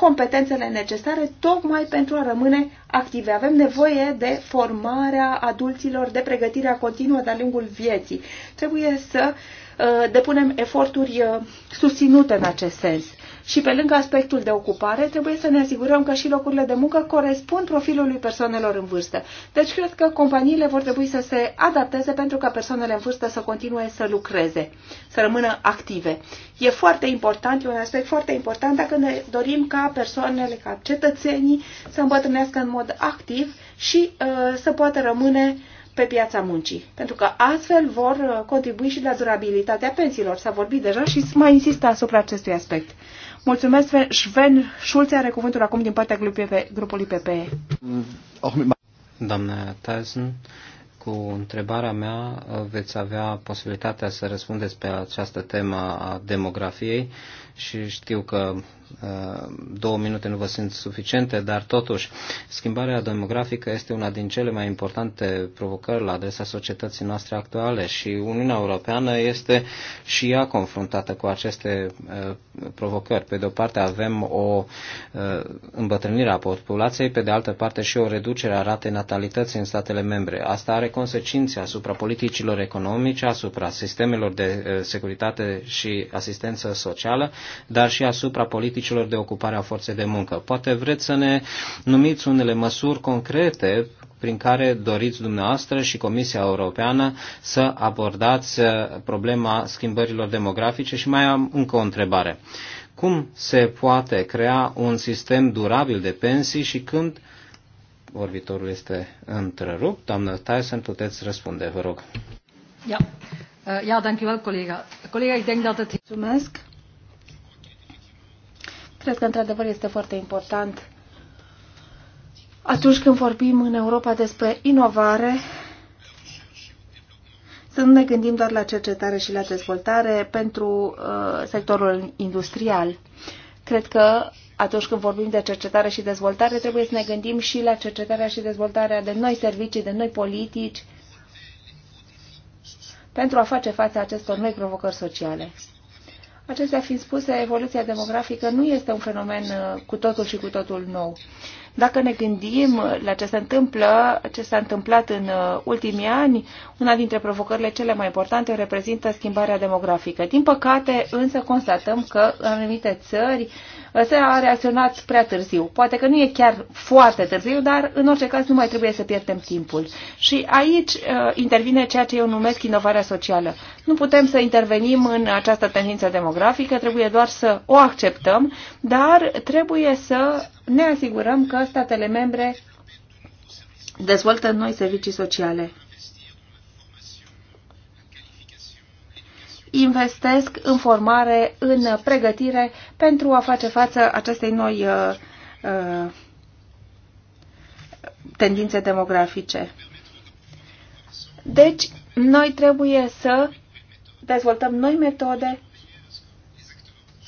competențele necesare tocmai pentru a rămâne active. Avem nevoie de formarea adulților, de pregătirea continuă de-a lungul vieții. Trebuie să uh, Uh, depunem eforturi uh, susținute în acest sens. Și pe lângă aspectul de ocupare, trebuie să ne asigurăm că și locurile de muncă corespund profilului persoanelor în vârstă. Deci cred că companiile vor trebui să se adapteze pentru ca persoanele în vârstă să continue să lucreze, să rămână active. E foarte important, e un aspect foarte important dacă ne dorim ca persoanele, ca cetățenii să îmbătrânească în mod activ și uh, să poată rămâne uh, pe piața muncii, pentru că astfel vor uh, contribui și la durabilitatea pensiilor. S-a vorbit deja și mai insistă asupra acestui aspect. Mulțumesc, Sven Schulze are cuvântul acum din partea grupului PPE. Doamna Tyson, cu întrebarea mea uh, veți avea posibilitatea să răspundeți pe această temă a demografiei și știu că două minute nu vă sunt suficiente, dar totuși schimbarea demografică este una din cele mai importante provocări la adresa societății noastre actuale și Uniunea Europeană este și ea confruntată cu aceste uh, provocări. Pe de o parte avem o uh, îmbătrânire a populației, pe de altă parte și o reducere a ratei natalității în statele membre. Asta are consecințe asupra politicilor economice, asupra sistemelor de uh, securitate și asistență socială, dar și asupra politicilor politicilor de ocupare a forței de muncă. Poate vreți să ne numiți unele măsuri concrete prin care doriți dumneavoastră și Comisia Europeană să abordați uh, problema schimbărilor demografice și mai am încă o întrebare. Cum se poate crea un sistem durabil de pensii și când vorbitorul este întrerupt? Doamnă Tyson, puteți răspunde, vă rog. Ja, ja dankjewel collega. Collega, ik denk dat het... Zumesc. Cred că, într-adevăr, este foarte important atunci când vorbim în Europa despre inovare, să nu ne gândim doar la cercetare și la dezvoltare pentru uh, sectorul industrial. Cred că atunci când vorbim de cercetare și dezvoltare, trebuie să ne gândim și la cercetarea și dezvoltarea de noi servicii, de noi politici, pentru a face față acestor noi provocări sociale. Acestea fiind spuse, evoluția demografică nu este un fenomen uh, cu totul și cu totul nou. Dacă ne gândim la ce se întâmplă, ce s-a întâmplat în uh, ultimii ani, una dintre provocările cele mai importante reprezintă schimbarea demografică. Din păcate, însă constatăm că în anumite țări uh, se a reacționat prea târziu. Poate că nu e chiar foarte târziu, dar în orice caz nu mai trebuie să pierdem timpul. Și aici uh, intervine ceea ce eu numesc inovarea socială. Nu putem să intervenim în această tendință demografică, trebuie doar să o acceptăm, dar trebuie să ne asigurăm că statele membre dezvoltă noi servicii sociale. Investesc în formare, în pregătire pentru a face față acestei noi uh, uh tendințe demografice. Deci, noi trebuie să dezvoltăm noi metode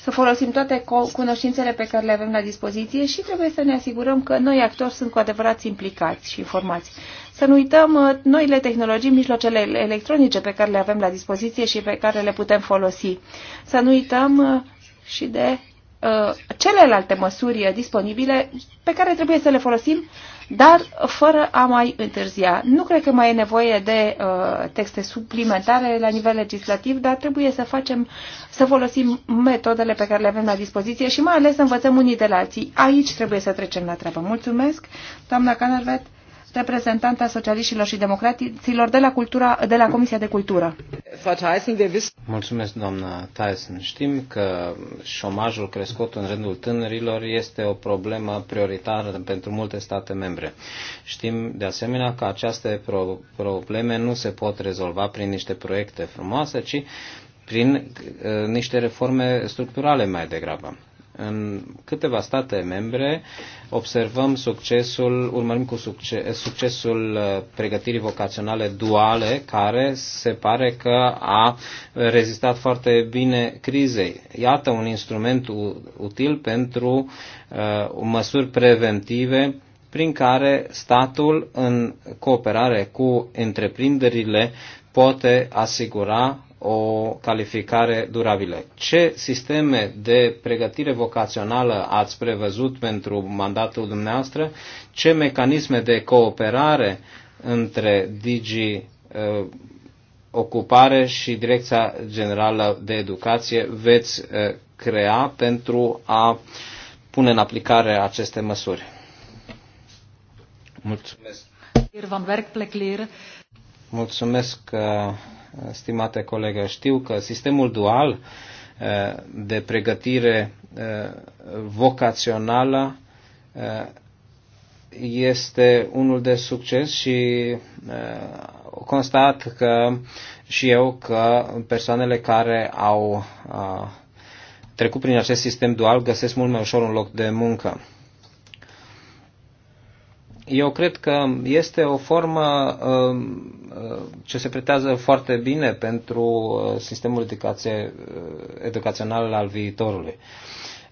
să folosim toate cunoștințele pe care le avem la dispoziție și trebuie să ne asigurăm că noi actori sunt cu adevărat implicați și informați. Să nu uităm uh, noile tehnologii, mijlocele electronice pe care le avem la dispoziție și pe care le putem folosi. Să nu uităm uh, și de uh, celelalte măsuri disponibile pe care trebuie să le folosim dar fără a mai întârzia. Nu cred că mai e nevoie de uh, texte suplimentare la nivel legislativ, dar trebuie să facem, să folosim metodele pe care le avem la dispoziție și mai ales să învățăm unii de la alții. Aici trebuie să trecem la treabă. Mulțumesc, doamna Canervet reprezentanta socialiștilor și democraților de la, cultura, de la Comisia de Cultură. Mulțumesc, doamna Tyson. Știm că șomajul crescut în rândul tânărilor este o problemă prioritară pentru multe state membre. Știm, de asemenea, că aceste pro- probleme nu se pot rezolva prin niște proiecte frumoase, ci prin uh, niște reforme structurale mai degrabă. În câteva state membre observăm succesul, urmărim cu succes, succesul uh, pregătirii vocaționale duale, care se pare că a rezistat foarte bine crizei. Iată un instrument util pentru uh, măsuri preventive prin care statul, în cooperare cu întreprinderile, poate asigura o calificare durabilă. Ce sisteme de pregătire vocațională ați prevăzut pentru mandatul dumneavoastră? Ce mecanisme de cooperare între Digi uh, Ocupare și Direcția Generală de Educație veți uh, crea pentru a pune în aplicare aceste măsuri? Mulțumesc. Mulțumesc uh, stimate colegă. Știu că sistemul dual eh, de pregătire eh, vocațională eh, este unul de succes și constat că și eu că persoanele care au trecut prin acest sistem dual găsesc mult mai ușor un loc de muncă eu cred că este o formă um, ce se pretează foarte bine pentru uh, sistemul educație, uh, educațional al viitorului.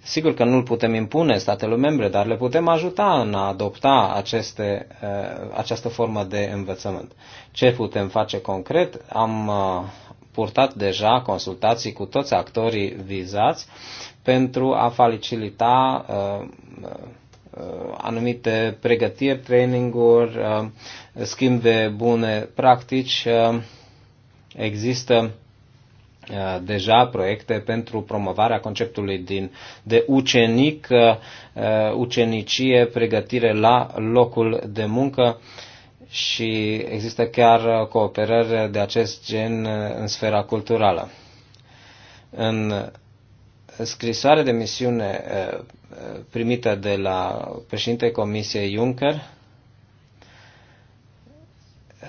Sigur că nu-l putem impune statelor membre, dar le putem ajuta în a adopta aceste, uh, această formă de învățământ. Ce putem face concret? Am purtat deja consultații cu toți actorii vizați pentru a facilita Uh, anumite pregătiri, traininguri, uh, schimb de bune practici. Uh, există deja proiecte pentru promovarea conceptului din, de ucenic, ucenicie, pregătire la locul de muncă și există chiar cooperări de acest gen în sfera culturală. În scrisoare de misiune uh, uh, primită de la președintele Comisiei Juncker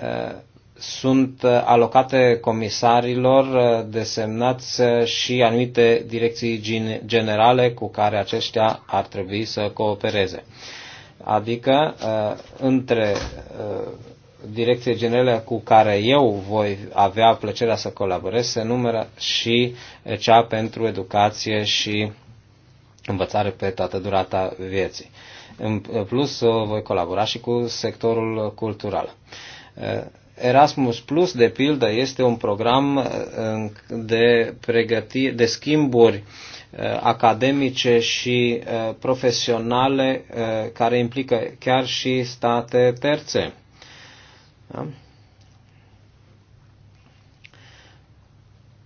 uh, sunt alocate comisarilor desemnați și anumite direcții generale cu care aceștia ar trebui să coopereze. Adică între direcție generală cu care eu voi avea plăcerea să colaborez se numără și cea pentru educație și învățare pe toată durata vieții. În plus, voi colabora și cu sectorul cultural. Erasmus Plus, de pildă, este un program de, pregăti- de schimburi uh, academice și uh, profesionale uh, care implică chiar și state terțe. Da?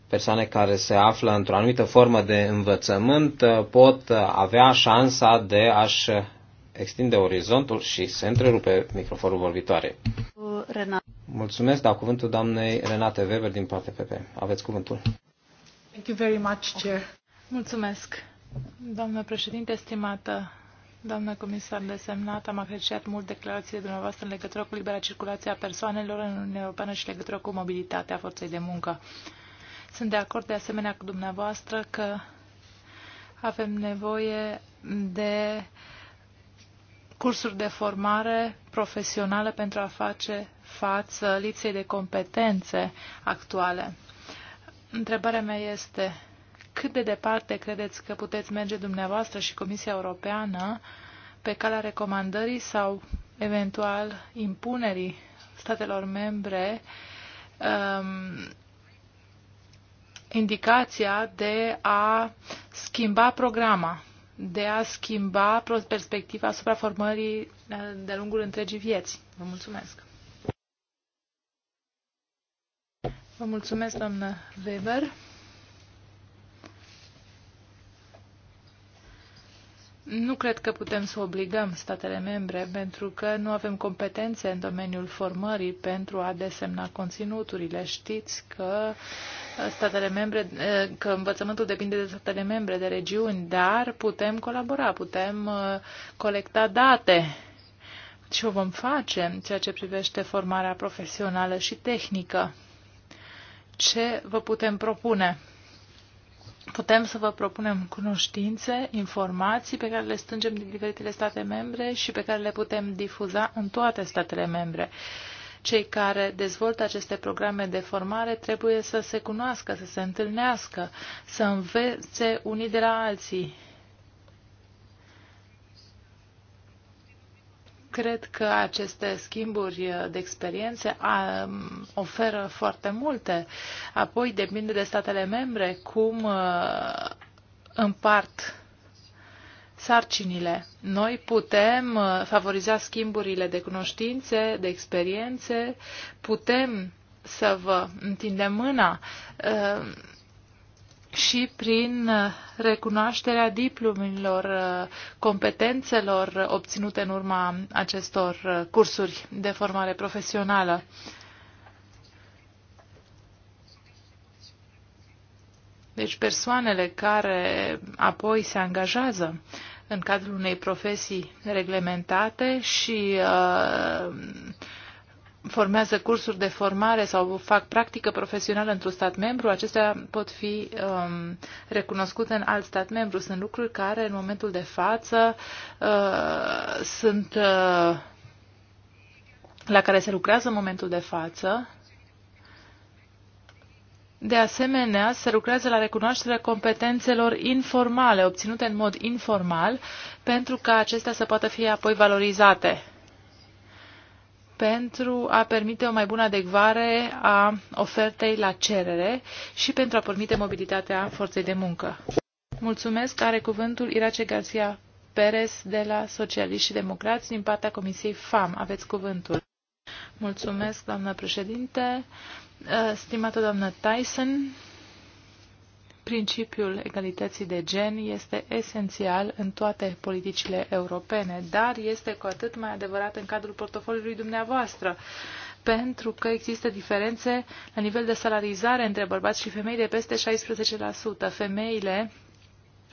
Persoane care se află într-o anumită formă de învățământ uh, pot uh, avea șansa de a-și extinde orizontul și se întrerupe microfonul vorbitoare. Renat. Mulțumesc, dau cuvântul doamnei Renate Weber din partea PP. Aveți cuvântul. Thank you very much, Chair. Mulțumesc, doamnă președinte, estimată Doamnă comisar semnat, am apreciat mult declarațiile dumneavoastră în legătură cu libera circulație a persoanelor în Uniunea Europeană și legătură cu mobilitatea forței de muncă. Sunt de acord de asemenea cu dumneavoastră că avem nevoie de cursuri de formare profesională pentru a face față lipsei de competențe actuale. Întrebarea mea este, cât de departe credeți că puteți merge dumneavoastră și Comisia Europeană pe calea recomandării sau eventual impunerii statelor membre um, indicația de a schimba programa, de a schimba perspectiva asupra formării uh, de lungul întregii vieți. Vă mulțumesc! Vă mulțumesc, doamnă Weber. Nu cred că putem să obligăm statele membre, pentru că nu avem competențe în domeniul formării pentru a desemna conținuturile. Știți că uh, statele membre, uh, că învățământul depinde de statele membre, de regiuni, dar putem colabora, putem uh, colecta date și o vom face în ceea ce privește formarea profesională și tehnică. Ce vă putem propune? Putem să vă propunem cunoștințe, informații pe care le strângem din diferitele state membre și pe care le putem difuza în toate statele membre. Cei care dezvoltă aceste programe de formare trebuie să se cunoască, să se întâlnească, să învețe unii de la alții cred că aceste schimburi de experiențe um, oferă foarte multe. Apoi depinde de statele membre cum uh, împart sarcinile. Noi putem uh, favoriza schimburile de cunoștințe, de experiențe, putem să vă întindem mâna uh, și prin uh, recunoașterea diplomelor, uh, competențelor obținute în urma acestor uh, cursuri de formare profesională. Deci persoanele care apoi se angajează în cadrul unei profesii reglementate și uh, formează cursuri de formare sau fac practică profesională într-un stat membru, acestea pot fi um, recunoscute în alt stat membru. Sunt lucruri care, în momentul de față, uh, sunt uh, la care se lucrează în momentul de față. De asemenea, se lucrează la recunoașterea competențelor informale, obținute în mod informal, pentru ca acestea să poată fi apoi valorizate pentru a permite o mai bună adecvare a ofertei la cerere și pentru a permite mobilitatea forței de muncă. Mulțumesc. Are cuvântul Irace Garcia Perez de la Socialiști și Democrați din partea Comisiei FAM. Aveți cuvântul. Mulțumesc, doamnă președinte. Stimată doamnă Tyson, principiul egalității de gen este esențial în toate politicile europene, dar este cu atât mai adevărat în cadrul portofoliului dumneavoastră, pentru că există diferențe la nivel de salarizare între bărbați și femei de peste 16%. Femeile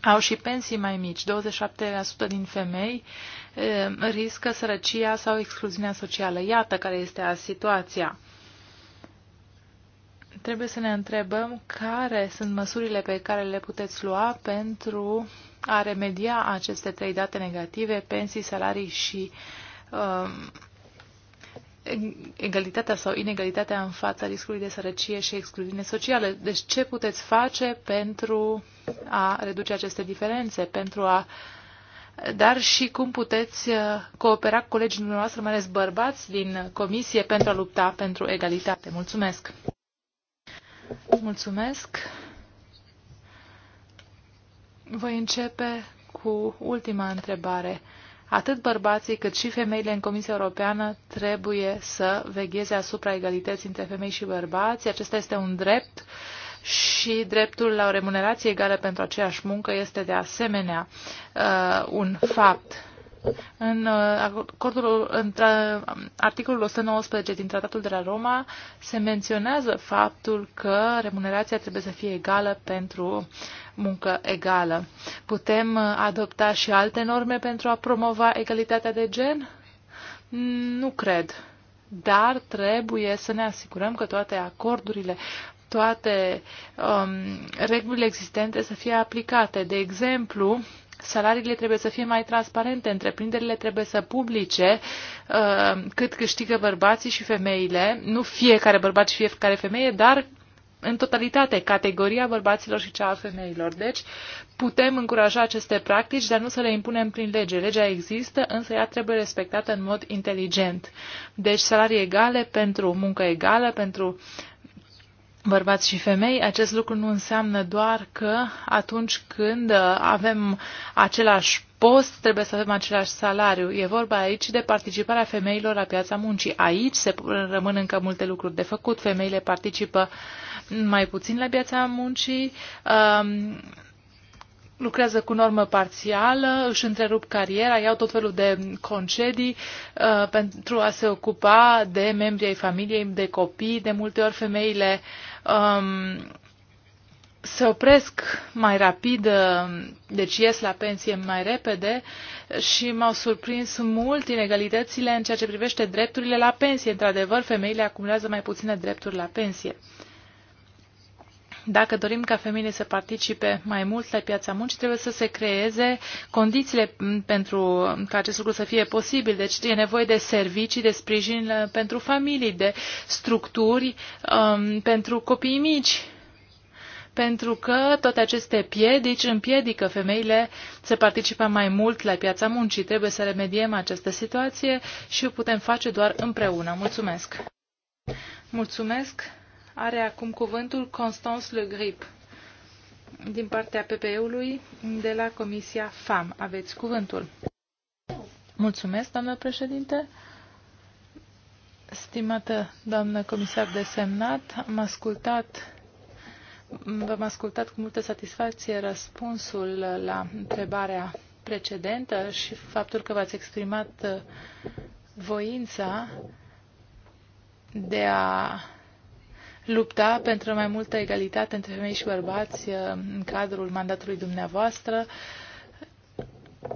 au și pensii mai mici. 27% din femei eh, riscă sărăcia sau excluziunea socială. Iată care este situația trebuie să ne întrebăm care sunt măsurile pe care le puteți lua pentru a remedia aceste trei date negative, pensii, salarii și um, egalitatea sau inegalitatea în fața riscului de sărăcie și excluziune socială. Deci ce puteți face pentru a reduce aceste diferențe, pentru a dar și cum puteți uh, coopera cu colegii dumneavoastră, mai ales bărbați din comisie, pentru a lupta pentru egalitate. Mulțumesc! Mulțumesc. Voi începe cu ultima întrebare. Atât bărbații cât și femeile în Comisia Europeană trebuie să vegheze asupra egalității între femei și bărbați. Acesta este un drept și dreptul la o remunerație egală pentru aceeași muncă este de asemenea uh, un fapt în uh, acordul, în articolul 119 din Tratatul de la Roma se menționează faptul că remunerația trebuie să fie egală pentru muncă egală. Putem uh, adopta și alte norme pentru a promova egalitatea de gen? Nu cred. Dar trebuie să ne asigurăm că toate acordurile toate um, regulile existente să fie aplicate. De exemplu, salariile trebuie să fie mai transparente, întreprinderile trebuie să publice uh, cât câștigă bărbații și femeile, nu fiecare bărbat și fiecare femeie, dar în totalitate categoria bărbaților și cea a femeilor. Deci putem încuraja aceste practici, dar nu să le impunem prin lege. Legea există, însă ea trebuie respectată în mod inteligent. Deci salarii egale pentru muncă egală, pentru bărbați și femei, acest lucru nu înseamnă doar că atunci când uh, avem același post, trebuie să avem același salariu. E vorba aici de participarea femeilor la piața muncii. Aici se rămân încă multe lucruri de făcut. Femeile participă mai puțin la piața muncii. Um, lucrează cu normă parțială, își întrerup cariera, iau tot felul de concedii uh, pentru a se ocupa de membrii ai familiei, de copii. De multe ori femeile um, se opresc mai rapid, uh, deci ies la pensie mai repede și m-au surprins mult inegalitățile în ceea ce privește drepturile la pensie. Într-adevăr, femeile acumulează mai puține drepturi la pensie. Uh, dacă dorim ca femeile să participe mai mult la piața muncii, trebuie să se creeze condițiile pentru ca acest lucru să fie posibil. Deci e nevoie de servicii, de sprijin uh, pentru familii, de structuri um, pentru copii mici pentru că toate aceste piedici împiedică femeile să participe mai mult la piața muncii. Trebuie să remediem această situație și o putem face doar împreună. Mulțumesc! Mulțumesc! Are acum cuvântul Constance Le Grip din partea PPE-ului de la Comisia FAM. Aveți cuvântul. Mulțumesc, doamnă președinte. Stimată doamnă comisar desemnat, am ascultat V-am ascultat cu multă satisfacție răspunsul la întrebarea precedentă și faptul că v-ați exprimat voința de a lupta pentru mai multă egalitate între femei și bărbați uh, în cadrul mandatului dumneavoastră,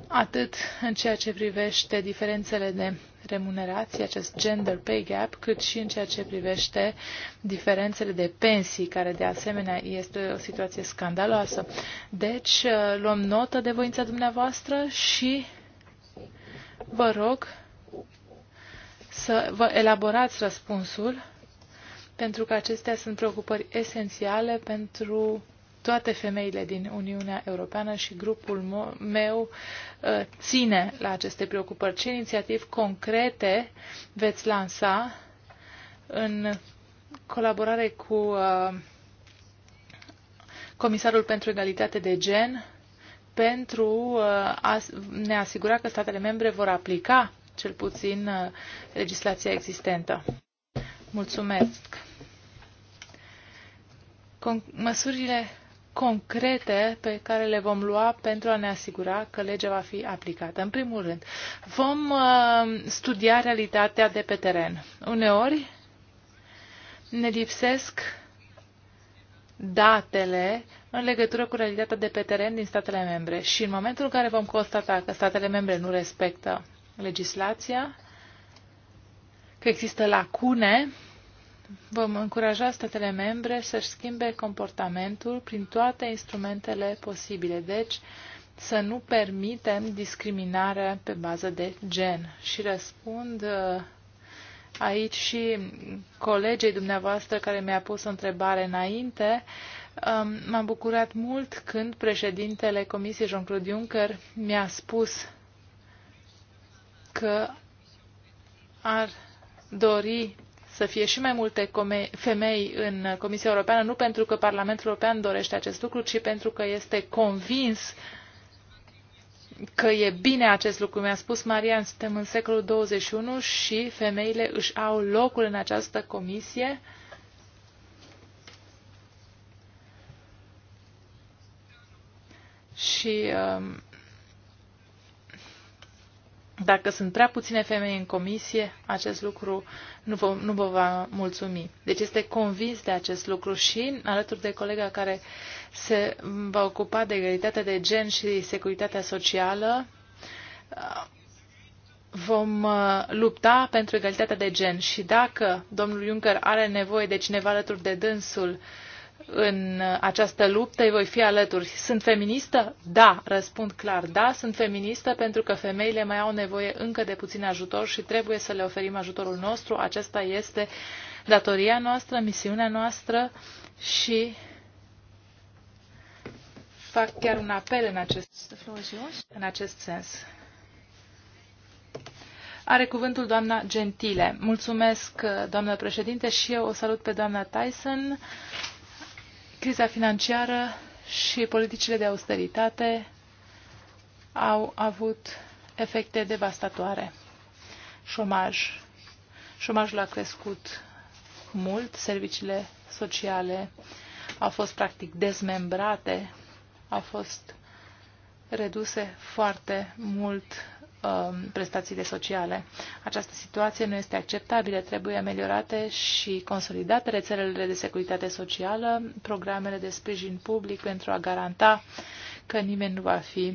atât în ceea ce privește diferențele de remunerație, acest gender pay gap, cât și în ceea ce privește diferențele de pensii, care de asemenea este o situație scandaloasă. Deci, uh, luăm notă de voința dumneavoastră și vă rog să vă elaborați răspunsul pentru că acestea sunt preocupări esențiale pentru toate femeile din Uniunea Europeană și grupul meu uh, ține la aceste preocupări. Ce inițiativ concrete veți lansa în colaborare cu uh, Comisarul pentru Egalitate de Gen pentru uh, a ne asigura că statele membre vor aplica cel puțin legislația existentă? Mulțumesc. Con- măsurile concrete pe care le vom lua pentru a ne asigura că legea va fi aplicată. În primul rând, vom uh, studia realitatea de pe teren. Uneori ne lipsesc datele în legătură cu realitatea de pe teren din statele membre și în momentul în care vom constata că statele membre nu respectă legislația, că există lacune, vom încuraja statele membre să-și schimbe comportamentul prin toate instrumentele posibile. Deci, să nu permitem discriminarea pe bază de gen. Și răspund uh, aici și colegei dumneavoastră care mi-a pus o întrebare înainte. m um, am bucurat mult când președintele Comisiei Jean-Claude Juncker mi-a spus că ar dori să fie și mai multe femei în Comisia Europeană, nu pentru că Parlamentul European dorește acest lucru, ci pentru că este convins că e bine acest lucru. Mi-a spus Maria, suntem în secolul 21 și femeile își au locul în această comisie. Și um, dacă sunt prea puține femei în comisie, acest lucru nu vă, nu vă va mulțumi. Deci este convins de acest lucru și, alături de colega care se va ocupa de egalitatea de gen și securitatea socială, vom uh, lupta pentru egalitatea de gen. Și dacă domnul Juncker are nevoie de cineva alături de dânsul, uh, în această luptă, îi voi fi alături. Sunt feministă? Da, răspund clar, da, sunt feministă pentru că femeile mai au nevoie încă de puțin ajutor și trebuie să le oferim ajutorul nostru. Aceasta este datoria noastră, misiunea noastră și fac chiar un apel în acest, în acest sens. Are cuvântul doamna Gentile. Mulțumesc, doamnă președinte, și eu o salut pe doamna Tyson Criza financiară și politicile de austeritate au avut efecte devastatoare. Șomaj. Șomajul a crescut mult, serviciile sociale au fost practic dezmembrate, au fost reduse foarte mult Um, prestațiile sociale. Această situație nu este acceptabilă, trebuie ameliorate și consolidate rețelele de securitate socială, programele de sprijin public pentru a garanta că nimeni nu va fi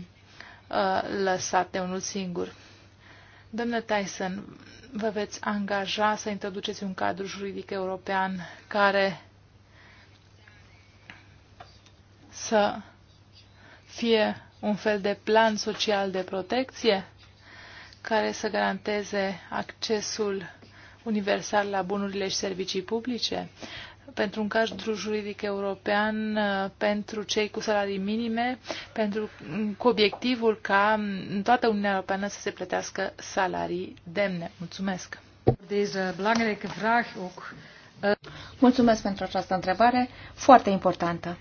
uh, lăsat de unul singur. Domnule Tyson, vă veți angaja să introduceți un cadru juridic european care să fie un fel de plan social de protecție? care să garanteze accesul universal la bunurile și servicii publice, pentru un cadru juridic european uh, pentru cei cu salarii minime, pentru, mm, cu obiectivul ca mm, în toată Uniunea Europeană să se plătească salarii demne. Mulțumesc! Eh, Mulțumesc pentru această întrebare foarte importantă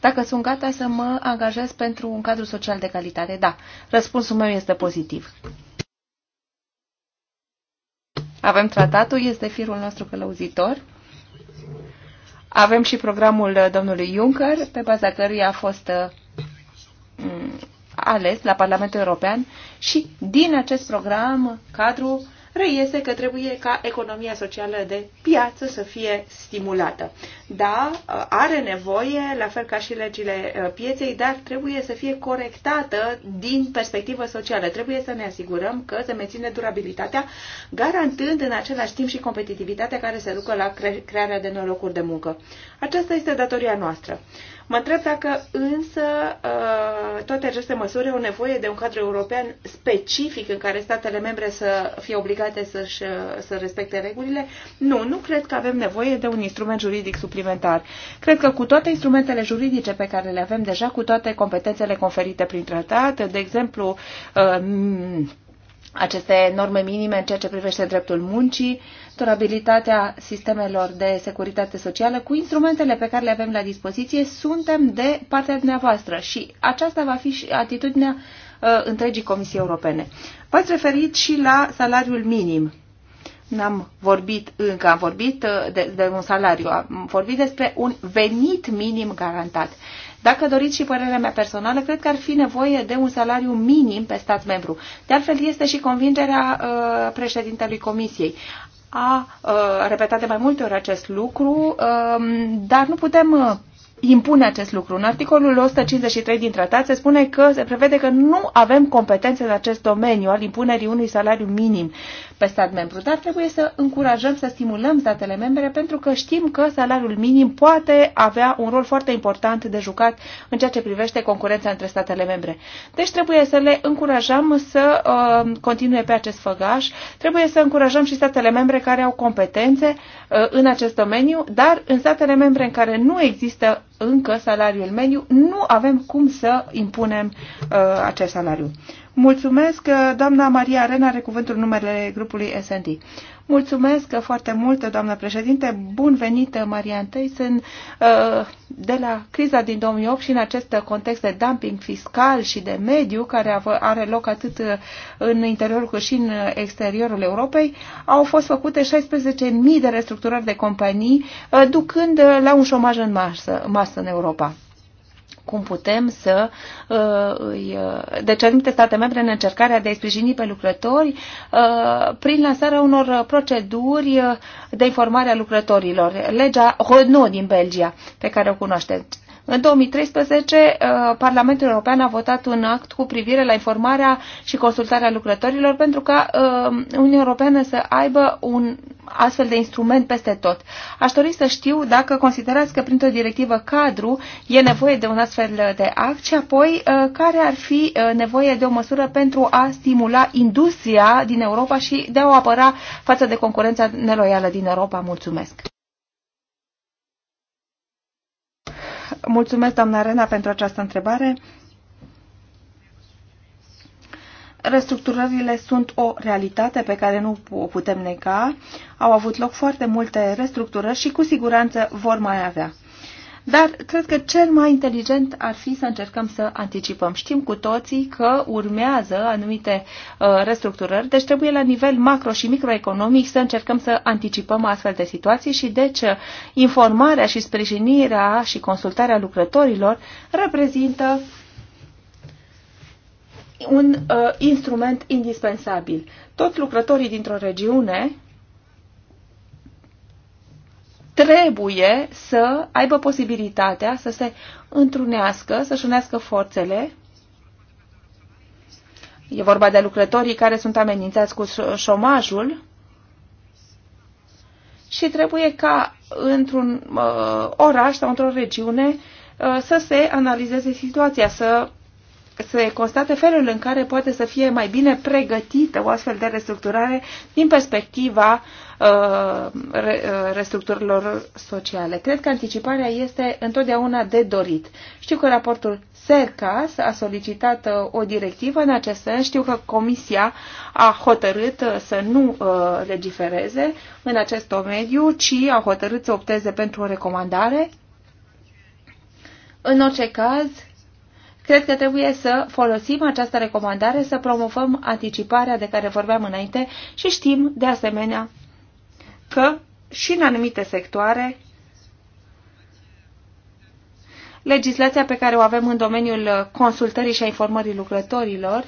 dacă sunt gata să mă angajez pentru un cadru social de calitate. Da, răspunsul meu este pozitiv. Avem tratatul, este firul nostru călăuzitor. Avem și programul domnului Juncker, pe baza căruia a fost mm, ales la Parlamentul European și din acest program, cadru, reiese că trebuie ca economia socială de piață să fie stimulată. Da, are nevoie, la fel ca și legile uh, pieței, dar trebuie să fie corectată din perspectivă socială. Trebuie să ne asigurăm că se menține durabilitatea, garantând în același timp și competitivitatea care se ducă la crearea de noi locuri de muncă. Aceasta este datoria noastră. Mă întreb dacă însă ă, toate aceste măsuri au nevoie de un cadru european specific în care statele membre să fie obligate să, ă, să respecte regulile. Nu, nu cred că avem nevoie de un instrument juridic suplimentar. Cred că cu toate instrumentele juridice pe care le avem deja, cu toate competențele conferite prin tratat, de exemplu, ă, aceste norme minime în ceea ce privește dreptul muncii, uh, durabilitatea sistemelor de securitate socială cu instrumentele pe care le avem la dispoziție, suntem de partea dumneavoastră și aceasta va fi și atitudinea uh, întregii Comisii Europene. V-ați referit și la salariul minim. N-am vorbit încă, am vorbit uh, de, de un salariu, am vorbit despre un venit minim garantat. Dacă doriți și părerea mea personală, cred că ar fi nevoie de un salariu minim pe stat membru. De altfel, este și convingerea uh, președintelui Comisiei a repetat de mai multe ori acest lucru, dar nu putem impune acest lucru. În articolul 153 din tratat se spune că se prevede că nu avem competențe în acest domeniu al impunerii unui salariu minim pe stat membru, dar trebuie să încurajăm, să stimulăm statele membre pentru că știm că salariul minim poate avea un rol foarte important de jucat în ceea ce privește concurența între statele membre. Deci trebuie să le încurajăm să uh, continue pe acest făgaș, trebuie să încurajăm și statele membre care au competențe uh, în acest domeniu, dar în statele membre în care nu există încă salariul mediu, nu avem cum să impunem uh, acest salariu. Mulțumesc, doamna Maria Arena are cuvântul numele grupului SND. Mulțumesc foarte mult, doamnă președinte. Bun venit, Maria Întâi. Sunt uh, de la criza din 2008 și în acest context de dumping fiscal și de mediu, care are loc atât uh, în interiorul cât și în exteriorul Europei, au fost făcute 16.000 de restructurări de companii, uh, ducând la un șomaj în masă, masă în Europa cum putem să uh, îi... Uh, deci anumite state membre în încercarea de a-i sprijini pe lucrători uh, prin lansarea unor proceduri de informare a lucrătorilor. Legea Renault din Belgia, pe care o cunoașteți. În 2013, uh, Parlamentul European a votat un act cu privire la informarea și consultarea lucrătorilor pentru ca uh, Uniunea Europeană să aibă un astfel de instrument peste tot. Aș dori să știu dacă considerați că printr-o directivă cadru e nevoie de un astfel de act și apoi uh, care ar fi nevoie de o măsură pentru a stimula industria din Europa și de a o apăra față de concurența neloială din Europa. Mulțumesc! Mulțumesc, doamna Rena, pentru această întrebare. Restructurările sunt o realitate pe care nu o putem nega. Au avut loc foarte multe restructurări și cu siguranță vor mai avea. Dar cred că cel mai inteligent ar fi să încercăm să anticipăm. Știm cu toții că urmează anumite uh, restructurări, deci trebuie la nivel macro și microeconomic să încercăm să anticipăm astfel de situații și deci informarea și sprijinirea și consultarea lucrătorilor reprezintă un uh, instrument indispensabil. Toți lucrătorii dintr-o regiune trebuie să aibă posibilitatea să se întrunească, să-și unească forțele. E vorba de lucrătorii care sunt amenințați cu șomajul și trebuie ca într-un uh, oraș sau într-o regiune uh, să se analizeze situația, să se constate felul în care poate să fie mai bine pregătită o astfel de restructurare din perspectiva uh, uh restructurilor sociale. Cred că anticiparea este întotdeauna de dorit. Știu că raportul SERCAS a solicitat uh, o directivă în acest sens. Știu că Comisia a hotărât uh, să nu uh, legifereze în acest domeniu, ci a hotărât să opteze pentru o recomandare. În orice caz, Cred că trebuie să folosim această recomandare, să promovăm anticiparea de care vorbeam înainte și știm, de asemenea, că și în anumite sectoare legislația pe care o avem în domeniul consultării și a informării lucrătorilor,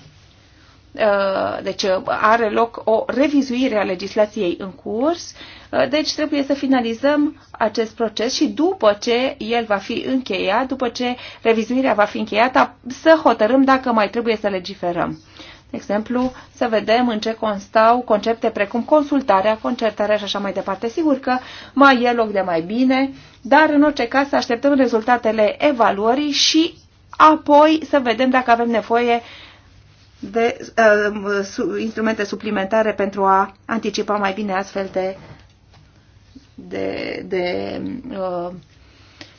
uh, deci are loc o revizuire a legislației în curs Uh, deci trebuie să finalizăm acest proces și după ce el va fi încheiat, după ce revizuirea va fi încheiată, să hotărâm dacă mai trebuie să legiferăm. De exemplu, să vedem în ce constau concepte precum consultarea, concertarea și așa mai departe. Sigur că mai e loc de mai bine, dar în orice caz să așteptăm rezultatele evaluării și apoi să vedem dacă avem nevoie de uh, instrumente suplimentare pentru a anticipa mai bine astfel de de, de uh,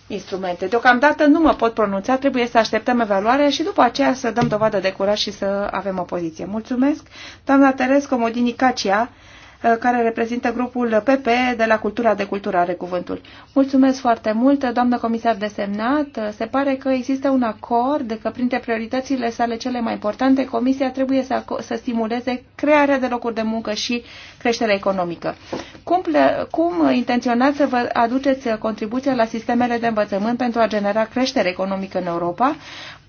instrumente. Deocamdată nu mă pot pronunța, trebuie să așteptăm evaluarea și după aceea să dăm dovadă de curaj și să avem o poziție. Mulțumesc, doamna Teres Comodini Cacia, Uh, care reprezintă grupul PP de la Cultura de Cultură are cuvântul. Mulțumesc foarte mult, doamnă comisar desemnat. Uh, se pare că există un acord că printre prioritățile sale cele mai importante, Comisia trebuie să, să stimuleze crearea de locuri de muncă și creșterea economică. Cum, cum intenționați să vă aduceți contribuția la sistemele de învățământ pentru a genera creștere economică în Europa?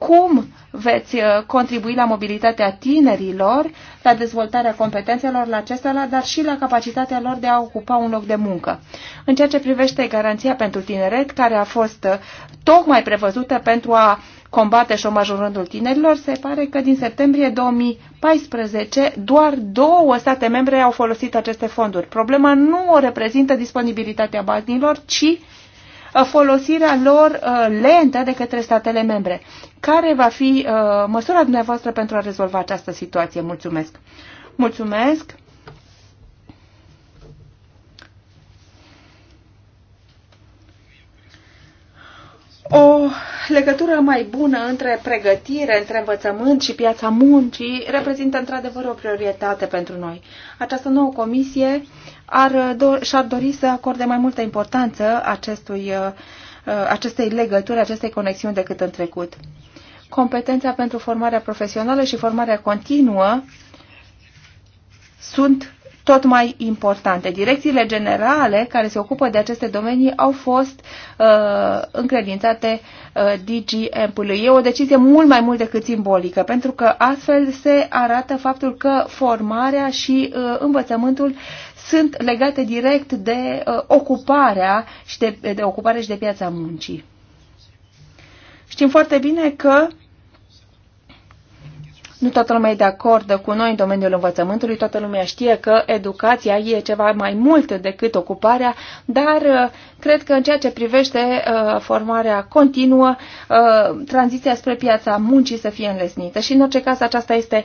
cum veți uh, contribui la mobilitatea tinerilor, la dezvoltarea competențelor la acesta, dar și la capacitatea lor de a ocupa un loc de muncă. În ceea ce privește garanția pentru tineret, care a fost uh, tocmai prevăzută pentru a combate șomajul rândul tinerilor, se pare că din septembrie 2014 doar două state membre au folosit aceste fonduri. Problema nu o reprezintă disponibilitatea banilor, ci Uh, folosirea lor uh, lentă de către statele membre. Care va fi uh, măsura dumneavoastră pentru a rezolva această situație? Mulțumesc! Mulțumesc! o legătură mai bună între pregătire, între învățământ și piața muncii reprezintă într-adevăr o prioritate pentru noi. Această nouă comisie ar do- și-ar dori să acorde mai multă importanță acestui, uh, uh, acestei legături, acestei conexiuni decât în trecut. Competența pentru formarea profesională și formarea continuă sunt tot mai importante. Direcțiile generale care se ocupă de aceste domenii au fost uh, încredințate uh, DGM-ului. E o decizie mult mai mult decât simbolică, pentru că astfel se arată faptul că formarea și uh, învățământul sunt legate direct de uh, ocuparea și de, de ocupare și de piața muncii. Știm foarte bine că uh, nu toată lumea e de acord cu noi în domeniul învățământului, toată lumea știe că educația e ceva mai mult decât ocuparea, dar uh, cred că în ceea ce privește uh, formarea continuă, uh, tranziția spre piața muncii să fie înlesnită și în orice caz aceasta este,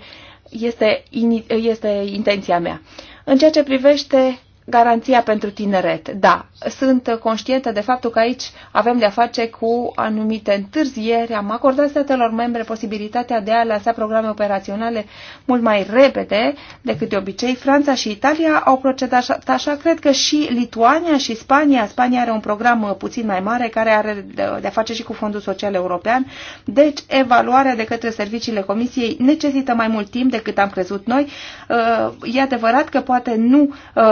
este, este intenția mea. În ceea ce privește Garanția pentru tineret. Da, sunt conștientă de faptul că aici avem de-a face cu anumite întârzieri. Am acordat statelor membre posibilitatea de a lăsa programe operaționale mult mai repede decât de obicei. Franța și Italia au procedat așa, așa cred că și Lituania și Spania. Spania are un program puțin mai mare care are de-a face și cu Fondul Social European. Deci, evaluarea de către serviciile Comisiei necesită mai mult timp decât am crezut noi. Uh, e adevărat că poate nu uh,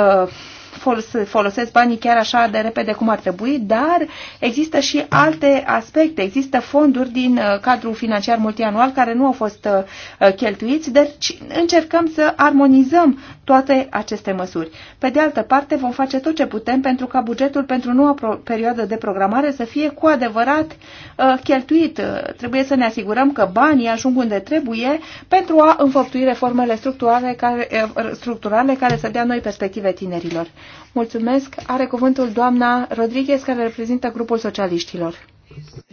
folosesc banii chiar așa de repede cum ar trebui, dar există și alte aspecte. Există fonduri din uh, cadrul financiar multianual care nu au fost uh, cheltuiți, deci încercăm să armonizăm toate aceste măsuri. Pe de altă parte, vom face tot ce putem pentru ca bugetul pentru noua perioadă de programare să fie cu adevărat uh, cheltuit. Uh, trebuie să ne asigurăm că banii ajung unde trebuie pentru a înfăptui reformele structurale care, uh, structurale care să dea noi perspective tinerilor. Mulțumesc. Are cuvântul doamna Rodriguez, care reprezintă grupul socialiștilor.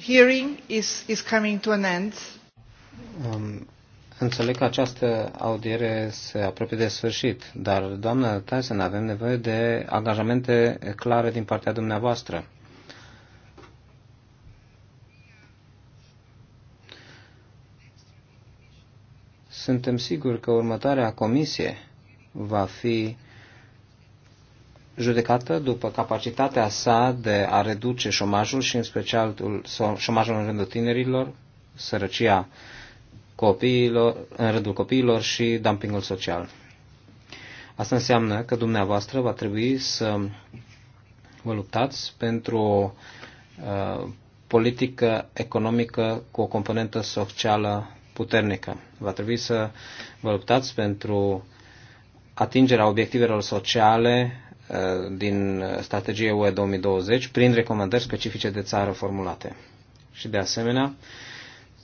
Hearing is, is coming to an end. Um Înțeleg că această audiere se apropie de sfârșit, dar, doamnă Tyson, avem nevoie de angajamente clare din partea dumneavoastră. Suntem siguri că următoarea comisie va fi judecată după capacitatea sa de a reduce șomajul și în special șomajul în rândul tinerilor, sărăcia copiilor, în rândul copiilor și dumpingul social. Asta înseamnă că dumneavoastră va trebui să vă luptați pentru o uh, politică economică cu o componentă socială puternică. Va trebui să vă luptați pentru atingerea obiectivelor sociale uh, din strategia UE 2020 prin recomandări specifice de țară formulate. Și de asemenea, uh,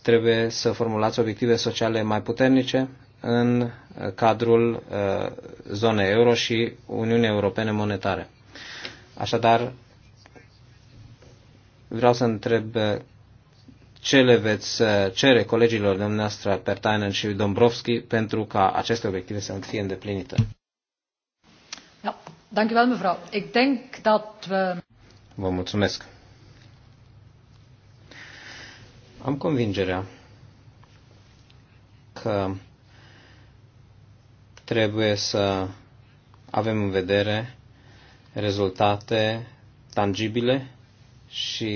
Trebuie să formulați obiective sociale mai puternice în cadrul uh, zonei euro și Uniunii Europene Monetare. Așadar, vreau să întreb uh, ce le veți uh, cere colegilor dumneavoastră Pertainen și Dombrovski pentru ca aceste obiective să fie îndeplinite. Ja, dank u wel mevrouw. Ik denk dat we... Vă mulțumesc. Am convingerea că trebuie să avem în vedere rezultate tangibile și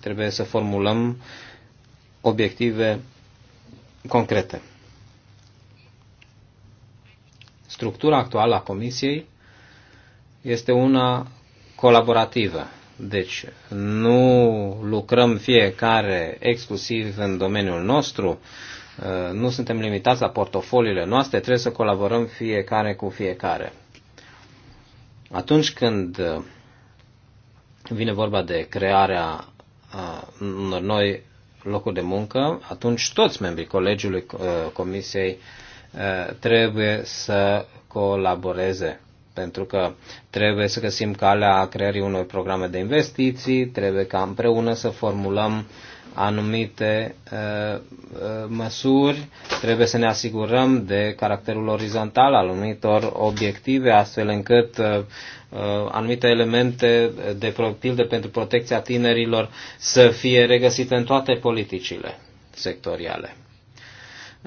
trebuie să formulăm obiective concrete. Structura actuală a Comisiei este una colaborativă deci nu lucrăm fiecare exclusiv în domeniul nostru, uh, nu suntem limitați la portofoliile noastre, trebuie să colaborăm fiecare cu fiecare. Atunci când uh, vine vorba de crearea uh, unor noi locuri de muncă, atunci toți membrii colegiului comisiei trebuie să colaboreze pentru că trebuie să găsim calea creării unor programe de investiții, trebuie ca împreună să formulăm anumite uh, uh măsuri, trebuie să ne asigurăm de caracterul orizontal al anumitor obiective, astfel încât uh, uh anumite elemente de pildă pentru protecția tinerilor să fie regăsite în toate politicile sectoriale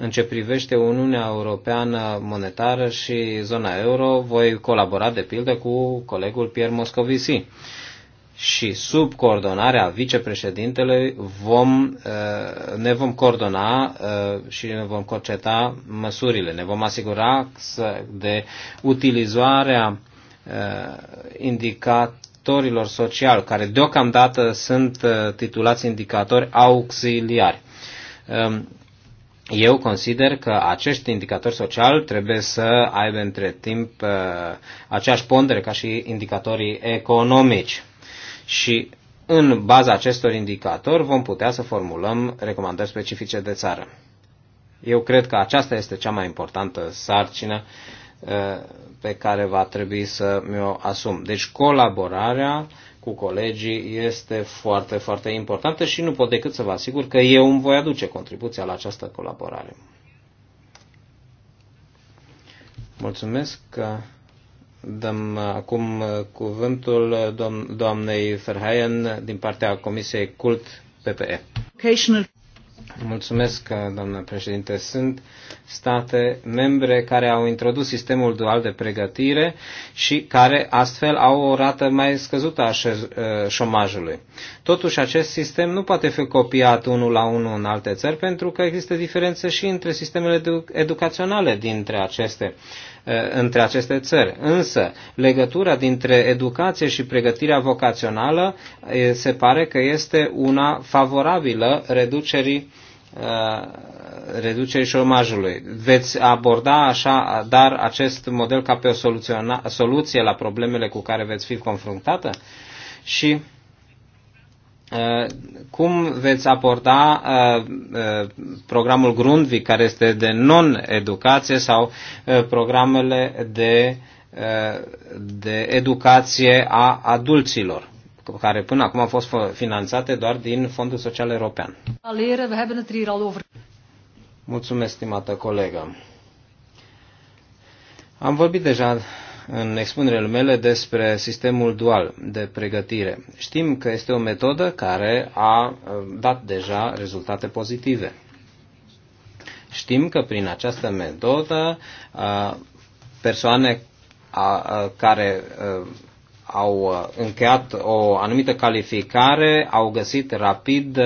în ce privește Uniunea Europeană Monetară și zona euro, voi colabora de pildă cu colegul Pierre Moscovici. Și sub coordonarea vicepreședintelui vom, uh, ne vom coordona uh, și ne vom conceta măsurile. Ne vom asigura de utilizarea uh, indicatorilor sociali, care deocamdată sunt titulați indicatori auxiliari um, eu consider că acești indicatori sociali trebuie să aibă între timp uh, aceeași pondere ca și indicatorii economici. Și în baza acestor indicatori vom putea să formulăm recomandări specifice de țară. Eu cred că aceasta este cea mai importantă sarcină uh, pe care va trebui să mi-o asum. Deci colaborarea cu colegii este foarte, foarte importantă și nu pot decât să vă asigur că eu îmi voi aduce contribuția la această colaborare. Mulțumesc că dăm acum cuvântul doamnei Ferhaien din partea Comisiei Cult PPE. Mulțumesc, doamnă președinte. Sunt state membre care au introdus sistemul dual de pregătire și care astfel au o rată mai scăzută a ă, șomajului. Totuși, acest sistem nu poate fi copiat unul la unul în alte țări pentru că există diferențe și între sistemele educaționale dintre aceste Eh, între aceste țări. Însă, legătura dintre educație și pregătirea vocațională eh, se pare că este una favorabilă reducerii eh, reducerii șomajului. Veți aborda așa, dar acest model ca pe o soluție la problemele cu care veți fi confruntată? Și Uh, cum veți aborda uh, uh, programul Grundvig, care este de non-educație, sau programele de, de educație a adulților? care până acum au fost finanțate doar din Fondul Social European. Mulțumesc, stimată colegă. Am vorbit deja în expunerele mele despre sistemul dual de pregătire. Știm că este o metodă care a dat deja rezultate pozitive. Știm că prin această metodă persoane care au încheiat o anumită calificare au găsit rapid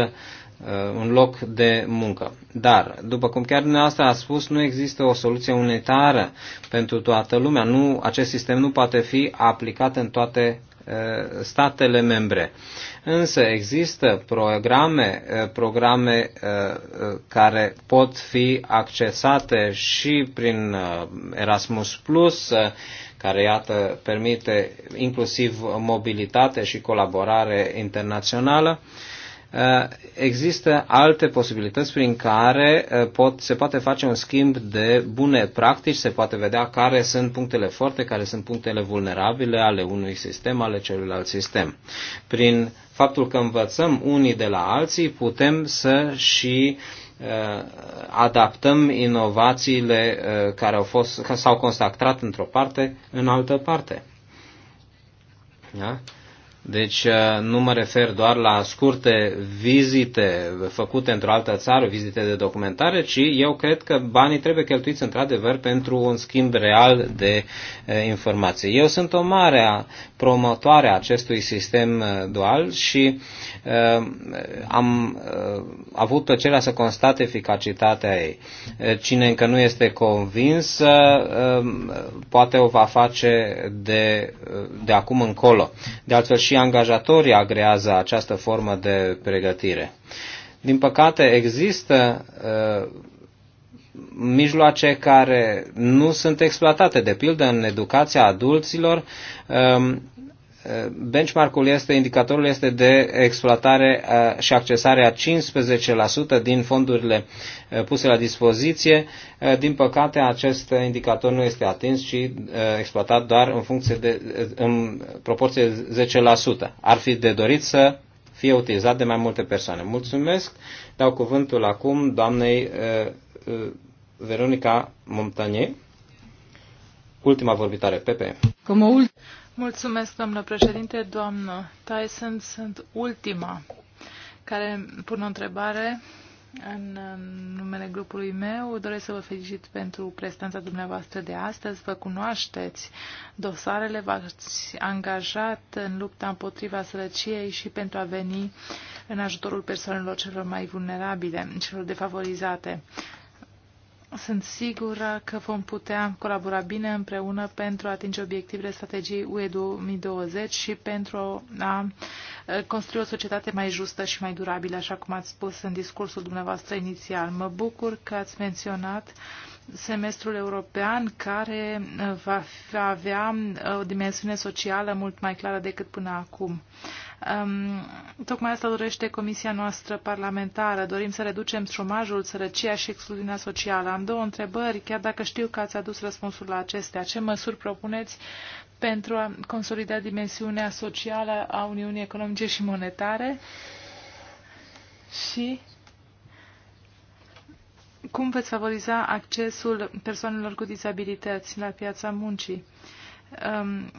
Uh, un loc de muncă. Dar, după cum chiar dumneavoastră a spus, nu există o soluție unitară pentru toată lumea. Nu, acest sistem nu poate fi aplicat în toate uh, statele membre. Însă există programe, uh, programe care pot fi accesate și prin Erasmus Plus, care iată permite inclusiv mobilitate și colaborare internațională. Uh, Eh, există alte posibilități prin care eh, pot, se poate face un schimb de bune practici, se poate vedea care sunt punctele forte, care sunt punctele vulnerabile ale unui sistem, ale celuilalt sistem. Prin faptul că învățăm unii de la alții, putem să și eh, adaptăm inovațiile care au fost, s-au constatat într-o parte în altă parte. Da? Deci uh, nu mă refer doar la scurte vizite făcute într-o altă țară, vizite de documentare, ci eu cred că banii trebuie cheltuiți într-adevăr pentru un schimb real de uh, informații. Eu sunt o mare promotoare a acestui sistem uh, dual și uh, am uh, avut plăcerea să constat eficacitatea ei. Cine încă nu este convins, uh, poate o va face de, de acum încolo. De altfel și și angajatorii agrează această formă de pregătire. Din păcate, există uh, mijloace care nu sunt exploatate. De pildă, în educația adulților, uh, benchmark-ul este, indicatorul este de exploatare uh, și accesare a 15% din fondurile uh, puse la dispoziție. Uh, din păcate, acest indicator nu este atins, ci exploatat doar în, funcție de, în proporție de 10%. Ar fi de dorit să fie utilizat de mai multe persoane. Mulțumesc. Dau cuvântul acum doamnei Veronica Montanie, ultima vorbitare, PP. Como Mulțumesc, doamnă președinte. Doamnă Tyson, sunt ultima care pun o întrebare în numele grupului meu. Doresc să vă felicit pentru prestanța dumneavoastră de astăzi. Vă cunoașteți dosarele, v-ați angajat în lupta împotriva sărăciei și pentru a veni în ajutorul persoanelor celor mai vulnerabile, celor defavorizate. Sunt sigură că vom putea colabora bine împreună pentru a atinge obiectivele strategiei UE 2020 și pentru a construi o societate mai justă și mai durabilă, așa cum ați spus în discursul dumneavoastră inițial. Mă bucur că ați menționat semestrul european care va avea o dimensiune socială mult mai clară decât până acum. Um, tocmai asta dorește Comisia noastră parlamentară. Dorim să reducem șomajul, sărăcia și excluziunea socială. Am două întrebări, chiar dacă știu că ați adus răspunsul la acestea. Ce măsuri propuneți pentru a consolida dimensiunea socială a Uniunii Economice și Monetare? Și cum veți favoriza accesul persoanelor cu dizabilități la piața muncii? Um,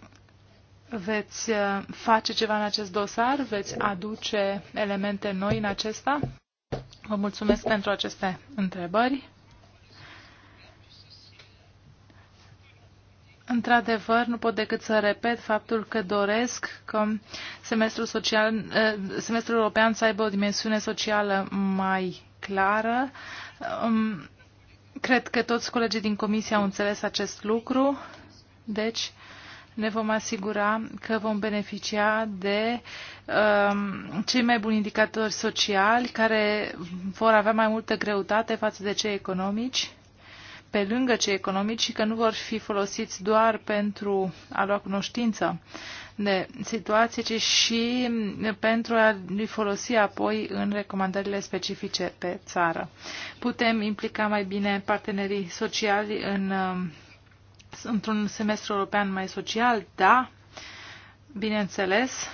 Veți uh, face ceva în acest dosar? Veți aduce elemente noi în acesta? Vă mulțumesc pentru aceste întrebări. Într-adevăr, nu pot decât să repet faptul că doresc că semestrul, social, uh, semestrul european să aibă o dimensiune socială mai clară. Um, cred că toți colegii din Comisie au înțeles acest lucru. Deci, ne vom asigura că vom beneficia de um, cei mai buni indicatori sociali care vor avea mai multă greutate față de cei economici, pe lângă cei economici și că nu vor fi folosiți doar pentru a lua cunoștință de situație, ci și pentru a îi folosi apoi în recomandările specifice pe țară. Putem implica mai bine partenerii sociali în uh, într-un semestru european mai social, da, bineînțeles.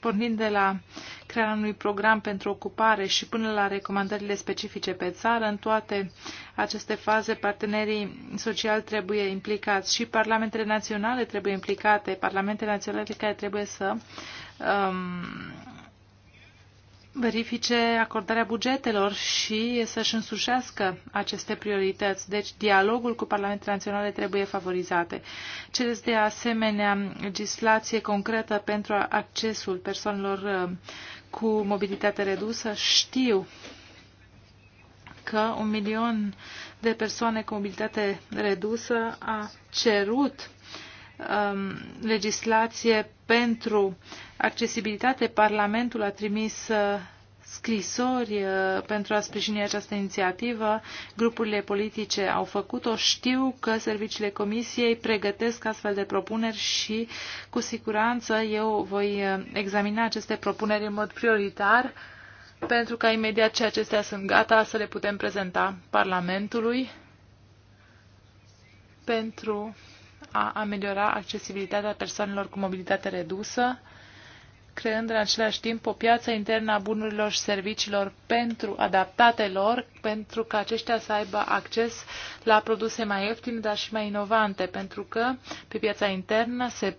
Pornind de la crearea unui program pentru ocupare și până la recomandările specifice pe țară, în toate aceste faze partenerii sociali trebuie implicați și parlamentele naționale trebuie implicate, parlamentele naționale care trebuie să um, verifice acordarea bugetelor și să-și însușească aceste priorități. Deci dialogul cu parlamentele naționale trebuie favorizate. Cereți de asemenea legislație concretă pentru accesul persoanelor uh, cu mobilitate redusă. Știu că un milion de persoane cu mobilitate redusă a cerut um, legislație pentru accesibilitate, Parlamentul a trimis uh, scrisori uh, pentru a sprijini această inițiativă. Grupurile politice au făcut-o. Știu că serviciile Comisiei pregătesc astfel de propuneri și cu siguranță eu voi uh, examina aceste propuneri în mod prioritar pentru ca imediat ce acestea sunt gata să le putem prezenta Parlamentului pentru a ameliora accesibilitatea persoanelor cu mobilitate redusă, creând în același timp o piață internă a bunurilor și serviciilor pentru adaptate lor, pentru ca aceștia să aibă acces la produse mai ieftine, dar și mai inovante, pentru că pe piața internă se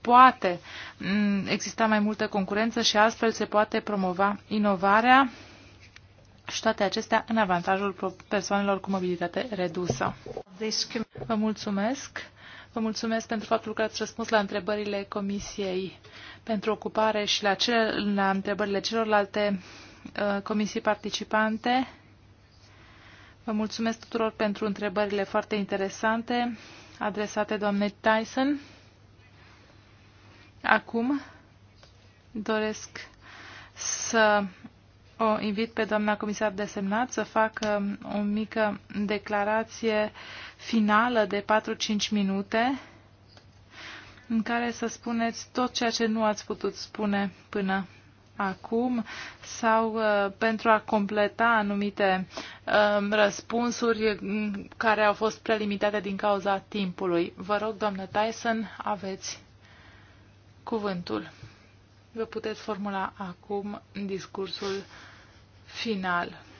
poate mm, exista mai multă concurență și astfel se poate promova inovarea și toate acestea în avantajul persoanelor cu mobilitate redusă. Vă mulțumesc! Vă mulțumesc pentru faptul că ați răspuns la întrebările Comisiei pentru Ocupare și la, cele, la întrebările celorlalte uh, comisii participante. Vă mulțumesc tuturor pentru întrebările foarte interesante adresate doamnei Tyson. Acum doresc să o invit pe doamna comisar desemnat să facă o mică declarație uh, finală de 4-5 minute în care să spuneți tot ceea ce nu ați putut spune până acum sau uh, pentru a completa anumite uh, răspunsuri mm, care au fost prelimitate din cauza timpului. Vă rog, doamnă Tyson, aveți cuvântul. Vă puteți formula acum discursul final.